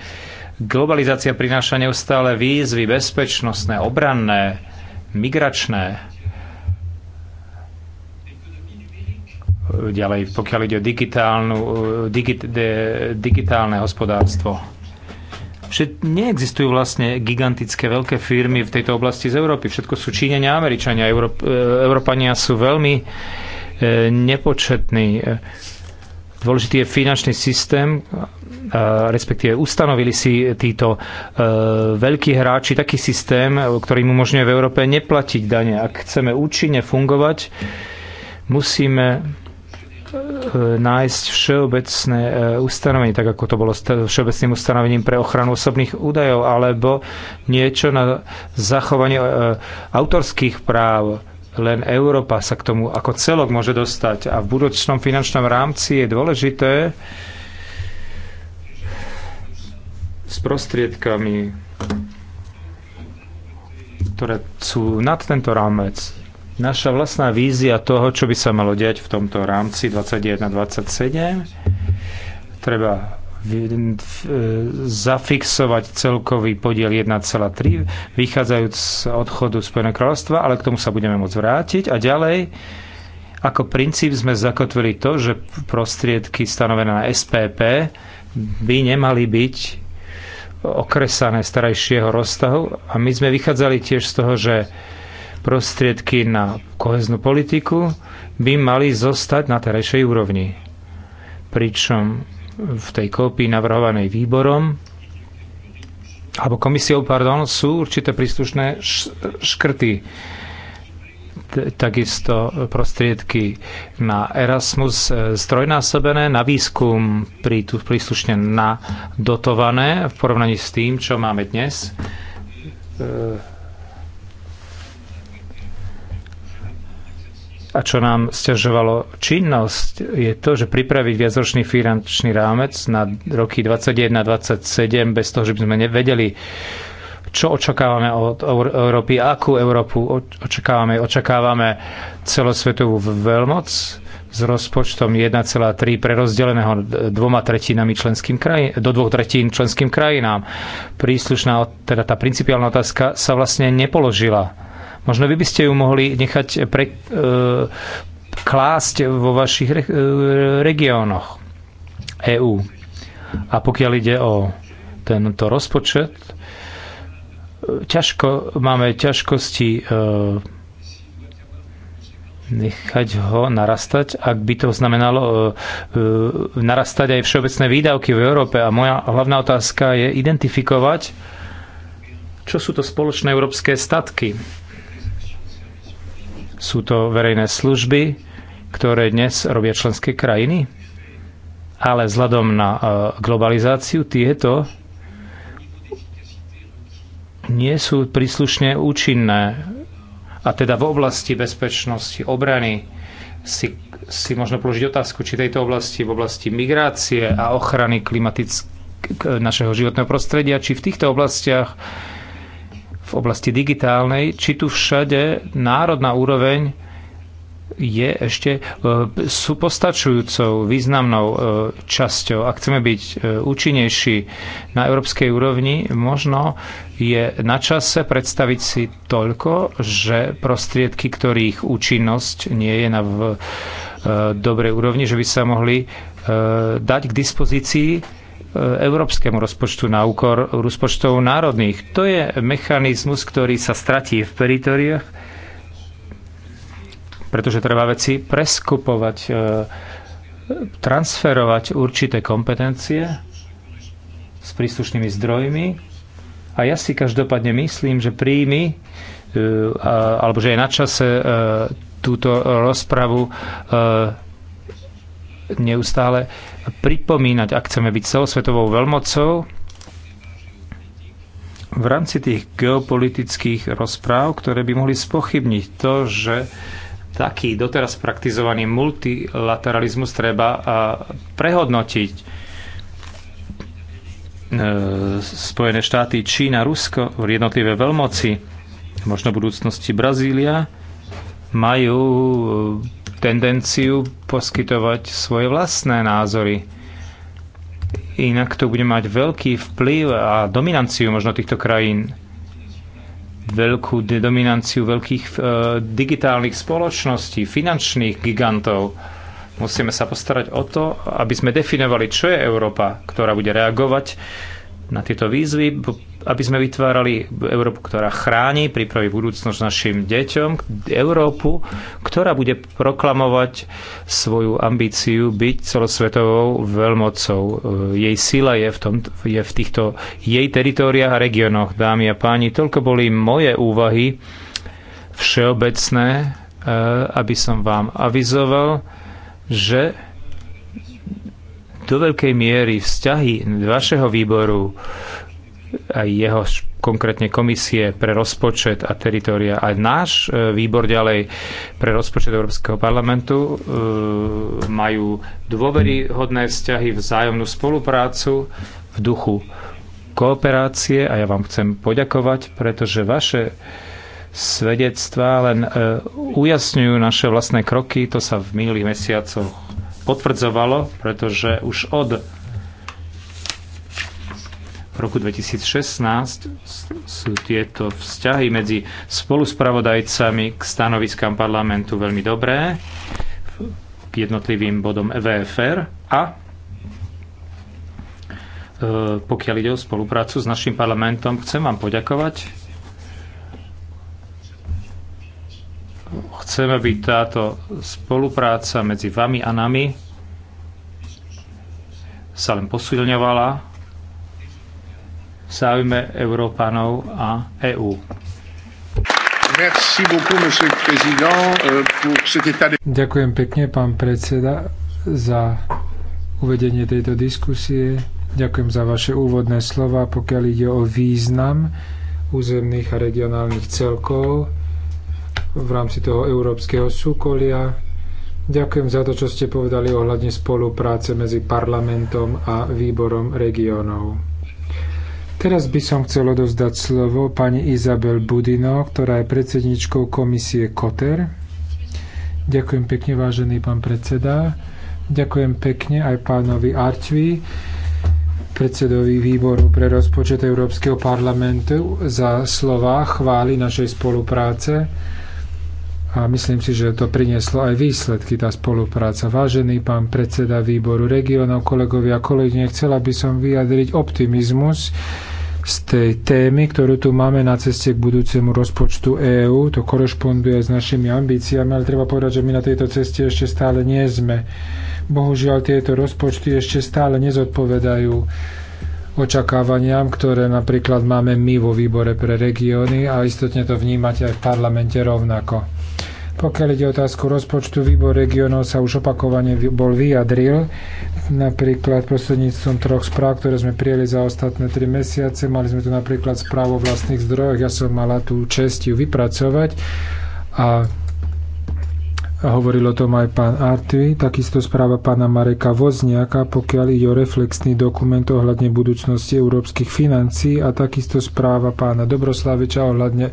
Globalizácia prináša neustále výzvy bezpečnostné, obranné, migračné. Ďalej, pokiaľ ide o digitálnu, digi, de, digitálne hospodárstvo. Všet, neexistujú vlastne gigantické veľké firmy v tejto oblasti z Európy. Všetko sú Číňania, Američania. E, Európania sú veľmi e, nepočetní. Dôležitý je finančný systém, respektíve ustanovili si títo e, veľkí hráči taký systém, ktorý umožňuje v Európe neplatiť dane. Ak chceme účinne fungovať, musíme e, nájsť všeobecné e, ustanovenie, tak ako to bolo všeobecným ustanovením pre ochranu osobných údajov, alebo niečo na zachovanie autorských práv len Európa sa k tomu ako celok môže dostať a v budúcnom finančnom rámci je dôležité s prostriedkami, ktoré sú nad tento rámec. Naša vlastná vízia toho, čo by sa malo diať v tomto rámci 21-27, treba E, zafixovať celkový podiel 1,3, vychádzajúc z odchodu Spojeného kráľovstva, ale k tomu sa budeme môcť vrátiť. A ďalej, ako princíp sme zakotvili to, že prostriedky stanovené na SPP by nemali byť okresané starajšieho roztahu. A my sme vychádzali tiež z toho, že prostriedky na koheznú politiku by mali zostať na terajšej úrovni. Pričom v tej kópii navrhovanej výborom alebo komisiou, pardon, sú určité príslušné škrty. Takisto prostriedky na Erasmus e, strojnásobené, na výskum príslušne nadotované v porovnaní s tým, čo máme dnes e, a čo nám stiažovalo činnosť, je to, že pripraviť viacročný finančný rámec na roky 2021-2027, bez toho, že by sme nevedeli, čo očakávame od Európy, akú Európu očakávame. Očakávame celosvetovú veľmoc s rozpočtom 1,3 prerozdeleného dvoma tretinami členským krajín do dvoch tretín členským krajinám. Príslušná, teda tá principiálna otázka sa vlastne nepoložila Možno vy by ste ju mohli nechať pre, e, klásť vo vašich re, e, regiónoch EÚ. A pokiaľ ide o tento rozpočet, e, ťažko, máme ťažkosti nechať ho narastať, ak by to znamenalo narastať aj všeobecné výdavky v Európe. A moja hlavná otázka je identifikovať, čo sú to spoločné európske statky sú to verejné služby, ktoré dnes robia členské krajiny, ale vzhľadom na e, globalizáciu tieto nie sú príslušne účinné. A teda v oblasti bezpečnosti, obrany si, si možno položiť otázku, či tejto oblasti, v oblasti migrácie a ochrany klimatického našeho životného prostredia, či v týchto oblastiach v oblasti digitálnej, či tu všade národná úroveň je ešte e, sú postačujúcou významnou e, časťou. Ak chceme byť e, účinnejší na európskej úrovni, možno je na čase predstaviť si toľko, že prostriedky, ktorých účinnosť nie je na v dobrej úrovni, že by sa mohli dať k dispozícii E, európskemu rozpočtu na úkor rozpočtov národných. To je mechanizmus, ktorý sa stratí v peritoriách, pretože treba veci preskupovať, e, transferovať určité kompetencie s príslušnými zdrojmi. A ja si každopádne myslím, že príjmy, e, alebo že je na čase túto rozpravu neustále pripomínať, ak chceme byť celosvetovou veľmocou, v rámci tých geopolitických rozpráv, ktoré by mohli spochybniť to, že taký doteraz praktizovaný multilateralizmus treba prehodnotiť. E, Spojené štáty, Čína, Rusko, jednotlivé veľmoci, možno v budúcnosti Brazília, majú tendenciu poskytovať svoje vlastné názory. Inak to bude mať veľký vplyv a dominanciu možno týchto krajín. Veľkú dominanciu veľkých e, digitálnych spoločností, finančných gigantov. Musíme sa postarať o to, aby sme definovali, čo je Európa, ktorá bude reagovať na tieto výzvy, aby sme vytvárali Európu, ktorá chráni, pripraví budúcnosť našim deťom, Európu, ktorá bude proklamovať svoju ambíciu byť celosvetovou veľmocou. Jej sila je v, tom, je v týchto jej teritóriách a regiónoch. Dámy a páni, toľko boli moje úvahy všeobecné, eh, aby som vám avizoval, že do veľkej miery vzťahy vašeho výboru aj jeho konkrétne komisie pre rozpočet a teritoria, aj náš e, výbor ďalej pre rozpočet Európskeho parlamentu e, majú dôveryhodné vzťahy, vzájomnú spoluprácu v duchu kooperácie a ja vám chcem poďakovať, pretože vaše svedectvá len e, ujasňujú naše vlastné kroky. To sa v minulých mesiacoch potvrdzovalo, pretože už od v roku 2016 sú tieto vzťahy medzi spoluspravodajcami k stanoviskám parlamentu veľmi dobré k jednotlivým bodom EVFR a e, pokiaľ ide o spoluprácu s našim parlamentom, chcem vám poďakovať. Chcem, aby táto spolupráca medzi vami a nami sa len posilňovala záujme Európanov a EÚ. Euh, Ďakujem pekne, pán predseda, za uvedenie tejto diskusie. Ďakujem za vaše úvodné slova, pokiaľ ide o význam územných a regionálnych celkov v rámci toho európskeho súkolia. Ďakujem za to, čo ste povedali ohľadne spolupráce medzi parlamentom a výborom regionov. Teraz by som chcel odozdať slovo pani Izabel Budino, ktorá je predsedničkou komisie KOTER. Ďakujem pekne, vážený pán predseda. Ďakujem pekne aj pánovi Artvi, predsedovi výboru pre rozpočet Európskeho parlamentu, za slova chvály našej spolupráce a myslím si, že to prinieslo aj výsledky, tá spolupráca. Vážený pán predseda výboru regionov, kolegovia a kolegyne, chcela by som vyjadriť optimizmus z tej témy, ktorú tu máme na ceste k budúcemu rozpočtu EÚ. To korešponduje s našimi ambíciami, ale treba povedať, že my na tejto ceste ešte stále nie sme. Bohužiaľ, tieto rozpočty ešte stále nezodpovedajú očakávaniam, ktoré napríklad máme my vo výbore pre regióny a istotne to vnímate aj v parlamente rovnako. Pokiaľ ide otázku rozpočtu, výbor regionov sa už opakovane bol vyjadril, napríklad prostredníctvom troch správ, ktoré sme prijeli za ostatné tri mesiace. Mali sme tu napríklad správu o vlastných zdrojoch, ja som mala tú čest ju vypracovať a a hovoril o tom aj pán Artvi, takisto správa pána Mareka Vozniaka, pokiaľ ide o reflexný dokument ohľadne budúcnosti európskych financií a takisto správa pána Dobroslaviča ohľadne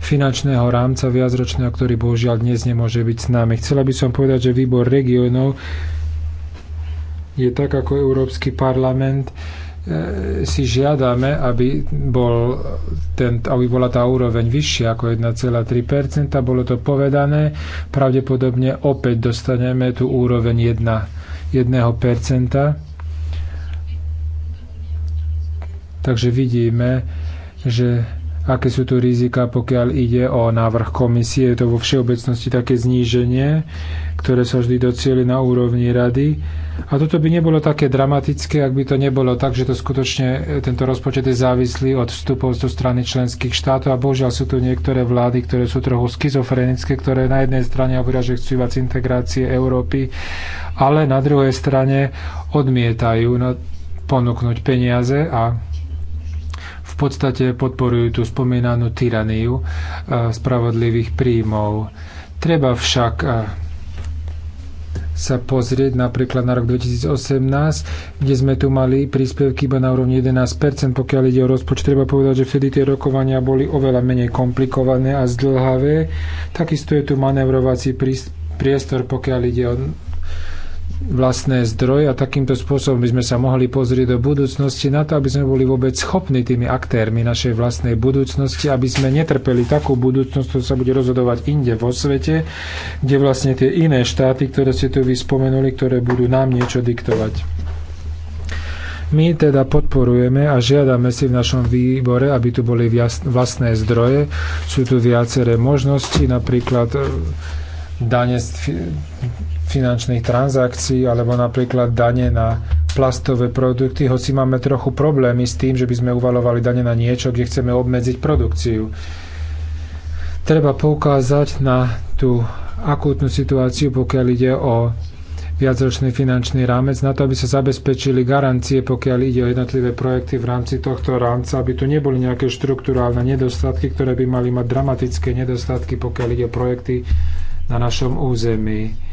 finančného rámca viacročného, ktorý bohužiaľ dnes nemôže byť s nami. Chcela by som povedať, že výbor regionov je tak ako Európsky parlament E, si žiadame, aby, bol ten, aby bola tá úroveň vyššia ako 1,3%. Bolo to povedané. Pravdepodobne opäť dostaneme tú úroveň 1, 1%. Takže vidíme, že aké sú tu rizika, pokiaľ ide o návrh komisie. Je to vo všeobecnosti také zníženie, ktoré sa vždy docieli na úrovni rady. A toto by nebolo také dramatické, ak by to nebolo tak, že to skutočne e, tento rozpočet je závislý od vstupov zo strany členských štátov a bohužiaľ sú tu niektoré vlády, ktoré sú trochu schizofrenické, ktoré na jednej strane hovoria, že chcú viac integrácie Európy, ale na druhej strane odmietajú no, ponúknuť peniaze a podstate podporujú tú spomínanú tyraniu e, spravodlivých príjmov. Treba však e, sa pozrieť napríklad na rok 2018, kde sme tu mali príspevky iba na úrovni 11%, pokiaľ ide o rozpočet. Treba povedať, že vtedy tie rokovania boli oveľa menej komplikované a zdlhavé. Takisto je tu manevrovací priestor, pokiaľ ide o vlastné zdroje a takýmto spôsobom by sme sa mohli pozrieť do budúcnosti na to, aby sme boli vôbec schopní tými aktérmi našej vlastnej budúcnosti, aby sme netrpeli takú budúcnosť, ktorá sa bude rozhodovať inde vo svete, kde vlastne tie iné štáty, ktoré ste tu vyspomenuli, ktoré budú nám niečo diktovať. My teda podporujeme a žiadame si v našom výbore, aby tu boli vlastné zdroje. Sú tu viaceré možnosti, napríklad e, dane finančných transakcií alebo napríklad dane na plastové produkty, hoci máme trochu problémy s tým, že by sme uvalovali dane na niečo, kde chceme obmedziť produkciu. Treba poukázať na tú akútnu situáciu, pokiaľ ide o viacročný finančný rámec, na to, aby sa zabezpečili garancie, pokiaľ ide o jednotlivé projekty v rámci tohto rámca, aby tu neboli nejaké štruktúrálne nedostatky, ktoré by mali mať dramatické nedostatky, pokiaľ ide o projekty na našom území.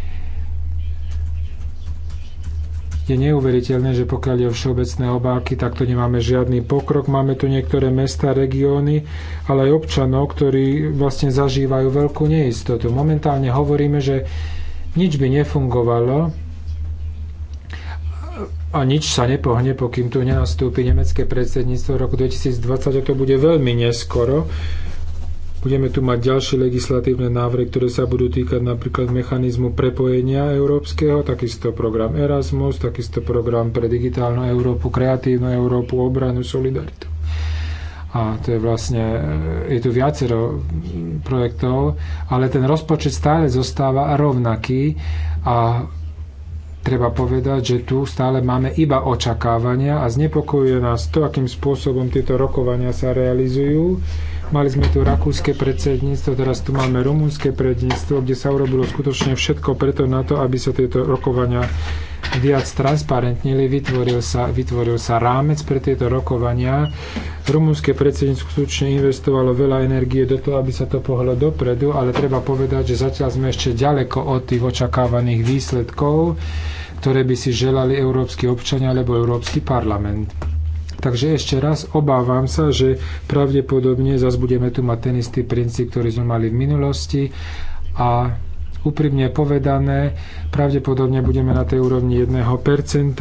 Je neuveriteľné, že pokiaľ je o všeobecné obáky, tak to nemáme žiadny pokrok. Máme tu niektoré mesta, regióny, ale aj občanov, ktorí vlastne zažívajú veľkú neistotu. Momentálne hovoríme, že nič by nefungovalo, a nič sa nepohne, pokým tu nenastúpi nemecké predsedníctvo v roku 2020 a to bude veľmi neskoro. Budeme tu mať ďalšie legislatívne návrhy, ktoré sa budú týkať napríklad mechanizmu prepojenia európskeho, takisto program Erasmus, takisto program pre digitálnu Európu, kreatívnu Európu, obranu, solidaritu. A to je vlastne, je tu viacero projektov, ale ten rozpočet stále zostáva rovnaký a Treba povedať, že tu stále máme iba očakávania a znepokojuje nás to, akým spôsobom tieto rokovania sa realizujú. Mali sme tu rakúske predsedníctvo, teraz tu máme rumúnske predsedníctvo, kde sa urobilo skutočne všetko preto na to, aby sa tieto rokovania viac transparentnili, vytvoril sa, vytvoril sa rámec pre tieto rokovania. Rumunské predsedníctvo skutočne investovalo veľa energie do toho, aby sa to pohlo dopredu, ale treba povedať, že zatiaľ sme ešte ďaleko od tých očakávaných výsledkov, ktoré by si želali európsky občania alebo európsky parlament. Takže ešte raz obávam sa, že pravdepodobne zase budeme tu mať ten istý princíp, ktorý sme mali v minulosti a úprimne povedané, pravdepodobne budeme na tej úrovni 1%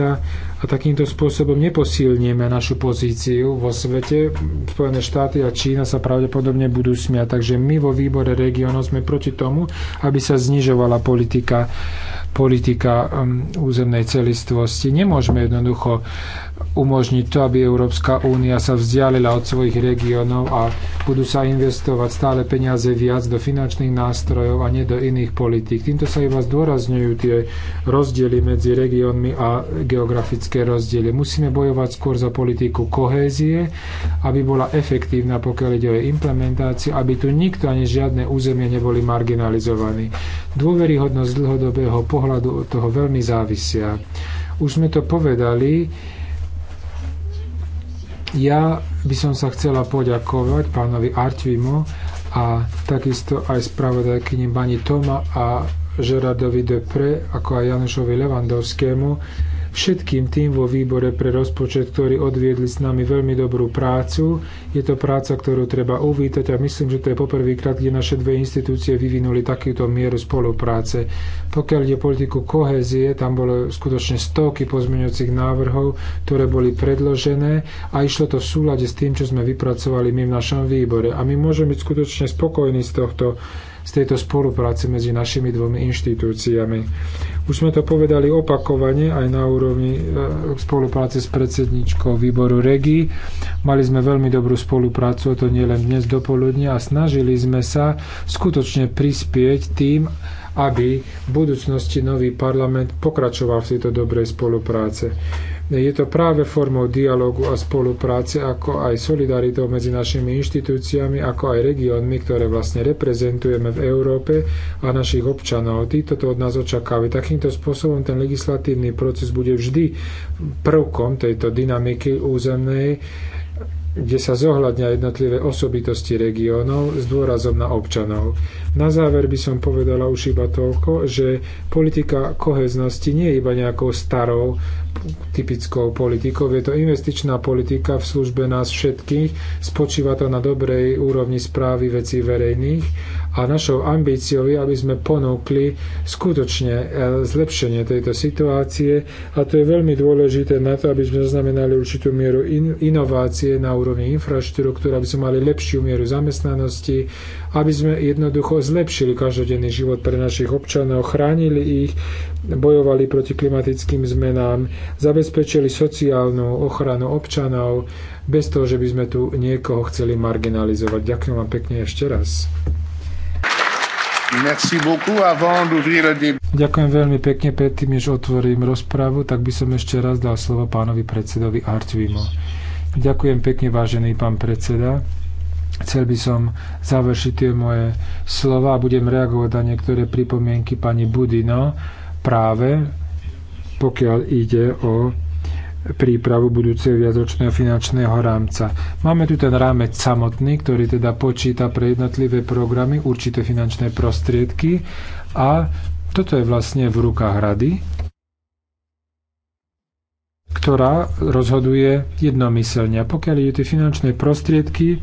a takýmto spôsobom neposilníme našu pozíciu vo svete. Spojené štáty a Čína sa pravdepodobne budú smiať, takže my vo výbore regiónov sme proti tomu, aby sa znižovala politika politika um, územnej celistvosti. Nemôžeme jednoducho umožniť to, aby Európska únia sa vzdialila od svojich regiónov a budú sa investovať stále peniaze viac do finančných nástrojov a nie do iných politík. Týmto sa iba zdôrazňujú tie rozdiely medzi regiónmi a geografické rozdiely. Musíme bojovať skôr za politiku kohézie, aby bola efektívna, pokiaľ ide o implementáciu, aby tu nikto ani žiadne územie neboli marginalizovaní. Dôveryhodnosť dlhodobého pohľadu od toho veľmi závisia. Už sme to povedali, ja by som sa chcela poďakovať pánovi Artvimo a takisto aj spravodajkyni Bani Toma a Žeradovi Depre, ako aj Janušovi Levandovskému všetkým tým vo výbore pre rozpočet, ktorí odviedli s nami veľmi dobrú prácu. Je to práca, ktorú treba uvítať a myslím, že to je poprvýkrát, kde naše dve inštitúcie vyvinuli takúto mieru spolupráce. Pokiaľ ide politiku kohezie, tam bolo skutočne stovky pozmeňujúcich návrhov, ktoré boli predložené a išlo to v súlade s tým, čo sme vypracovali my v našom výbore. A my môžeme byť skutočne spokojní z tohto z tejto spolupráce medzi našimi dvomi inštitúciami. Už sme to povedali opakovane aj na úrovni e, spolupráce s predsedničkou výboru REGI. Mali sme veľmi dobrú spoluprácu, to nielen dnes dopoludne a snažili sme sa skutočne prispieť tým, aby v budúcnosti nový parlament pokračoval v tejto dobrej spolupráce. Je to práve formou dialogu a spolupráce, ako aj solidaritou medzi našimi inštitúciami, ako aj regiónmi, ktoré vlastne reprezentujeme v Európe a našich občanov. Títo to od nás očakávajú. Takýmto spôsobom ten legislatívny proces bude vždy prvkom tejto dynamiky územnej kde sa zohľadňa jednotlivé osobitosti regiónov s dôrazom na občanov. Na záver by som povedala už iba toľko, že politika koheznosti nie je iba nejakou starou typickou politikou, je to investičná politika v službe nás všetkých, spočíva to na dobrej úrovni správy vecí verejných a našou ambíciou je, aby sme ponúkli skutočne eh, zlepšenie tejto situácie a to je veľmi dôležité na to, aby sme zaznamenali určitú mieru inovácie na úrovni infraštruktúry, aby sme mali lepšiu mieru zamestnanosti, aby sme jednoducho zlepšili každodenný život pre našich občanov, chránili ich, bojovali proti klimatickým zmenám, zabezpečili sociálnu ochranu občanov, bez toho, že by sme tu niekoho chceli marginalizovať. Ďakujem vám pekne ešte raz. Merci beaucoup. Avant d'ouvrir le débat... Ďakujem veľmi pekne. Predtým, než otvorím rozpravu, tak by som ešte raz dal slovo pánovi predsedovi Artvimo. Ďakujem pekne, vážený pán predseda. Chcel by som završiť tie moje slova a budem reagovať na niektoré pripomienky pani Budino práve pokiaľ ide o prípravu budúceho viacročného finančného rámca. Máme tu ten rámec samotný, ktorý teda počíta pre jednotlivé programy určité finančné prostriedky a toto je vlastne v rukách rady, ktorá rozhoduje jednomyselne. A pokiaľ je tie finančné prostriedky,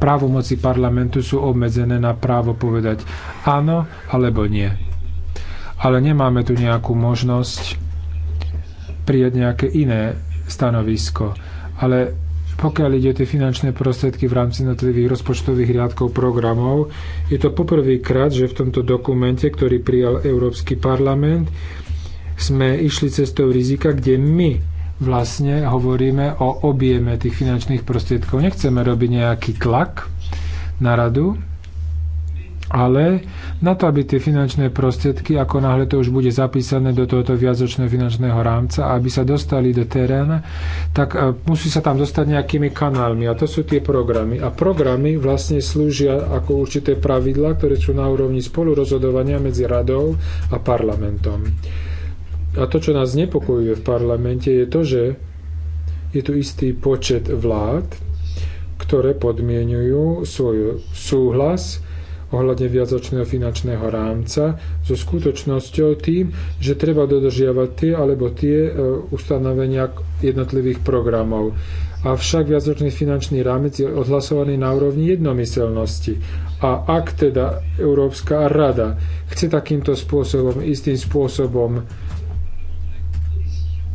právomoci parlamentu sú obmedzené na právo povedať áno alebo nie. Ale nemáme tu nejakú možnosť prijať nejaké iné stanovisko. Ale pokiaľ ide o tie finančné prostriedky v rámci notlivých rozpočtových riadkov programov, je to poprvýkrát, že v tomto dokumente, ktorý prijal Európsky parlament, sme išli cestou rizika, kde my vlastne hovoríme o objeme tých finančných prostriedkov. Nechceme robiť nejaký tlak na radu, ale na to, aby tie finančné prostriedky, ako náhle to už bude zapísané do tohoto viacočného finančného rámca, aby sa dostali do teréna, tak e, musí sa tam dostať nejakými kanálmi. A to sú tie programy. A programy vlastne slúžia ako určité pravidlá, ktoré sú na úrovni spolurozhodovania medzi radou a parlamentom. A to, čo nás nepokojuje v parlamente, je to, že je tu istý počet vlád, ktoré podmienujú svoj súhlas ohľadne viacročného finančného rámca so skutočnosťou tým, že treba dodržiavať tie alebo tie e, ustanovenia jednotlivých programov. Avšak viacročný finančný rámec je odhlasovaný na úrovni jednomyselnosti. A ak teda Európska rada chce takýmto spôsobom, istým spôsobom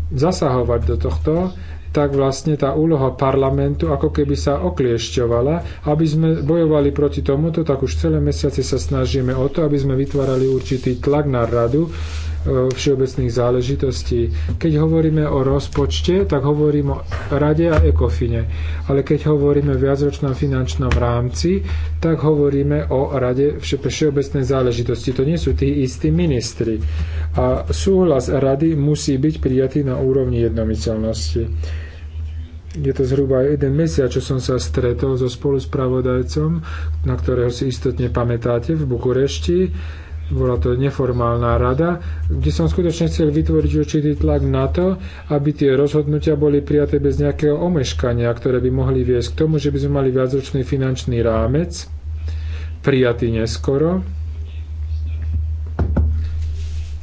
zasahovať do tohto, tak vlastne tá úloha parlamentu ako keby sa okliešťovala. Aby sme bojovali proti tomuto, tak už celé mesiace sa snažíme o to, aby sme vytvárali určitý tlak na radu, E, všeobecných záležitostí. Keď hovoríme o rozpočte, tak hovorím o rade a ekofine. Ale keď hovoríme o viacročnom finančnom rámci, tak hovoríme o rade všeobecnej záležitosti. To nie sú tí istí ministri. A súhlas rady musí byť prijatý na úrovni jednomyselnosti. Je to zhruba jeden mesiac, čo som sa stretol so spoluspravodajcom, na ktorého si istotne pamätáte v Bukurešti bola to neformálna rada, kde som skutočne chcel vytvoriť určitý tlak na to, aby tie rozhodnutia boli prijaté bez nejakého omeškania, ktoré by mohli viesť k tomu, že by sme mali viacročný finančný rámec, prijatý neskoro,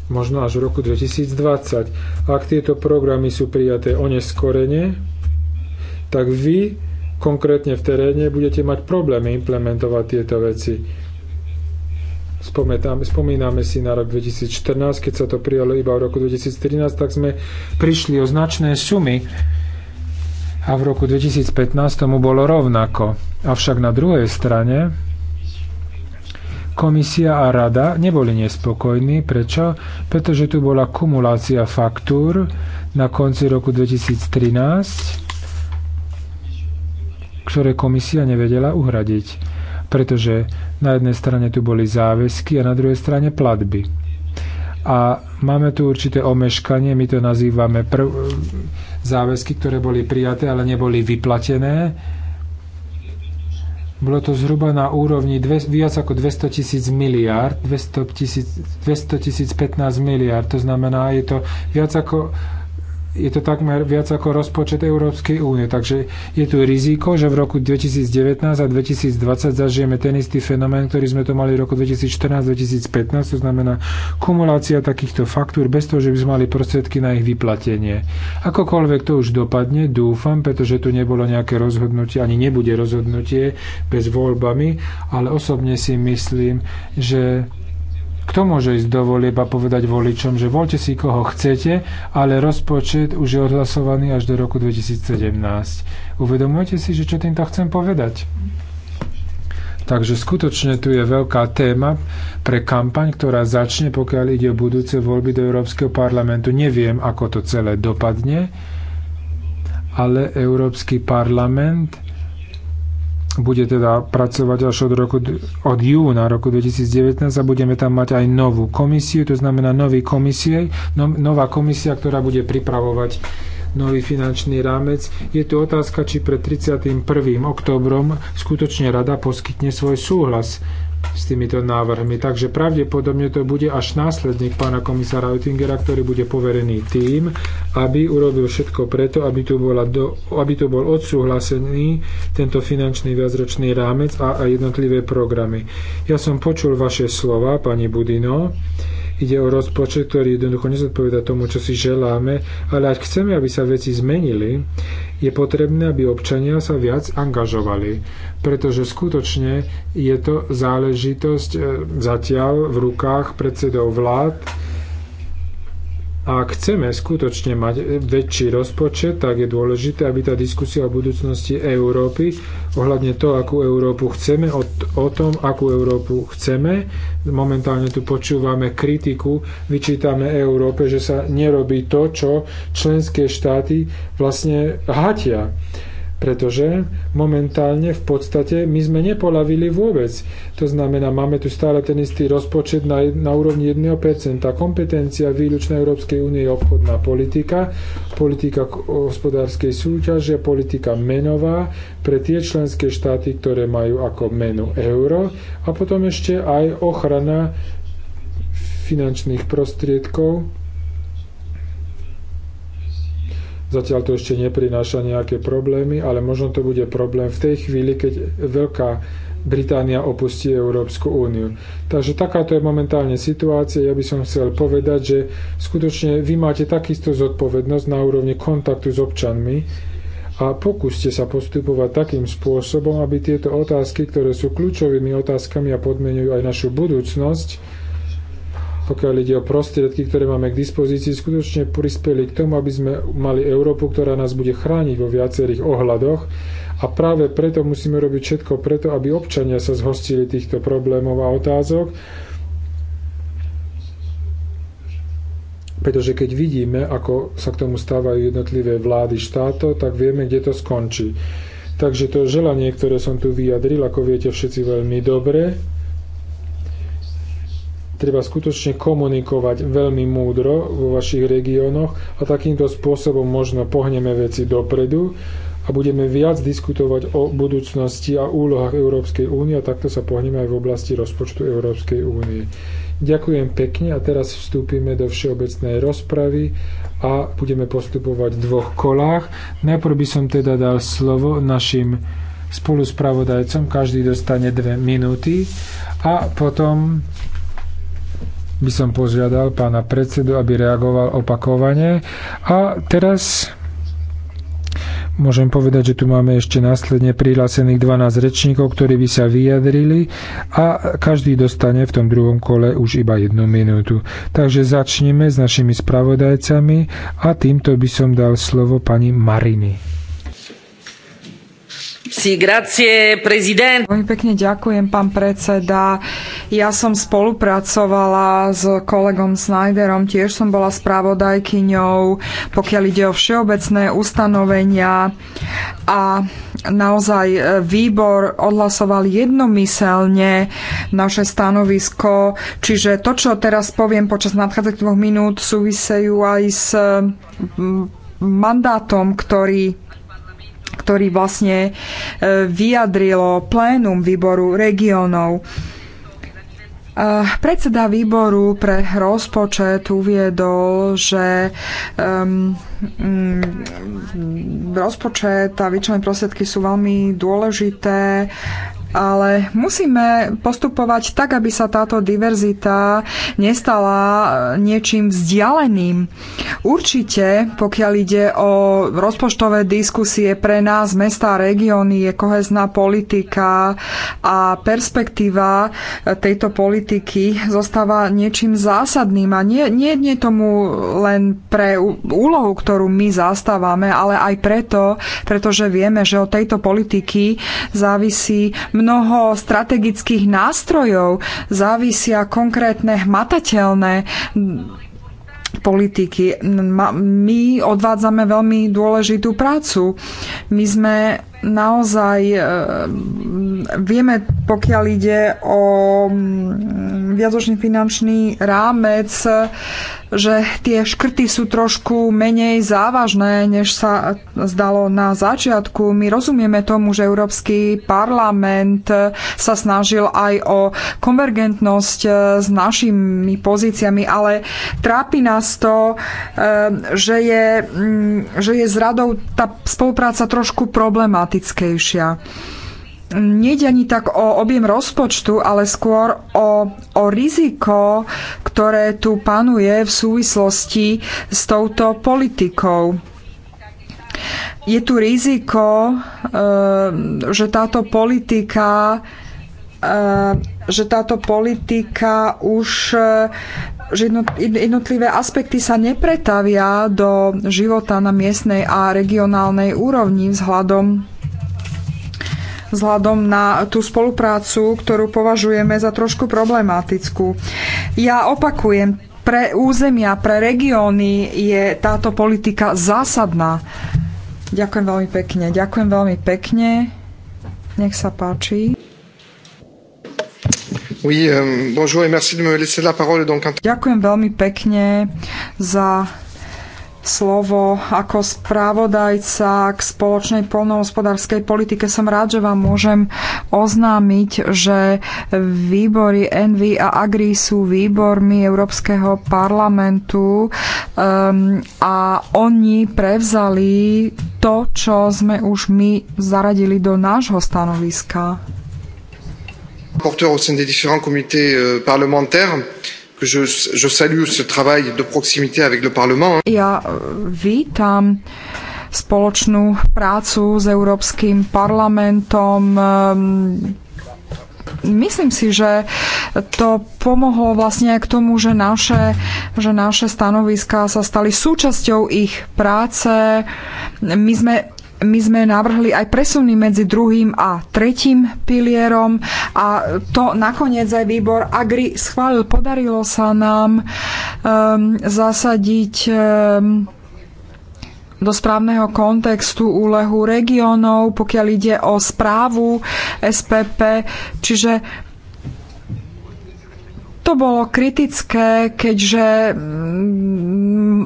možno až v roku 2020. Ak tieto programy sú prijaté oneskorene, tak vy konkrétne v teréne budete mať problémy implementovať tieto veci Spometáme, spomíname si na rok 2014, keď sa to prijalo iba v roku 2013, tak sme prišli o značné sumy a v roku 2015 tomu bolo rovnako. Avšak na druhej strane komisia a rada neboli nespokojní. Prečo? Pretože tu bola kumulácia faktúr na konci roku 2013, ktoré komisia nevedela uhradiť pretože na jednej strane tu boli záväzky a na druhej strane platby. A máme tu určité omeškanie, my to nazývame prv, záväzky, ktoré boli prijaté, ale neboli vyplatené. Bolo to zhruba na úrovni dve, viac ako 200 tisíc miliárd, 200 tisíc 15 miliárd, to znamená, je to viac ako je to takmer viac ako rozpočet Európskej únie. Takže je tu riziko, že v roku 2019 a 2020 zažijeme ten istý fenomén, ktorý sme to mali v roku 2014-2015, to znamená kumulácia takýchto faktúr bez toho, že by sme mali prostriedky na ich vyplatenie. Akokoľvek to už dopadne, dúfam, pretože tu nebolo nejaké rozhodnutie, ani nebude rozhodnutie bez voľbami, ale osobne si myslím, že kto môže ísť do volieb a povedať voličom, že voľte si koho chcete, ale rozpočet už je odhlasovaný až do roku 2017. Uvedomujete si, že čo týmto chcem povedať? Takže skutočne tu je veľká téma pre kampaň, ktorá začne, pokiaľ ide o budúce voľby do Európskeho parlamentu. Neviem, ako to celé dopadne, ale Európsky parlament bude teda pracovať až od, roku, od júna roku 2019 a budeme tam mať aj novú komisiu, to znamená nový komisie, no, nová komisia, ktorá bude pripravovať nový finančný rámec. Je tu otázka, či pred 31. oktobrom skutočne rada poskytne svoj súhlas s týmito návrhmi. Takže pravdepodobne to bude až následník pána komisára Oettingera, ktorý bude poverený tým, aby urobil všetko preto, aby tu, bola do, aby tu bol odsúhlasený tento finančný viacročný rámec a, a jednotlivé programy. Ja som počul vaše slova, pani Budino Ide o rozpočet, ktorý jednoducho nezodpoveda tomu, čo si želáme, ale ak chceme, aby sa veci zmenili, je potrebné, aby občania sa viac angažovali, pretože skutočne je to záležitosť e, zatiaľ v rukách predsedov vlád, a ak chceme skutočne mať väčší rozpočet, tak je dôležité, aby tá diskusia o budúcnosti Európy, ohľadne to, akú Európu chceme, o, o tom, akú Európu chceme, momentálne tu počúvame kritiku, vyčítame Európe, že sa nerobí to, čo členské štáty vlastne hatia. Pretože momentálne v podstate my sme nepolavili vôbec. To znamená, máme tu stále ten istý rozpočet na, na úrovni 1%. Kompetencia výlučná Európskej únie je obchodná politika, politika hospodárskej súťaže, politika menová pre tie členské štáty, ktoré majú ako menu euro a potom ešte aj ochrana finančných prostriedkov Zatiaľ to ešte neprináša nejaké problémy, ale možno to bude problém v tej chvíli, keď Veľká Británia opustí Európsku úniu. Takže takáto je momentálne situácia. Ja by som chcel povedať, že skutočne vy máte takisto zodpovednosť na úrovni kontaktu s občanmi a pokúste sa postupovať takým spôsobom, aby tieto otázky, ktoré sú kľúčovými otázkami a podmenujú aj našu budúcnosť, pokiaľ ide o prostriedky, ktoré máme k dispozícii, skutočne prispeli k tomu, aby sme mali Európu, ktorá nás bude chrániť vo viacerých ohľadoch. A práve preto musíme robiť všetko preto, aby občania sa zhostili týchto problémov a otázok, Pretože keď vidíme, ako sa k tomu stávajú jednotlivé vlády štátov, tak vieme, kde to skončí. Takže to želanie, ktoré som tu vyjadril, ako viete všetci veľmi dobre, Treba skutočne komunikovať veľmi múdro vo vašich regiónoch a takýmto spôsobom možno pohneme veci dopredu a budeme viac diskutovať o budúcnosti a úlohách Európskej únie a takto sa pohneme aj v oblasti rozpočtu Európskej únie. Ďakujem pekne a teraz vstúpime do všeobecnej rozpravy a budeme postupovať v dvoch kolách. Najprv by som teda dal slovo našim spoluspravodajcom, každý dostane dve minúty a potom by som požiadal pána predsedu, aby reagoval opakovane. A teraz Môžem povedať, že tu máme ešte následne prihlásených 12 rečníkov, ktorí by sa vyjadrili a každý dostane v tom druhom kole už iba jednu minútu. Takže začneme s našimi spravodajcami a týmto by som dal slovo pani Mariny. Veľmi pekne ďakujem, pán predseda. Ja som spolupracovala s kolegom Snyderom, tiež som bola správodajkyňou, pokiaľ ide o všeobecné ustanovenia a naozaj e, výbor odhlasoval jednomyselne naše stanovisko, čiže to, čo teraz poviem počas nadchádzajúcich dvoch minút, súvisejú aj s mandátom, ktorý ktorý vlastne e, vyjadrilo plénum výboru regionov. Predseda výboru pre rozpočet uviedol, že um, um, rozpočet a vyčlené prostriedky sú veľmi dôležité ale musíme postupovať tak, aby sa táto diverzita nestala eh, niečím vzdialeným. Určite, pokiaľ ide o rozpočtové diskusie pre nás, mesta a regióny, je kohezná politika a perspektíva eh, tejto politiky zostáva niečím zásadným a nie, nie, nie tomu len pre úlohu, ktorú my zastávame, ale aj preto, pretože vieme, že od tejto politiky závisí mnoho strategických nástrojov, závisia konkrétne hmatateľné politiky. My odvádzame veľmi dôležitú prácu. My sme naozaj e, vieme, pokiaľ ide o mm, viacočný finančný rámec, že tie škrty sú trošku menej závažné, než sa zdalo na začiatku. My rozumieme tomu, že Európsky parlament sa snažil aj o konvergentnosť e, s našimi pozíciami, ale trápi nás to, e, že je, mm, že je s radou tá spolupráca trošku problematická systematickejšia. Nejde ani tak o objem rozpočtu, ale skôr o, o riziko, ktoré tu panuje v súvislosti s touto politikou. Je tu riziko, eh, že táto politika eh, že táto politika už eh, že jednotlivé aspekty sa nepretavia do života na miestnej a regionálnej úrovni vzhľadom vzhľadom na tú spoluprácu, ktorú považujeme za trošku problematickú. Ja opakujem, pre územia, pre regióny je táto politika zásadná. Ďakujem veľmi pekne. Ďakujem veľmi pekne. Nech sa páči. Euh, ďakujem veľmi pekne za slovo ako správodajca k spoločnej polnohospodárskej politike. Som rád, že vám môžem oznámiť, že výbory Envy a Agri sú výbormi Európskeho parlamentu um, a oni prevzali to, čo sme už my zaradili do nášho stanoviska. Porteur au sein des différents comités euh, parlementaires que je, je salue ce travail de proximité avec le Parlement. Ja e, vítam spoločnú prácu s Európskym parlamentom. Ehm, myslím si, že to pomohlo vlastne aj k tomu, že naše, že naše stanoviská sa stali súčasťou ich práce. My sme my sme navrhli aj presuny medzi druhým a tretím pilierom a to nakoniec aj výbor Agri schválil. Podarilo sa nám um, zasadiť um, do správneho kontextu úlehu regiónov, pokiaľ ide o správu SPP. Čiže to bolo kritické, keďže mm,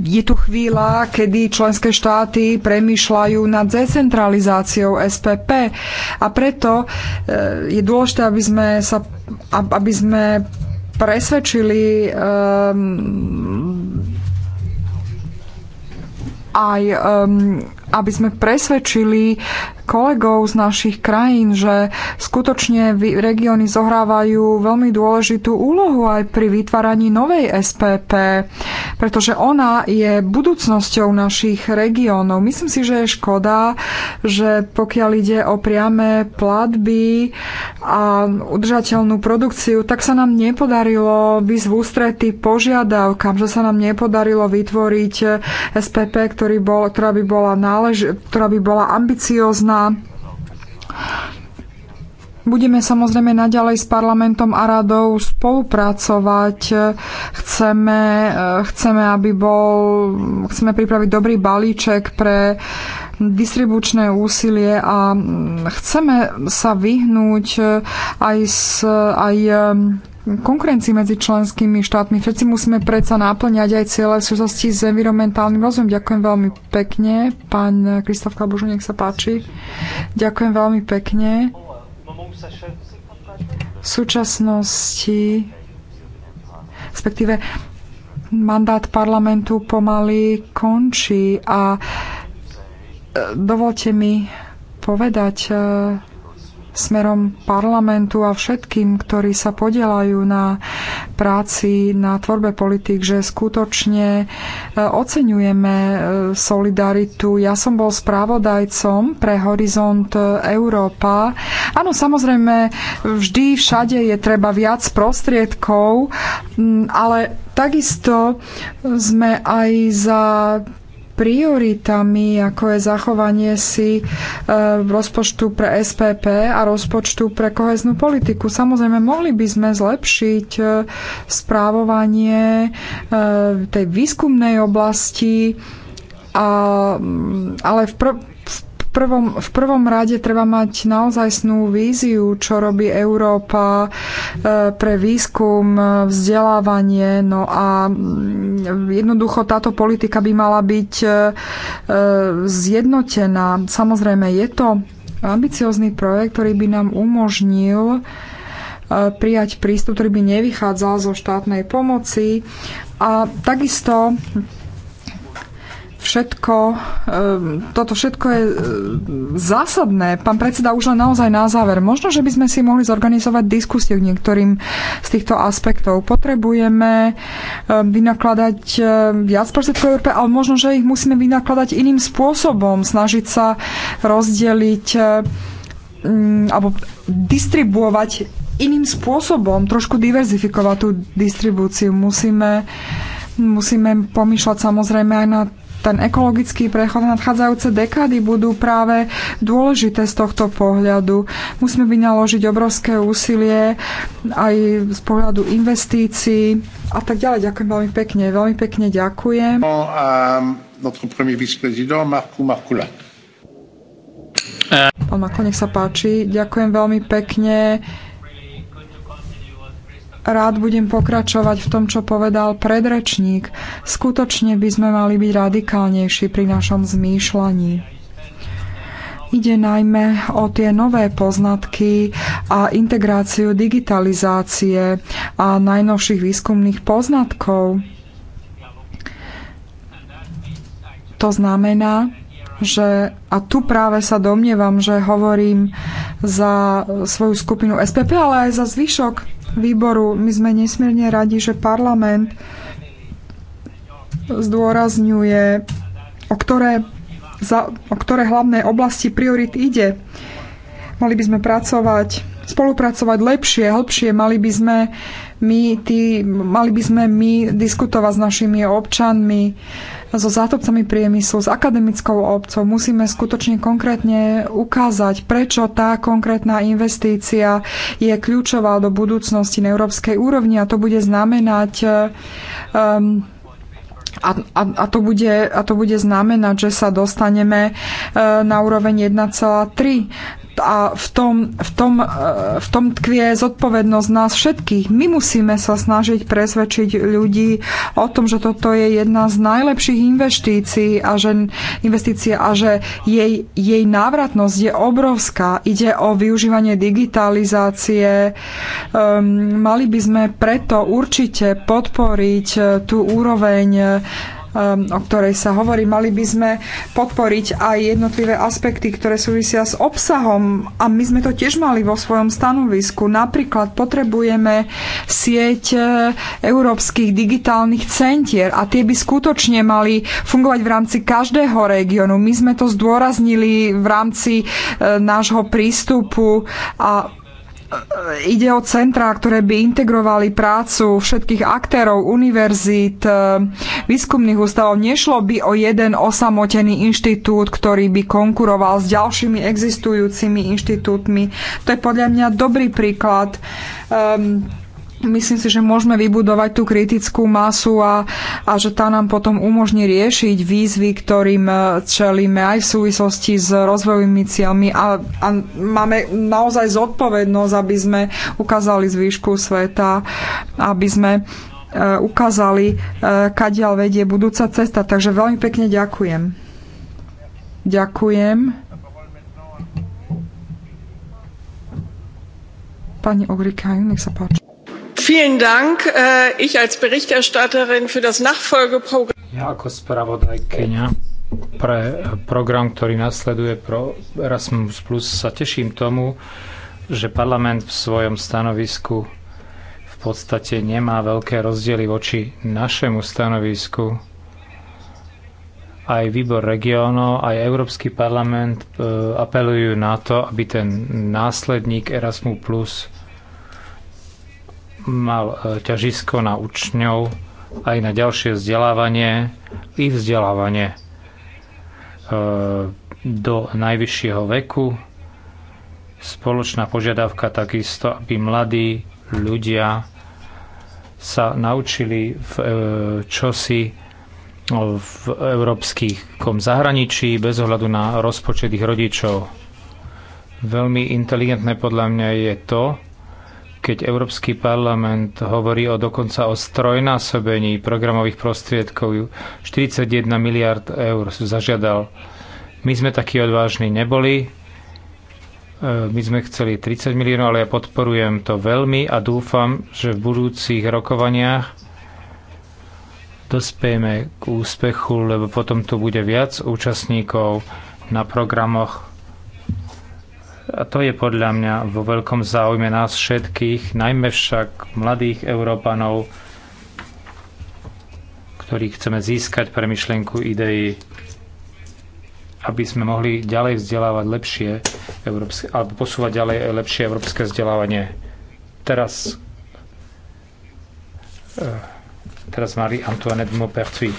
je tu chvíľa, kedy členské štáty premýšľajú nad decentralizáciou SPP a preto e, je dôležité, aby sme, sa, aby sme presvedčili um, aj um, aby sme presvedčili kolegov z našich krajín, že skutočne regióny zohrávajú veľmi dôležitú úlohu aj pri vytváraní novej SPP, pretože ona je budúcnosťou našich regiónov. Myslím si, že je škoda, že pokiaľ ide o priame platby a udržateľnú produkciu, tak sa nám nepodarilo vysť v ústrety požiadavkám, že sa nám nepodarilo vytvoriť SPP, ktorý bol, ktorá by bola na nálež- ktorá by bola ambiciózna. Budeme samozrejme naďalej s parlamentom a radou spolupracovať. Chceme, chceme, aby bol, chceme pripraviť dobrý balíček pre distribučné úsilie a chceme sa vyhnúť aj, s, aj konkurencii medzi členskými štátmi. Všetci musíme predsa náplňať aj cieľe v súvislosti s environmentálnym rozvojom. Ďakujem veľmi pekne. Pán Kristof Kalbožu, nech sa páči. Ďakujem veľmi pekne. V súčasnosti, respektíve mandát parlamentu pomaly končí a e, dovolte mi povedať, e, smerom parlamentu a všetkým, ktorí sa podielajú na práci, na tvorbe politik, že skutočne e, oceňujeme e, solidaritu. Ja som bol správodajcom pre Horizont Európa. Áno, samozrejme, vždy všade je treba viac prostriedkov, ale takisto sme aj za prioritami, ako je zachovanie si e, rozpočtu pre SPP a rozpočtu pre koheznú politiku. Samozrejme, mohli by sme zlepšiť e, správovanie e, tej výskumnej oblasti, a, ale v pr- prvom, v prvom rade treba mať snú víziu, čo robí Európa e, pre výskum, e, vzdelávanie. No a mm, jednoducho táto politika by mala byť e, zjednotená. Samozrejme, je to ambiciózny projekt, ktorý by nám umožnil prijať prístup, ktorý by nevychádzal zo štátnej pomoci. A takisto všetko, ehm, toto všetko je ehm, zásadné. Pán predseda, už len naozaj na záver. Možno, že by sme si mohli zorganizovať diskusie k niektorým z týchto aspektov. Potrebujeme ehm, vynakladať viac prostriedkov Európe, ale možno, že ich musíme vynakladať iným spôsobom. Snažiť sa rozdeliť alebo distribuovať iným spôsobom, trošku diverzifikovať tú distribúciu. Musíme musíme pomýšľať samozrejme aj na ten ekologický prechod a nadchádzajúce dekády budú práve dôležité z tohto pohľadu. Musíme vynaložiť obrovské úsilie aj z pohľadu investícií a tak ďalej. Ďakujem veľmi pekne. Veľmi pekne ďakujem. No, um, notre premier vice-président, Marku Markula. Pán Mako, nech sa páči. Ďakujem veľmi pekne rád budem pokračovať v tom, čo povedal predrečník. Skutočne by sme mali byť radikálnejší pri našom zmýšľaní. Ide najmä o tie nové poznatky a integráciu digitalizácie a najnovších výskumných poznatkov. To znamená, že a tu práve sa domnievam, že hovorím za svoju skupinu SPP, ale aj za zvyšok výboru. My sme nesmierne radi, že parlament zdôrazňuje, o ktoré, za, o ktoré hlavné oblasti priorit ide. Mali by sme pracovať, spolupracovať lepšie, hlbšie, mali by sme my, tí, mali by sme my diskutovať s našimi občanmi, so zátopcami priemyslu, s akademickou obcov. Musíme skutočne konkrétne ukázať, prečo tá konkrétna investícia je kľúčová do budúcnosti na európskej úrovni a to bude znamenať um, a, a, a, to bude, a to bude znamenať, že sa dostaneme uh, na úroveň 1,3 a v tom, v, tom, e, v tom tkvie zodpovednosť nás všetkých. My musíme sa snažiť presvedčiť ľudí o tom, že toto je jedna z najlepších investícií a že, investícia a že jej, jej návratnosť je obrovská. Ide o využívanie digitalizácie. Um, mali by sme preto určite podporiť e, tú úroveň Ehm, o ktorej sa hovorí, mali by sme podporiť aj jednotlivé aspekty, ktoré súvisia s obsahom a my sme to tiež mali vo svojom stanovisku. Napríklad potrebujeme sieť e, európskych digitálnych centier a tie by skutočne mali fungovať v rámci každého regiónu. My sme to zdôraznili v rámci e, nášho prístupu a E, ide o centrá, ktoré by integrovali prácu všetkých aktérov, univerzít, e, výskumných ústavov. Nešlo by o jeden osamotený inštitút, ktorý by konkuroval s ďalšími existujúcimi inštitútmi. To je podľa mňa dobrý príklad. Um, myslím si, že môžeme vybudovať tú kritickú masu a, a že tá nám potom umožní riešiť výzvy, ktorým e, čelíme aj v súvislosti s rozvojovými cieľmi a, a máme naozaj zodpovednosť, aby sme ukázali zvýšku sveta, aby sme e, ukázali, e, kadiaľ vedie budúca cesta. Takže veľmi pekne ďakujem. Ďakujem. Pani Ogrika, nech sa páči. Vielen Dank. Äh, ich als Berichterstatterin für das Nachfolgeprogramm. Ja ako spravodajkyňa pre program, ktorý nasleduje pro Erasmus+, Plus, sa teším tomu, že parlament v svojom stanovisku v podstate nemá veľké rozdiely voči našemu stanovisku. Aj výbor regiónov, aj Európsky parlament äh, apelujú na to, aby ten následník Erasmus Plus mal e, ťažisko na učňov aj na ďalšie vzdelávanie i vzdelávanie e, do najvyššieho veku. Spoločná požiadavka takisto, aby mladí ľudia sa naučili v, e, čosi v kom zahraničí bez ohľadu na rozpočet ich rodičov. Veľmi inteligentné podľa mňa je to, keď Európsky parlament hovorí o dokonca o strojnásobení programových prostriedkov, 41 miliard eur zažiadal. My sme takí odvážni neboli, e, my sme chceli 30 miliónov, ale ja podporujem to veľmi a dúfam, že v budúcich rokovaniach dospejeme k úspechu, lebo potom tu bude viac účastníkov na programoch a to je podľa mňa vo veľkom záujme nás všetkých, najmä však mladých Európanov, ktorých chceme získať pre myšlienku ideí, aby sme mohli ďalej vzdelávať lepšie európske, alebo posúvať ďalej lepšie európske vzdelávanie. Teraz eh, teraz Marie-Antoinette Maupertuis.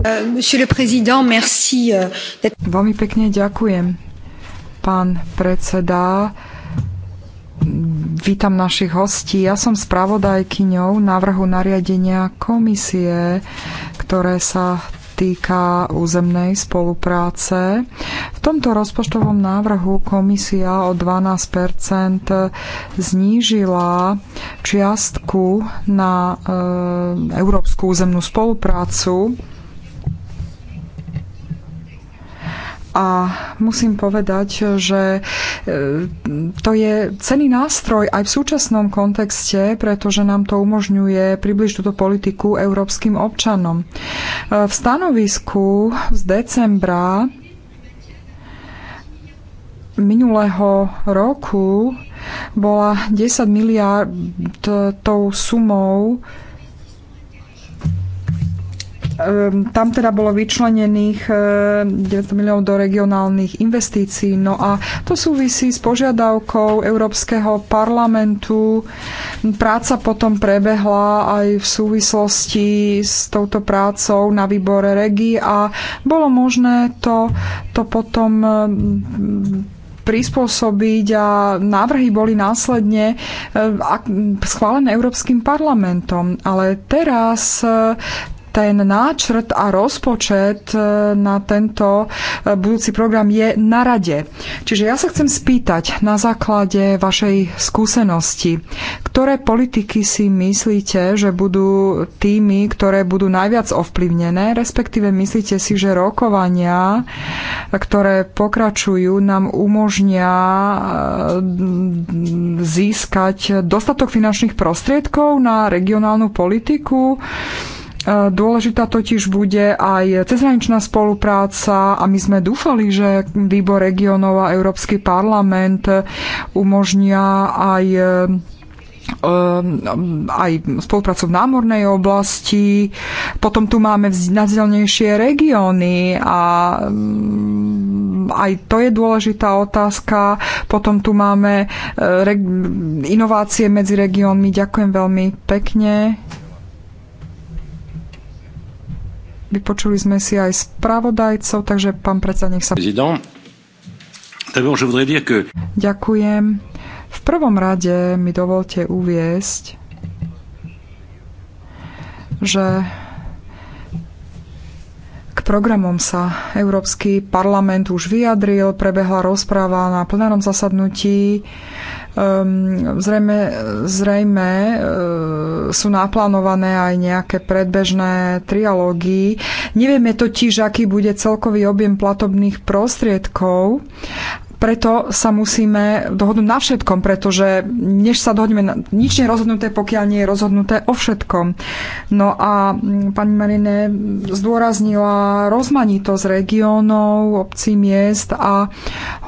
Euh, euh, Veľmi pekne ďakujem pán predseda. Vítam našich hostí. Ja som spravodajkyňou návrhu nariadenia komisie, ktoré sa týka územnej spolupráce. V tomto rozpočtovom návrhu komisia o 12 znížila čiastku na e, európsku územnú spoluprácu a musím povedať, že e, to je cený nástroj aj v súčasnom kontexte, pretože nám to umožňuje približiť túto politiku európskym občanom. E, v stanovisku z decembra minulého roku bola 10 miliard tou sumou Ehm, tam teda bolo vyčlenených 900 ehm, miliónov do regionálnych investícií. No a to súvisí s požiadavkou Európskeho parlamentu. Práca potom prebehla aj v súvislosti s touto prácou na výbore REGI a bolo možné to, to potom ehm, prispôsobiť a návrhy boli následne schválené Európskym parlamentom. Ale teraz ten náčrt a rozpočet e, na tento e, budúci program je na rade. Čiže ja sa chcem spýtať na základe vašej skúsenosti, ktoré politiky si myslíte, že budú tými, ktoré budú najviac ovplyvnené, respektíve myslíte si, že rokovania, e, ktoré pokračujú, nám umožnia získať dostatok finančných prostriedkov na regionálnu politiku, E, dôležitá totiž bude aj cezhraničná spolupráca a my sme dúfali, že výbor regionov a Európsky parlament umožnia aj e, e, aj spoluprácu v námornej oblasti. Potom tu máme najvzdialnejšie regióny a mm, aj to je dôležitá otázka. Potom tu máme inovácie medzi regiónmi. Ďakujem veľmi pekne. Vypočuli sme si aj spravodajcov, takže pán predsa, nech sa... Ďakujem. V prvom rade mi dovolte uviesť, že k programom sa Európsky parlament už vyjadril, prebehla rozpráva na plenárnom zasadnutí Um, zrejme zrejme uh, sú naplánované aj nejaké predbežné trialógy. Nevieme totiž, aký bude celkový objem platobných prostriedkov preto sa musíme dohodnúť na všetkom, pretože než sa dohodneme, nič nie je rozhodnuté, pokiaľ nie je rozhodnuté o všetkom. No a mm, pani Marine zdôraznila rozmanitosť regiónov, obcí, miest a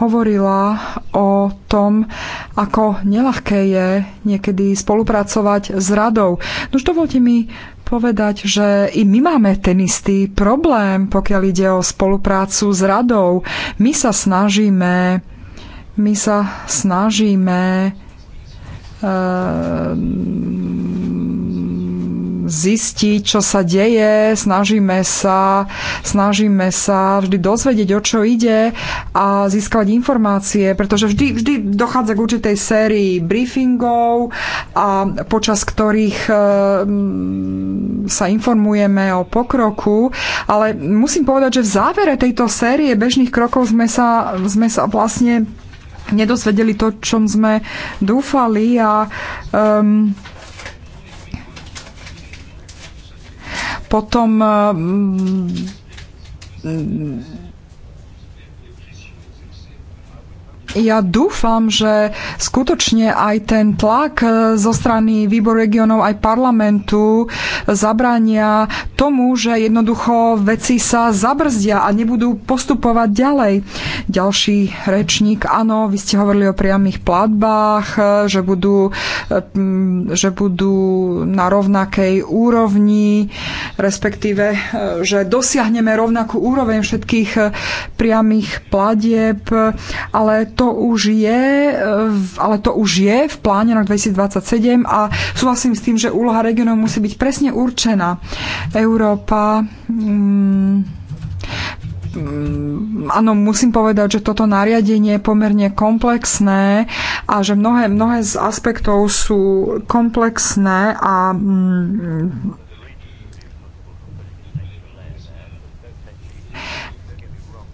hovorila o tom, ako nelahké je niekedy spolupracovať s radou. už dovolte mi povedať, že i my máme ten istý problém, pokiaľ ide o spoluprácu s radou. My sa snažíme, my sa snažíme eh, zistiť, čo sa deje, snažíme sa, snažíme sa vždy dozvedieť, o čo ide a získať informácie, pretože vždy, vždy dochádza k určitej sérii briefingov, a počas ktorých e, sa informujeme o pokroku, ale musím povedať, že v závere tejto série bežných krokov sme sa, sme sa vlastne nedozvedeli to, čom sme dúfali a um, potom eh, ja dúfam, že skutočne aj ten tlak e, zo strany výboru regionov aj parlamentu e, zabrania tomu, že jednoducho veci sa zabrzdia a nebudú postupovať ďalej. Ďalší rečník, áno, vy ste hovorili o priamých platbách, e, že budú, že budú na rovnakej úrovni, respektíve, že dosiahneme rovnakú úroveň všetkých priamých platieb, ale to už je, ale to už je v pláne rok 2027 a súhlasím s tým, že úloha regionov musí byť presne určená. Európa mm, mm, áno, musím povedať, že toto nariadenie je pomerne komplexné a že mnohé, mnohé z aspektov sú komplexné a mm,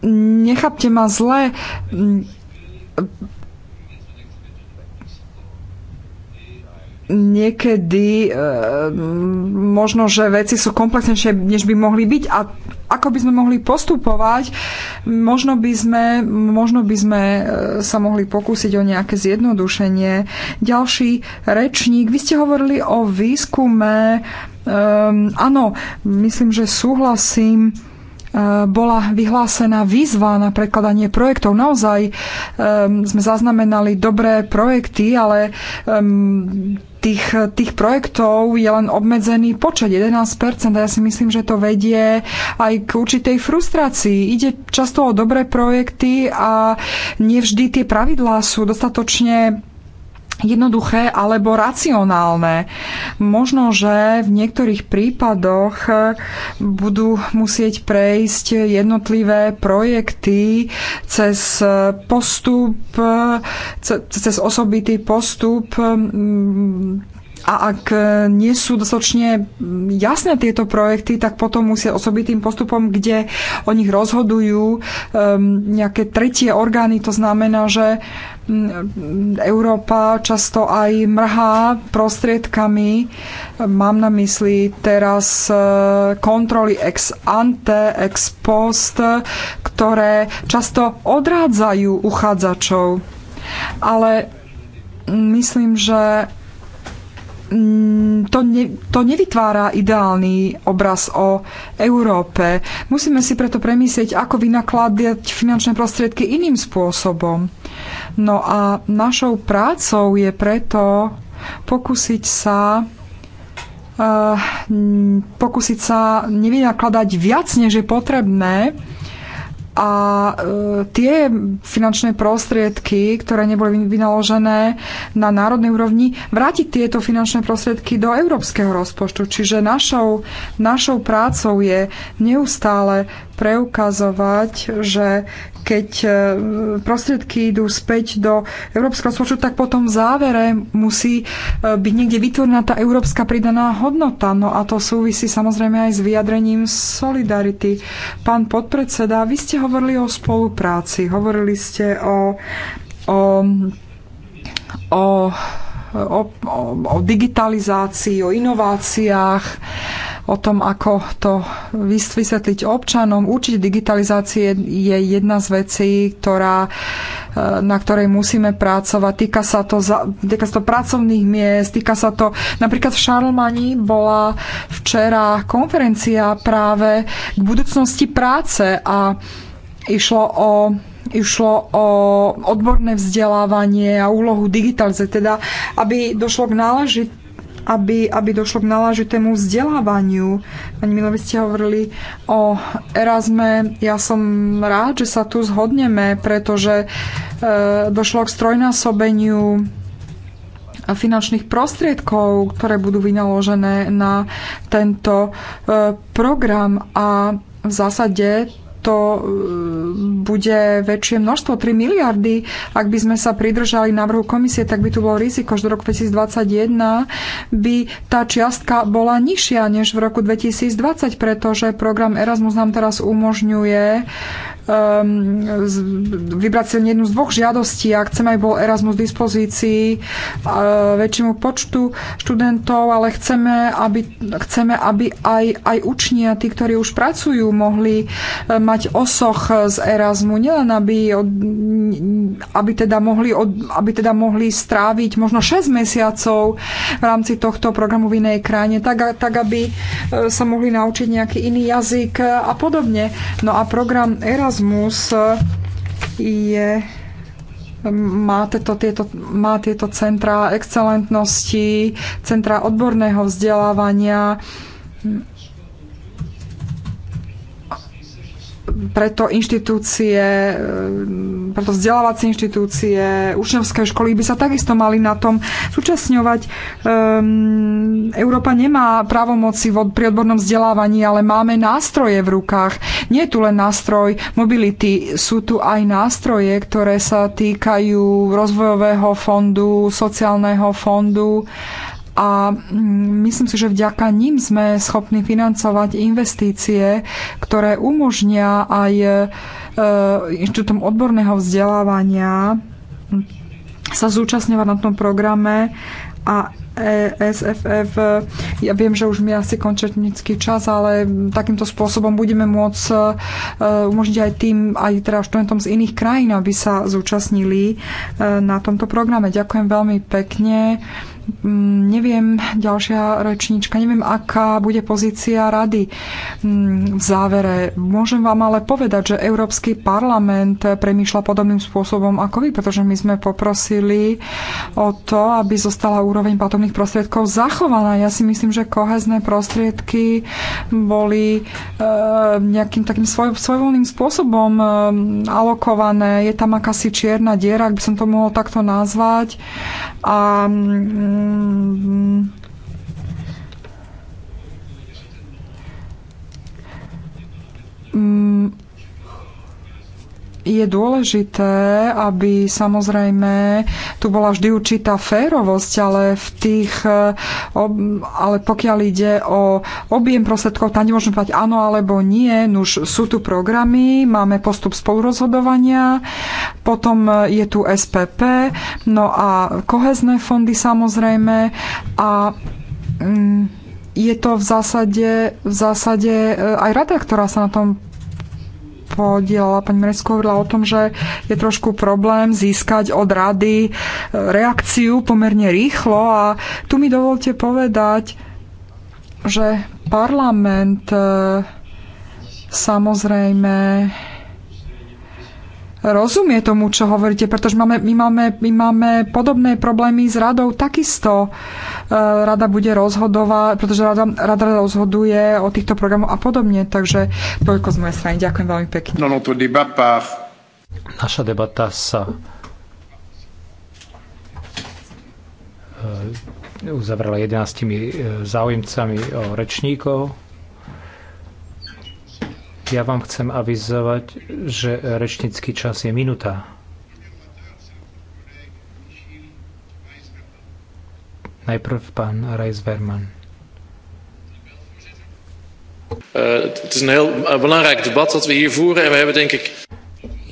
mm, nechápte ma zle, niekedy e, možno, že veci sú komplexnejšie, než by mohli byť a ako by sme mohli postupovať, možno by sme, možno by sme e, sa mohli pokúsiť o nejaké zjednodušenie. Ďalší rečník, vy ste hovorili o výskume, e, áno, myslím, že súhlasím, Eh, bola vyhlásená výzva na prekladanie projektov. Naozaj um, sme zaznamenali dobré projekty, ale um, tých, tých projektov je len obmedzený počet 11% a ja si myslím, že to vedie aj k určitej frustrácii. Ide často o dobré projekty a nevždy tie pravidlá sú dostatočne jednoduché alebo racionálne. Možno, že v niektorých prípadoch eh, budú musieť prejsť jednotlivé projekty cez eh, postup, eh, cez osobitý postup mm, a ak e, nie sú dostatočne jasné tieto projekty, tak potom musia osobitým postupom, kde o nich rozhodujú um, nejaké tretie orgány. To znamená, že Európa často aj mrhá prostriedkami. Mám na mysli teraz e, kontroly ex ante, ex post, ktoré často odrádzajú uchádzačov. Ale myslím, že Mm, to, ne, to nevytvára ideálny obraz o Európe. Musíme si preto premyslieť, ako vynakladať finančné prostriedky iným spôsobom. No a našou prácou je preto pokúsiť sa uh, pokúsiť sa nevynakladať viac, než je potrebné, a e, tie finančné prostriedky, ktoré neboli vynaložené na národnej úrovni, vrátiť tieto finančné prostriedky do európskeho rozpočtu. Čiže našou, našou prácou je neustále preukazovať, že keď e, prostriedky idú späť do európskeho rozpočtu, tak potom v závere musí e, byť niekde vytvorená tá európska pridaná hodnota. No a to súvisí samozrejme aj s vyjadrením solidarity. Pán podpredseda, vy ste hovorili o spolupráci, hovorili ste o, o, o o, o, digitalizácii, o inováciách, o tom, ako to vysvetliť občanom. Určite digitalizácie je jedna z vecí, ktorá, e, na ktorej musíme pracovať. Týka sa, to za, týka sa to pracovných miest, týka sa to... Napríklad v Šarlmani bola včera konferencia práve k budúcnosti práce a išlo o išlo o odborné vzdelávanie a úlohu digitalizácie, teda aby došlo k náležit aby, aby došlo k náležitému vzdelávaniu. Pani Milovi, ste hovorili o Erasme. Ja som rád, že sa tu zhodneme, pretože e, došlo k strojnásobeniu finančných prostriedkov, ktoré budú vynaložené na tento e, program a v zásade to e, bude väčšie množstvo, 3 miliardy. Ak by sme sa pridržali návrhu komisie, tak by tu bolo riziko, že do roku 2021 by tá čiastka bola nižšia než v roku 2020, pretože program Erasmus nám teraz umožňuje Ehm, vybrať si jednu z dvoch žiadostí a chcem, aj bol Erasmus v dispozícii e, väčšiemu počtu študentov, ale chceme, aby, chceme, aby aj, aj učnia, tí, ktorí už pracujú, mohli e, mať osoch z Erasmu, nielen aby, aby, teda mohli, aby teda mohli stráviť možno 6 mesiacov v rámci tohto programu v inej krajine, tak, tak aby e, sa mohli naučiť nejaký iný jazyk a podobne. No a program Erasmus Erasmus eh, je, má, tieto, tieto, má tieto centrá excelentnosti, centrá odborného vzdelávania, preto inštitúcie, e, preto vzdelávacie inštitúcie, učňovské školy by sa takisto mali na tom súčasňovať. Um, Európa nemá právomoci pri odbornom vzdelávaní, ale máme nástroje v rukách. Nie je tu len nástroj mobility, sú tu aj nástroje, ktoré sa týkajú rozvojového fondu, sociálneho fondu. Uh, a mm, myslím si, že vďaka ním sme schopní financovať investície, ktoré umožnia aj e, inštitútom odborného vzdelávania sa zúčastňovať na tom programe a e SFF, ja viem, že už mi asi končetnícky čas, ale takýmto spôsobom budeme môcť e, umožniť aj tým, aj teda študentom z iných krajín, aby sa zúčastnili na tomto programe. Ďakujem veľmi pekne Mm, neviem, ďalšia rečníčka, neviem, aká bude pozícia rady mm, v závere. Môžem vám ale povedať, že Európsky parlament premýšľa podobným spôsobom ako vy, pretože my sme poprosili o to, aby zostala úroveň platobných prostriedkov zachovaná. Ja si myslím, že kohezné prostriedky boli eh, nejakým takým svoj, svojvoľným spôsobom eh, alokované. Je tam akási čierna diera, ak by som to mohol takto nazvať. A mm, Um, um, je dôležité, aby samozrejme tu bola vždy určitá férovosť, ale v tých, eh, ale pokiaľ ide o objem prostredkov, tam nemôžeme povedať áno alebo nie, už sú tu programy, máme postup spolurozhodovania, potom eh, je tu SPP, no a kohezné fondy samozrejme a mm, je to v zásade, v zásade eh, aj rada, ktorá sa na tom podielala pani Mrecko, hovorila o tom, že je trošku problém získať od rady e, reakciu pomerne rýchlo a tu mi dovolte povedať, že parlament e, samozrejme rozumie tomu, čo hovoríte, pretože máme, my, máme, my máme podobné problémy s radou takisto. E, rada bude rozhodovať, pretože rada, rada rozhoduje o týchto programoch a podobne. Takže toľko z mojej strany. Ďakujem veľmi pekne. Naša debata sa e, uzavrela 11 e, záujemcami o rečníkov. Ja vám chcem avizovať, že rečnícky čas je minúta. Najprv pán Reis Verman. Eh, eh,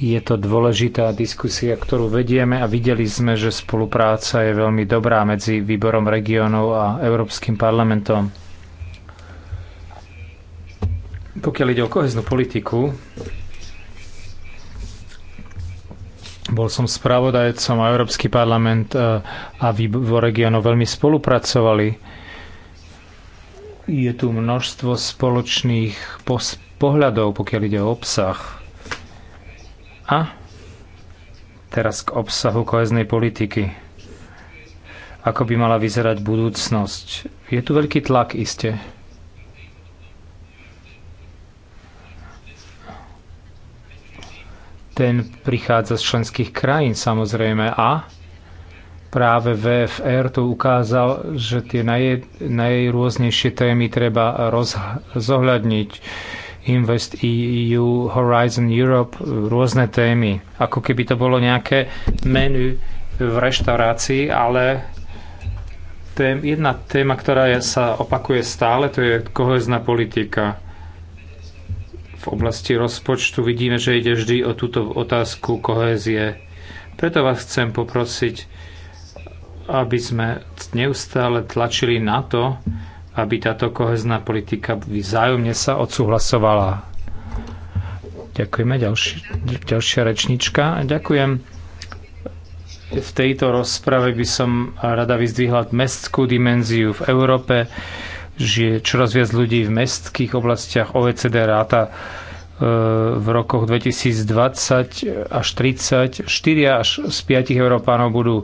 je to dôležitá diskusia, ktorú vedieme a videli sme, že spolupráca je veľmi dobrá medzi výborom regiónov a Európskym parlamentom pokiaľ ide o koheznú politiku, bol som spravodajcom a Európsky parlament e, a výbor regionov veľmi spolupracovali. Je tu množstvo spoločných pohľadov, pokiaľ ide o obsah. A teraz k obsahu koheznej politiky. Ako by mala vyzerať budúcnosť? Je tu veľký tlak iste ten prichádza z členských krajín samozrejme a práve VFR to ukázal, že tie naj, najrôznejšie témy treba roz, zohľadniť. Invest EU, Horizon Europe, rôzne témy. Ako keby to bolo nejaké menu v reštaurácii, ale tém, jedna téma, ktorá sa opakuje stále, to je kohezná politika v oblasti rozpočtu vidíme, že ide vždy o túto otázku kohézie. Preto vás chcem poprosiť, aby sme neustále tlačili na to, aby táto kohezná politika vzájomne sa odsúhlasovala. Ďakujeme, ďalší, ďalšia rečnička. Ďakujem. V tejto rozprave by som rada vyzdvihla mestskú dimenziu v Európe žije čoraz viac ľudí v mestských oblastiach OECD ráta e, v rokoch 2020 až 30 4 až z 5 Európánov budú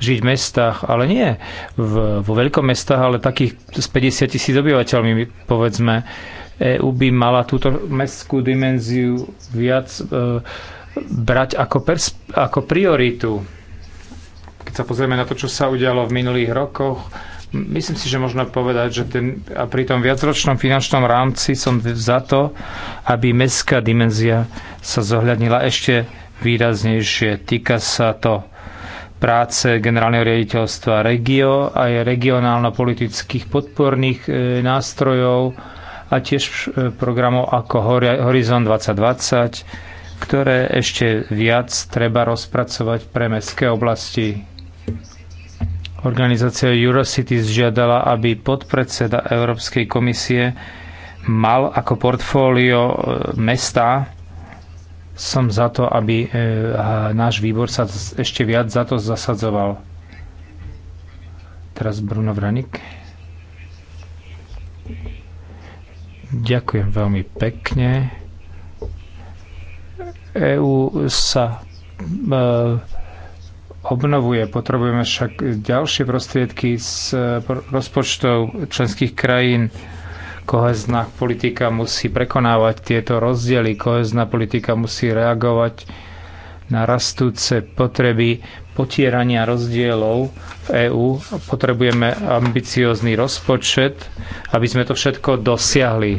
žiť v mestách, ale nie v, vo veľkom mestách, ale takých s 50 tisíc obyvateľmi, povedzme. EU by mala túto mestskú dimenziu viac e, brať ako, pers- ako prioritu. Keď sa pozrieme na to, čo sa udialo v minulých rokoch, Myslím si, že možno povedať, že ten, a pri tom viacročnom finančnom rámci som za to, aby mestská dimenzia sa zohľadnila ešte výraznejšie. Týka sa to práce generálneho riaditeľstva Regio aj regionálno-politických podporných e, nástrojov a tiež e, programov ako Horizon 2020, ktoré ešte viac treba rozpracovať pre mestské oblasti. Organizácia Eurocities žiadala, aby podpredseda Európskej komisie mal ako portfólio e, mesta. Som za to, aby e, náš výbor sa ešte viac za to zasadzoval. Teraz Bruno Vranik. Ďakujem veľmi pekne. EÚ e sa obnovuje. Potrebujeme však ďalšie prostriedky z e, rozpočtov členských krajín. Kohezná politika musí prekonávať tieto rozdiely. Kohezná politika musí reagovať na rastúce potreby potierania rozdielov v EÚ. Potrebujeme ambiciózny rozpočet, aby sme to všetko dosiahli.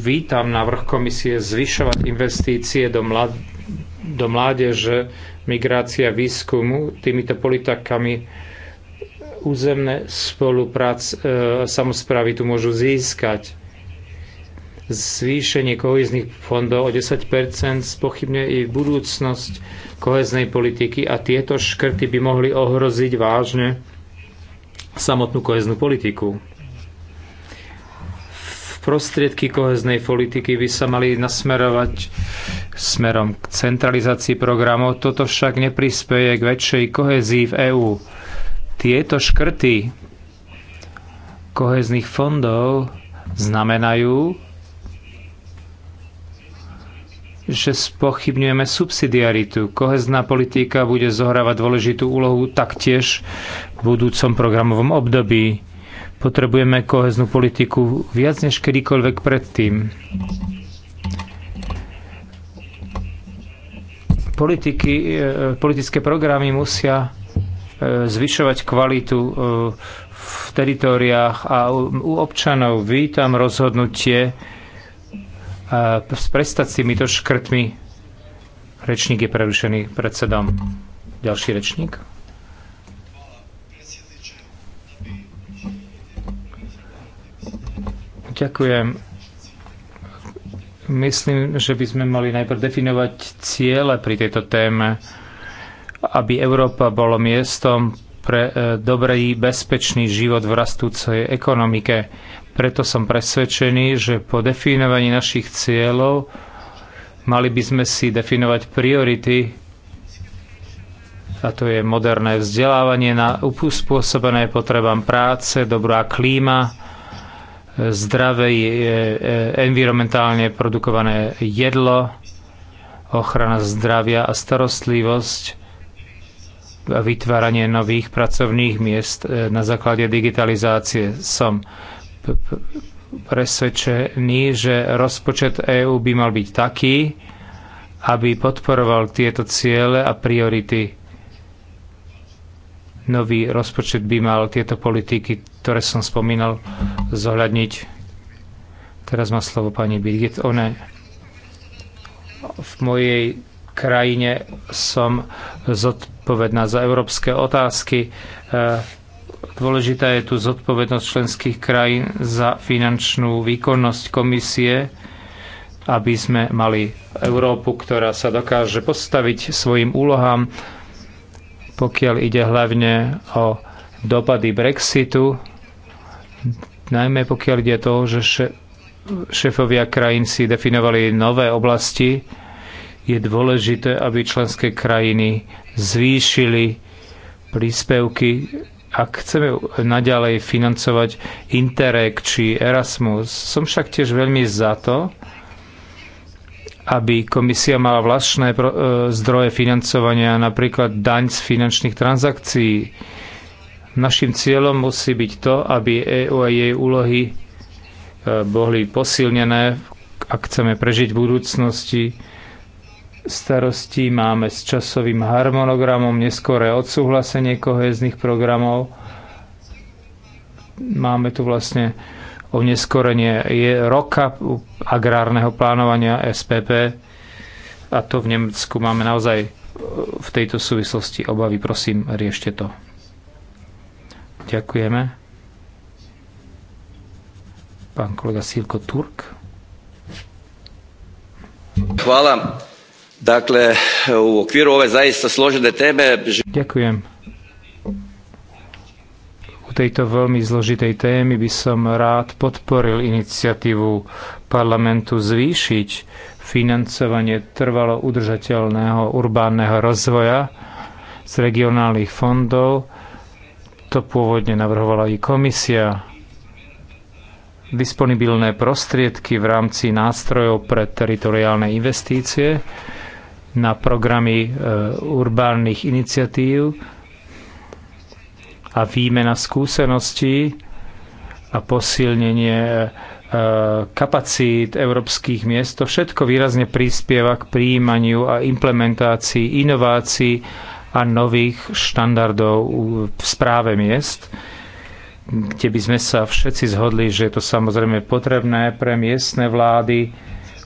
Vítam návrh komisie zvyšovať investície do, mlad- do mládeže migrácia, výskumu, týmito politikami územné spoluprác e, samozprávy tu môžu získať. Zvýšenie kohezných fondov o 10% spochybňuje i budúcnosť koheznej politiky a tieto škrty by mohli ohroziť vážne samotnú koheznú politiku prostriedky koheznej politiky by sa mali nasmerovať smerom k centralizácii programov. Toto však neprispieje k väčšej kohezii v EÚ. Tieto škrty kohezných fondov znamenajú, že spochybňujeme subsidiaritu. Kohezná politika bude zohrávať dôležitú úlohu taktiež v budúcom programovom období Potrebujeme koheznú politiku viac než kedykoľvek predtým. Politiky, e, politické programy musia e, zvyšovať kvalitu e, v teritóriách a u občanov. Vítam rozhodnutie prestať s týmito škrtmi. Rečník je prerušený predsedom. Ďalší rečník. Ďakujem. Myslím, že by sme mali najprv definovať ciele pri tejto téme, aby Európa bolo miestom pre e, dobrý, bezpečný život v rastúcej ekonomike. Preto som presvedčený, že po definovaní našich cieľov mali by sme si definovať priority, a to je moderné vzdelávanie na spôsobené potrebám práce, dobrá klíma, zdravej, e, e, environmentálne produkované jedlo, ochrana zdravia a starostlivosť a vytváranie nových pracovných miest e, na základe digitalizácie. Som presvedčený, že rozpočet EÚ by mal byť taký, aby podporoval tieto ciele a priority. Nový rozpočet by mal tieto politiky ktoré som spomínal, zohľadniť. Teraz má slovo pani Birgit One. V mojej krajine som zodpovedná za európske otázky. E, dôležitá je tu zodpovednosť členských krajín za finančnú výkonnosť komisie, aby sme mali Európu, ktorá sa dokáže postaviť svojim úlohám, pokiaľ ide hlavne o dopady Brexitu najmä pokiaľ ide to, že šéfovia krajín si definovali nové oblasti, je dôležité, aby členské krajiny zvýšili príspevky, ak chceme naďalej financovať Interreg či Erasmus. Som však tiež veľmi za to, aby komisia mala vlastné e, zdroje financovania, napríklad daň z finančných transakcií, Našim cieľom musí byť to, aby EU a jej úlohy e, boli posilnené, ak chceme prežiť v budúcnosti. Starosti máme s časovým harmonogramom, neskoré odsúhlasenie kohezných programov. Máme tu vlastne oneskorenie je roka agrárneho plánovania SPP a to v Nemecku máme naozaj v tejto súvislosti obavy. Prosím, riešte to. Ďakujeme. Pán kolega Silko Turk. Hvala. Dakle, u okviru ove zaista složene teme... Ďakujem. U tejto veľmi zložitej témy by som rád podporil iniciatívu parlamentu zvýšiť financovanie trvalo udržateľného urbánneho rozvoja z regionálnych fondov to pôvodne navrhovala i komisia. Disponibilné prostriedky v rámci nástrojov pre teritoriálne investície na programy e, urbánnych iniciatív a výmena skúseností a posilnenie e, kapacít európskych miest. To všetko výrazne prispieva k príjmaniu a implementácii inovácií a nových štandardov v správe miest, kde by sme sa všetci zhodli, že je to samozrejme potrebné pre miestne vlády,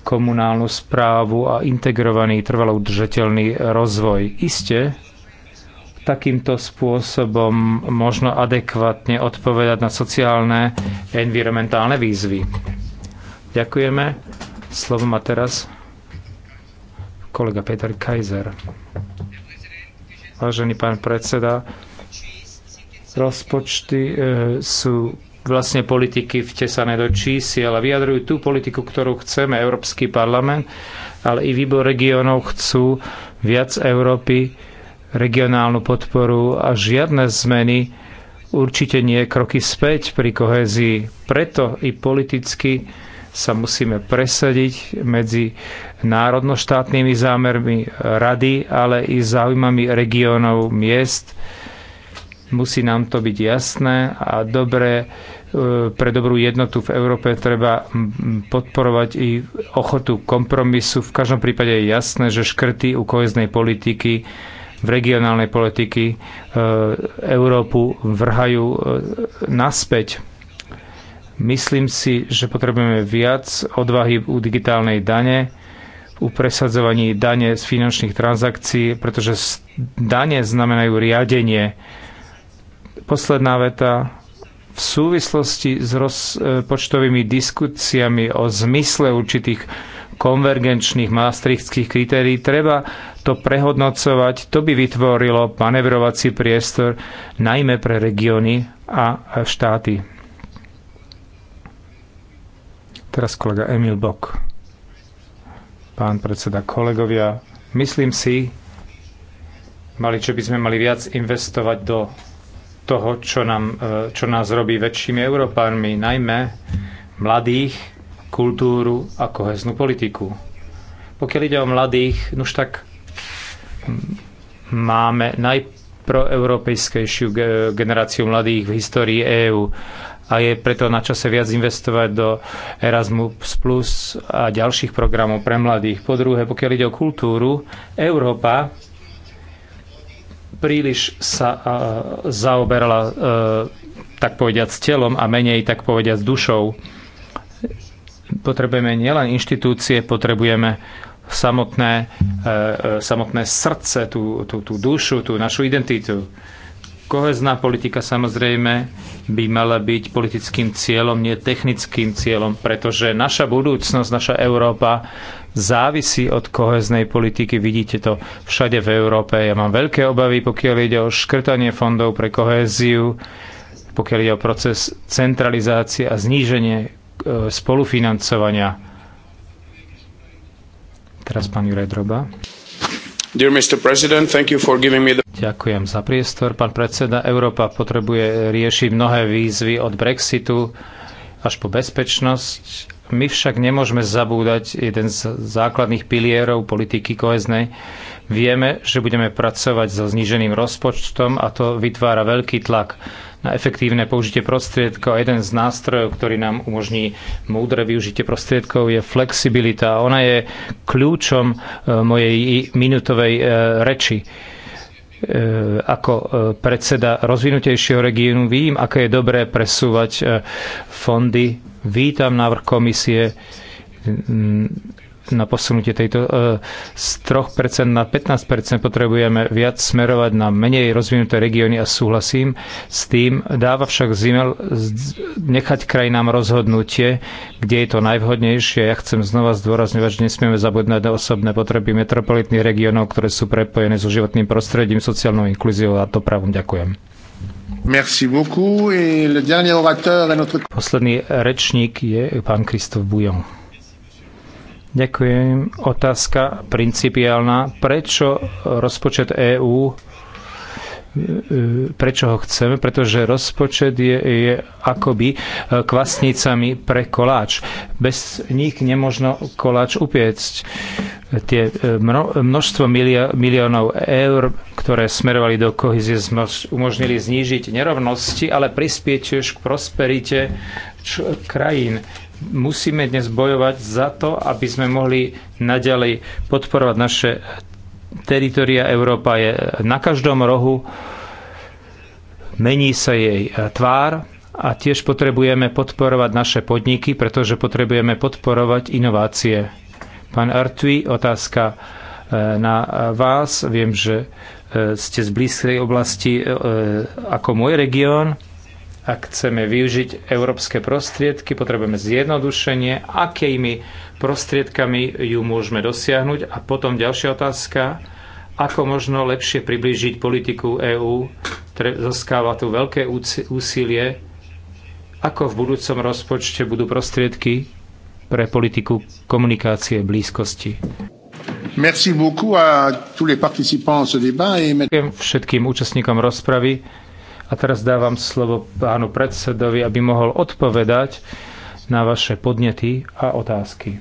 komunálnu správu a integrovaný trvalo udržateľný rozvoj. Isté, takýmto spôsobom možno adekvátne odpovedať na sociálne a environmentálne výzvy. Ďakujeme. Slovo má teraz kolega Peter Kaiser vážený pán predseda. Rozpočty e, sú vlastne politiky vtesané do čísi, ale vyjadrujú tú politiku, ktorú chceme. Európsky parlament, ale i výbor regionov chcú viac Európy, regionálnu podporu a žiadne zmeny určite nie kroky späť pri kohezii. Preto i politicky sa musíme presadiť medzi národnoštátnymi zámermi rady, ale i záujmami regiónov, miest. Musí nám to byť jasné a dobre, e, pre dobrú jednotu v Európe treba podporovať i ochotu kompromisu. V každom prípade je jasné, že škrty u koheznej politiky v regionálnej politiky e, Európu vrhajú e, naspäť Myslím si, že potrebujeme viac odvahy u digitálnej dane, u presadzovaní dane z finančných transakcií, pretože dane znamenajú riadenie. Posledná veta. V súvislosti s rozpočtovými e, diskusiami o zmysle určitých konvergenčných maastrichtských kritérií treba to prehodnocovať. To by vytvorilo manevrovací priestor najmä pre regióny a štáty. Teraz kolega Emil Bok. Pán predseda, kolegovia, myslím si, mali, že by sme mali viac investovať do toho, čo, nám, e, čo nás robí väčšími Európánmi, najmä mladých, kultúru a koheznú politiku. Pokiaľ ide o mladých, už tak máme najproeurópejskejšiu generáciu mladých v histórii EÚ a je preto na čase viac investovať do Erasmus Plus a ďalších programov pre mladých. Po druhé, pokiaľ ide o kultúru, Európa príliš sa uh, zaoberala uh, tak povediať s telom a menej tak povediať s dušou. Potrebujeme nielen inštitúcie, potrebujeme samotné, uh, samotné srdce, tú, tú, tú dušu, tú našu identitu. Uh, Kohezná politika samozrejme by mala byť politickým cieľom, nie technickým cieľom, pretože naša budúcnosť, naša Európa závisí od koheznej politiky. Vidíte to všade v Európe. Ja mám veľké obavy, pokiaľ ide o škrtanie fondov pre kohéziu, pokiaľ ide o proces centralizácie a zníženie e, spolufinancovania. Teraz pán Juraj Droba. The... Ďakujem za priestor, pán predseda. Európa potrebuje riešiť mnohé výzvy od Brexitu až po bezpečnosť. My však nemôžeme zabúdať jeden z základných pilierov politiky koheznej Vieme, že budeme pracovať so zníženým rozpočtom a to vytvára veľký tlak na efektívne použitie prostriedkov. Jeden z nástrojov, ktorý nám umožní múdre využitie prostriedkov, je flexibilita. Ona je kľúčom e, mojej minutovej e, reči e, ako predseda rozvinutejšieho regiónu vím, aké je dobré presúvať fondy. Vítam návrh komisie na posunutie tejto e, z 3% na 15% potrebujeme viac smerovať na menej rozvinuté regióny a súhlasím s tým. Dáva však zimel nechať krajinám rozhodnutie, kde je to najvhodnejšie. Ja chcem znova zdôrazňovať, že nesmieme zabudnúť na osobné potreby metropolitných regiónov, ktoré sú prepojené so životným prostredím, sociálnou inklúziou a dopravom. Ďakujem. Posledný rečník je pán Kristof Bujon. Ďakujem. Otázka principiálna. Prečo rozpočet EÚ e, prečo ho chceme, pretože rozpočet je, je akoby e, kvasnicami pre koláč. Bez nich nemožno koláč upiecť. Tie e, množstvo miliónov eur, ktoré smerovali do kohizie, umožnili znížiť nerovnosti, ale prispieť tiež k prosperite krajín musíme dnes bojovať za to, aby sme mohli naďalej podporovať naše teritoria. Európa je na každom rohu, mení sa jej e, tvár a tiež potrebujeme podporovať naše podniky, pretože potrebujeme podporovať inovácie. Pán Artui, otázka e, na vás. Viem, že e, ste z blízkej oblasti ako môj región ak chceme využiť európske prostriedky, potrebujeme zjednodušenie, akými prostriedkami ju môžeme dosiahnuť. A potom ďalšia otázka, ako možno lepšie priblížiť politiku EÚ, ktoré zoskáva tu veľké úsilie, ako v budúcom rozpočte budú prostriedky pre politiku komunikácie blízkosti. Merci beaucoup à tous les participants à ce débat et... Všetkým účastníkom rozpravy a teraz dávam slovo pánu predsedovi, aby mohol odpovedať na vaše podnety a otázky.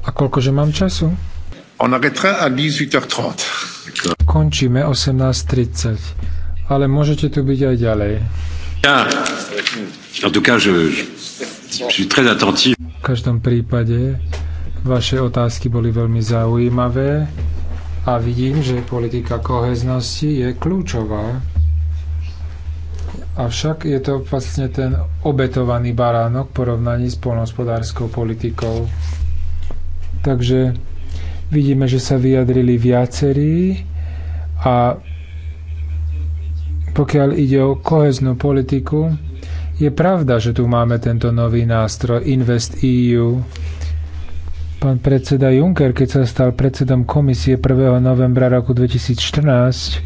A koľkože mám času? On a à Končíme 18.30. Ale môžete tu byť aj ďalej. Ja, en tout cas, je, je très attentif. V každom prípade vaše otázky boli veľmi zaujímavé a vidím, že politika koheznosti je kľúčová. Avšak je to vlastne ten obetovaný baránok v porovnaní s polnohospodárskou politikou. Takže vidíme, že sa vyjadrili viacerí a pokiaľ ide o koheznú politiku, je pravda, že tu máme tento nový nástroj Invest EU, Pán predseda Juncker, keď sa stal predsedom komisie 1. novembra roku 2014,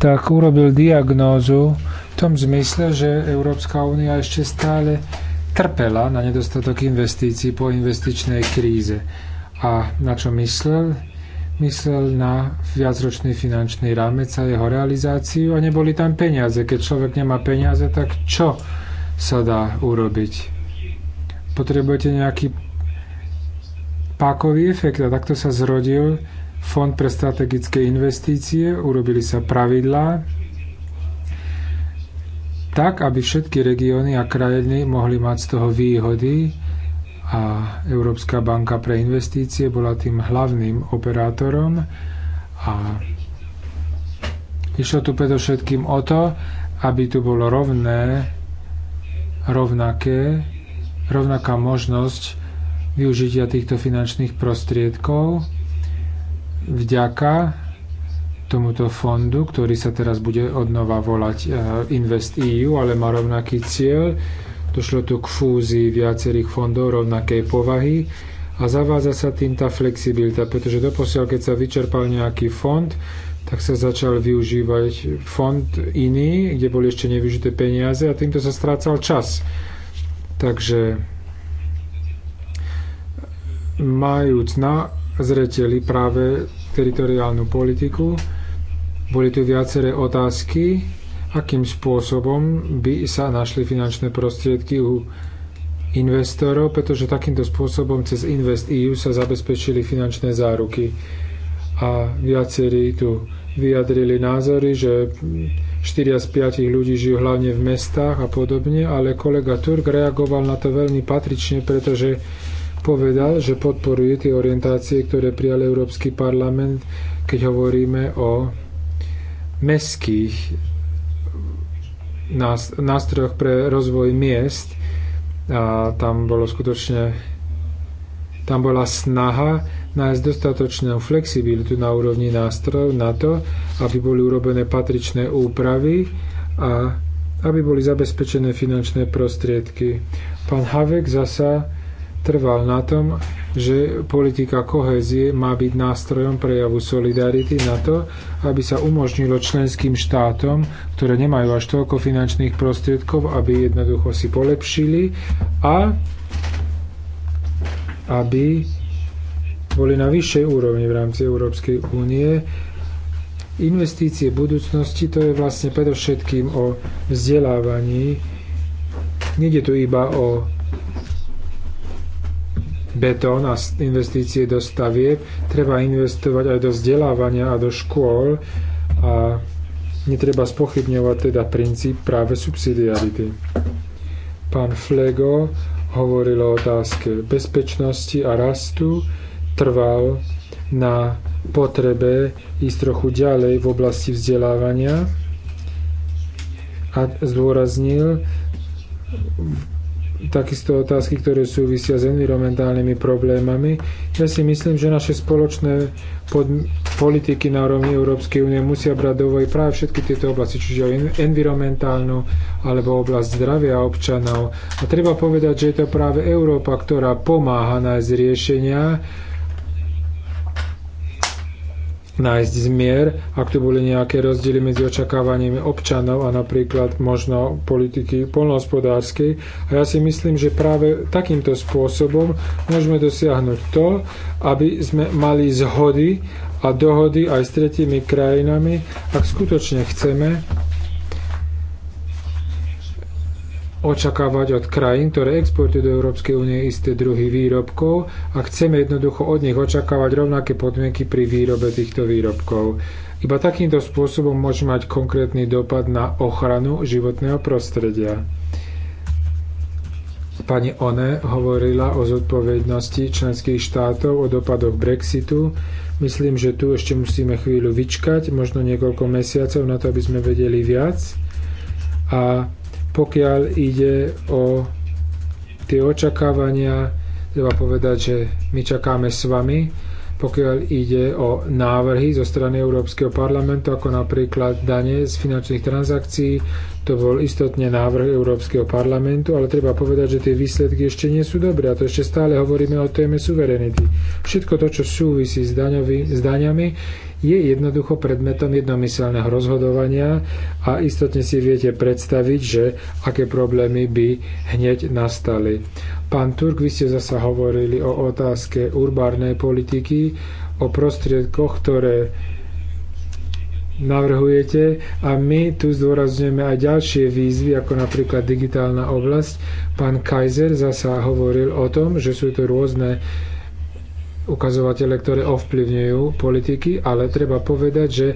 tak urobil diagnózu v tom zmysle, že Európska únia ešte stále trpela na nedostatok investícií po investičnej kríze. A na čo myslel? Myslel na viacročný finančný rámec a jeho realizáciu a neboli tam peniaze. Keď človek nemá peniaze, tak čo sa dá urobiť? Potrebujete nejaký pákový efekt a takto sa zrodil Fond pre strategické investície, urobili sa pravidlá tak, aby všetky regióny a krajiny mohli mať z toho výhody a Európska banka pre investície bola tým hlavným operátorom a išlo tu predovšetkým o to, aby tu bolo rovné, rovnaké, rovnaká možnosť využitia týchto finančných prostriedkov vďaka tomuto fondu, ktorý sa teraz bude odnova volať e, Invest EU, ale má rovnaký cieľ. Došlo tu k fúzii viacerých fondov rovnakej povahy a zavádza sa tým tá flexibilita, pretože doposiaľ, keď sa vyčerpal nejaký fond, tak sa začal využívať fond iný, kde boli ešte nevyžité peniaze a týmto sa strácal čas. Takže majúc na zreteli práve teritoriálnu politiku. Boli tu viaceré otázky, akým spôsobom by sa našli finančné prostriedky u investorov, pretože takýmto spôsobom cez Invest EU sa zabezpečili finančné záruky. A viacerí tu vyjadrili názory, že 4 z 5 ľudí žijú hlavne v mestách a podobne, ale kolega Turk reagoval na to veľmi patrične, pretože povedal, že podporuje tie orientácie, ktoré prijal Európsky parlament, keď hovoríme o mestských nástrojoch pre rozvoj miest. A tam bolo skutočne tam bola snaha nájsť dostatočnú flexibilitu na úrovni nástrojov na to, aby boli urobené patričné úpravy a aby boli zabezpečené finančné prostriedky. Pán Havek zasa trval na tom, že politika kohézie má byť nástrojom prejavu solidarity na to, aby sa umožnilo členským štátom, ktoré nemajú až toľko finančných prostriedkov, aby jednoducho si polepšili a aby boli na vyššej úrovni v rámci Európskej únie. Investície budúcnosti to je vlastne predovšetkým o vzdelávaní. Nede tu iba o betón a investície do stavieb, treba investovať aj do vzdelávania a do škôl a netreba spochybňovať teda princíp práve subsidiarity. Pán Flego hovoril o otázke bezpečnosti a rastu, trval na potrebe ísť trochu ďalej v oblasti vzdelávania a zdôraznil takisto otázky, ktoré súvisia s environmentálnymi problémami. Ja si myslím, že naše spoločné pod, politiky na úrovni Európskej únie musia brať do práve všetky tieto oblasti, čiže environmentálnu alebo oblasť zdravia občanov. A treba povedať, že je to práve Európa, ktorá pomáha nájsť riešenia, nájsť zmier, ak tu boli nejaké rozdiely medzi očakávaniami občanov a napríklad možno politiky polnohospodárskej. A ja si myslím, že práve takýmto spôsobom môžeme dosiahnuť to, aby sme mali zhody a dohody aj s tretími krajinami, ak skutočne chceme očakávať od krajín, ktoré exportujú do Európskej únie isté druhy výrobkov a chceme jednoducho od nich očakávať rovnaké podmienky pri výrobe týchto výrobkov. Iba takýmto spôsobom môže mať konkrétny dopad na ochranu životného prostredia. Pani One hovorila o zodpovednosti členských štátov o dopadoch Brexitu. Myslím, že tu ešte musíme chvíľu vyčkať, možno niekoľko mesiacov na to, aby sme vedeli viac. A pokiaľ ide o tie očakávania, treba povedať, že my čakáme s vami, pokiaľ ide o návrhy zo strany Európskeho parlamentu, ako napríklad dane z finančných transakcií. To bol istotne návrh Európskeho parlamentu, ale treba povedať, že tie výsledky ešte nie sú dobré a to ešte stále hovoríme o téme suverenity. Všetko to, čo súvisí s, s daňami, je jednoducho predmetom jednomyselného rozhodovania a istotne si viete predstaviť, že aké problémy by hneď nastali. Pán Turk, vy ste zasa hovorili o otázke urbárnej politiky, o prostriedkoch, ktoré navrhujete a my tu zdôrazňujeme aj ďalšie výzvy, ako napríklad digitálna oblasť. Pán Kaiser zasa hovoril o tom, že sú to rôzne ukazovatele, ktoré ovplyvňujú politiky, ale treba povedať, že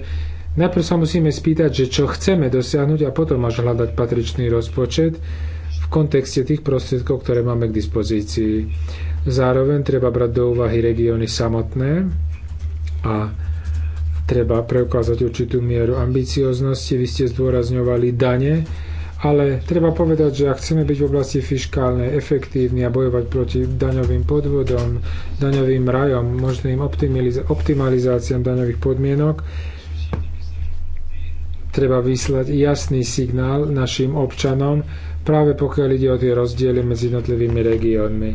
najprv sa musíme spýtať, že čo chceme dosiahnuť a potom až hľadať patričný rozpočet v kontexte tých prostriedkov, ktoré máme k dispozícii. Zároveň treba brať do úvahy regióny samotné a treba preukázať určitú mieru ambicioznosti. Vy ste zdôrazňovali dane, ale treba povedať, že ak chceme byť v oblasti fiskálnej efektívni a bojovať proti daňovým podvodom, daňovým rajom, možným optimalizáciám daňových podmienok, treba vyslať jasný signál našim občanom, práve pokiaľ ide o tie rozdiely medzi jednotlivými regiónmi.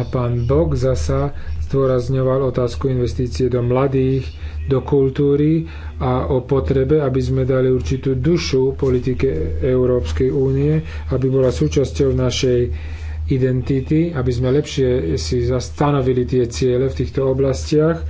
A pán Bok zasa zdôrazňoval otázku investície do mladých, do kultúry a o potrebe, aby sme dali určitú dušu politike Európskej únie, aby bola súčasťou našej identity, aby sme lepšie si zastanovili tie ciele v týchto oblastiach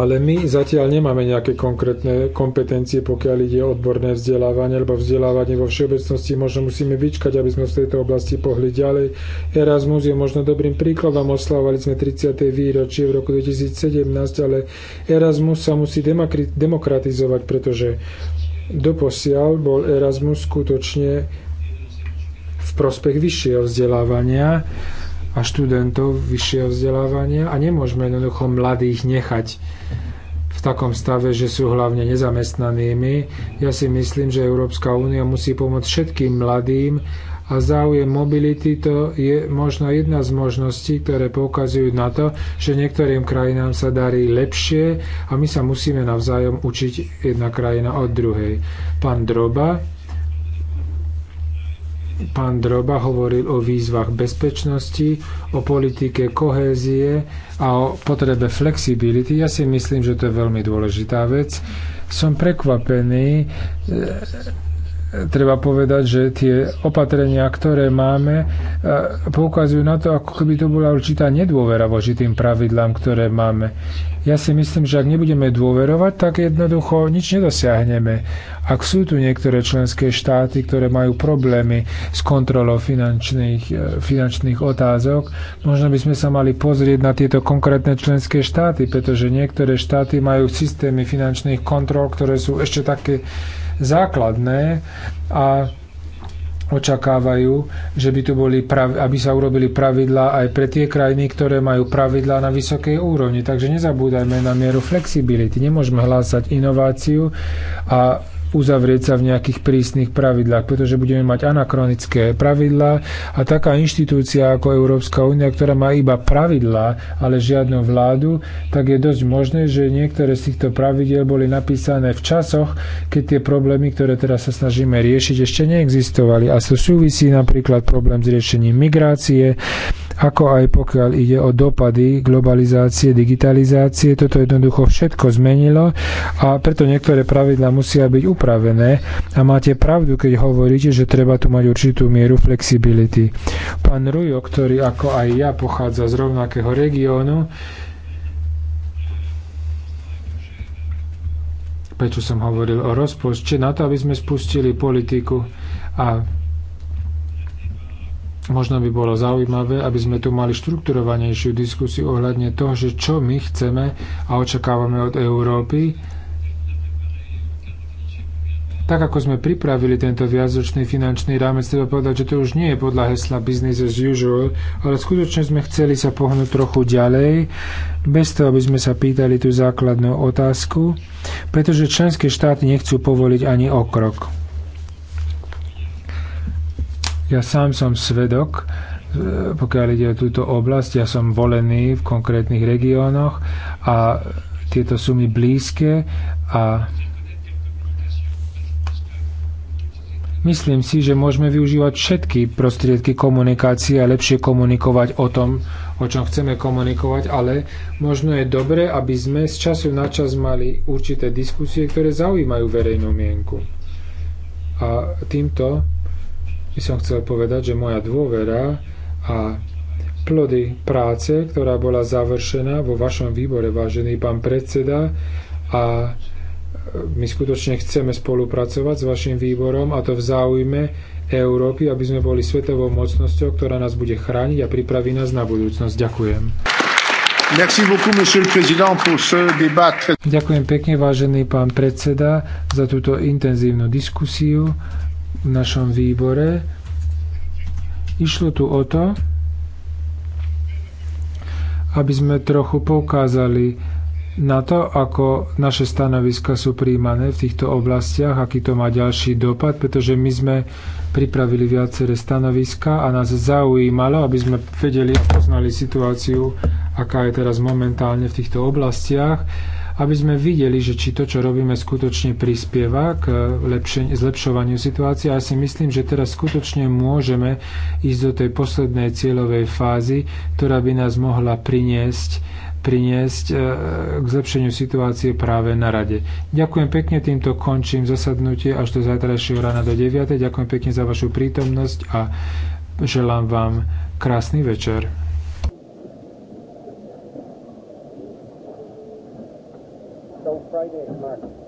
Ale my zatiaľ nemáme nejaké konkrétne kompetencie, pokiaľ ide o odborné vzdelávanie, alebo vzdelávanie vo všeobecnosti možno musíme vyčkať, aby sme v tejto oblasti pohli ďalej. Erasmus je možno dobrým príkladom, oslavovali sme 30. výročie v roku 2017, ale Erasmus sa musí demokratizovať, pretože doposiaľ bol Erasmus skutočne v prospech vyššieho vzdelávania a študentov vyššieho vzdelávania a nemôžeme jednoducho mladých nechať v takom stave, že sú hlavne nezamestnanými. Ja si myslím, že Európska únia musí pomôcť všetkým mladým a záujem mobility to je možno jedna z možností, ktoré poukazujú na to, že niektorým krajinám sa darí lepšie a my sa musíme navzájom učiť jedna krajina od druhej. Pán Droba, Pán Droba hovoril o výzvach bezpečnosti, o politike kohézie a o potrebe flexibility. Ja si myslím, že to je veľmi dôležitá vec. Som prekvapený treba povedať, že tie opatrenia, ktoré máme, e, poukazujú na to, ako keby to bola určitá nedôvera voči tým pravidlám, ktoré máme. Ja si myslím, že ak nebudeme dôverovať, tak jednoducho nič nedosiahneme. Ak sú tu niektoré členské štáty, ktoré majú problémy s kontrolou finančných, e, finančných otázok, možno by sme sa mali pozrieť na tieto konkrétne členské štáty, pretože niektoré štáty majú systémy finančných kontrol, ktoré sú ešte také základné a očakávajú, že by tu boli prav, aby sa urobili pravidlá aj pre tie krajiny, ktoré majú pravidlá na vysokej úrovni. Takže nezabúdajme na mieru flexibility. Nemôžeme hlásať inováciu a uzavrieť sa v nejakých prísnych pravidlách, pretože budeme mať anachronické pravidlá a taká inštitúcia ako Európska únia, ktorá má iba pravidlá, ale žiadnu vládu, tak je dosť možné, že niektoré z týchto pravidiel boli napísané v časoch, keď tie problémy, ktoré teraz sa snažíme riešiť, ešte neexistovali. A sú súvisí napríklad problém s riešením migrácie, ako aj pokiaľ ide o dopady globalizácie, digitalizácie. Toto jednoducho všetko zmenilo a preto niektoré pravidla musia byť upravené. A máte pravdu, keď hovoríte, že treba tu mať určitú mieru flexibility. Pán Rujo, ktorý ako aj ja pochádza z rovnakého regiónu, prečo som hovoril o rozpočte, na to, aby sme spustili politiku a Možno by bolo zaujímavé, aby sme tu mali štrukturovanejšiu diskusiu ohľadne toho, že čo my chceme a očakávame od Európy. Tak ako sme pripravili tento viacročný finančný rámec, treba povedať, že to už nie je podľa hesla business as usual, ale skutočne sme chceli sa pohnúť trochu ďalej, bez toho, aby sme sa pýtali tú základnú otázku, pretože členské štáty nechcú povoliť ani okrok. Ja sám som svedok, e, pokiaľ ide o túto oblasť, ja som volený v konkrétnych regiónoch a tieto sú mi blízke a myslím si, že môžeme využívať všetky prostriedky komunikácie a lepšie komunikovať o tom, o čom chceme komunikovať, ale možno je dobre, aby sme z času na čas mali určité diskusie, ktoré zaujímajú verejnú mienku. A týmto by som chcel povedať, že moja dôvera a plody práce, ktorá bola završená vo vašom výbore, vážený pán predseda, a e, my skutočne chceme spolupracovať s vašim výborom a to v záujme Európy, aby sme boli svetovou mocnosťou, ktorá nás bude chrániť a pripraví nás na budúcnosť. Ďakujem. Ďakujem pekne, vážený pán predseda, za túto intenzívnu diskusiu v našom výbore. Išlo tu o to, aby sme trochu poukázali na to, ako naše stanoviska sú príjmané v týchto oblastiach, aký to má ďalší dopad, pretože my sme pripravili viaceré stanoviska a nás zaujímalo, aby sme vedeli a poznali situáciu, aká je teraz momentálne v týchto oblastiach aby sme videli, že či to, čo robíme, skutočne prispieva k eh, lepšen- zlepšovaniu situácie. A Ja si myslím, že teraz skutočne môžeme ísť do tej poslednej cieľovej fázy, ktorá by nás mohla priniesť priniesť eh, k zlepšeniu situácie práve na rade. Ďakujem pekne, týmto končím zasadnutie až do zajtrajšieho rána do 9. Ďakujem pekne za vašu prítomnosť a želám vám krásny večer. right in, Mark.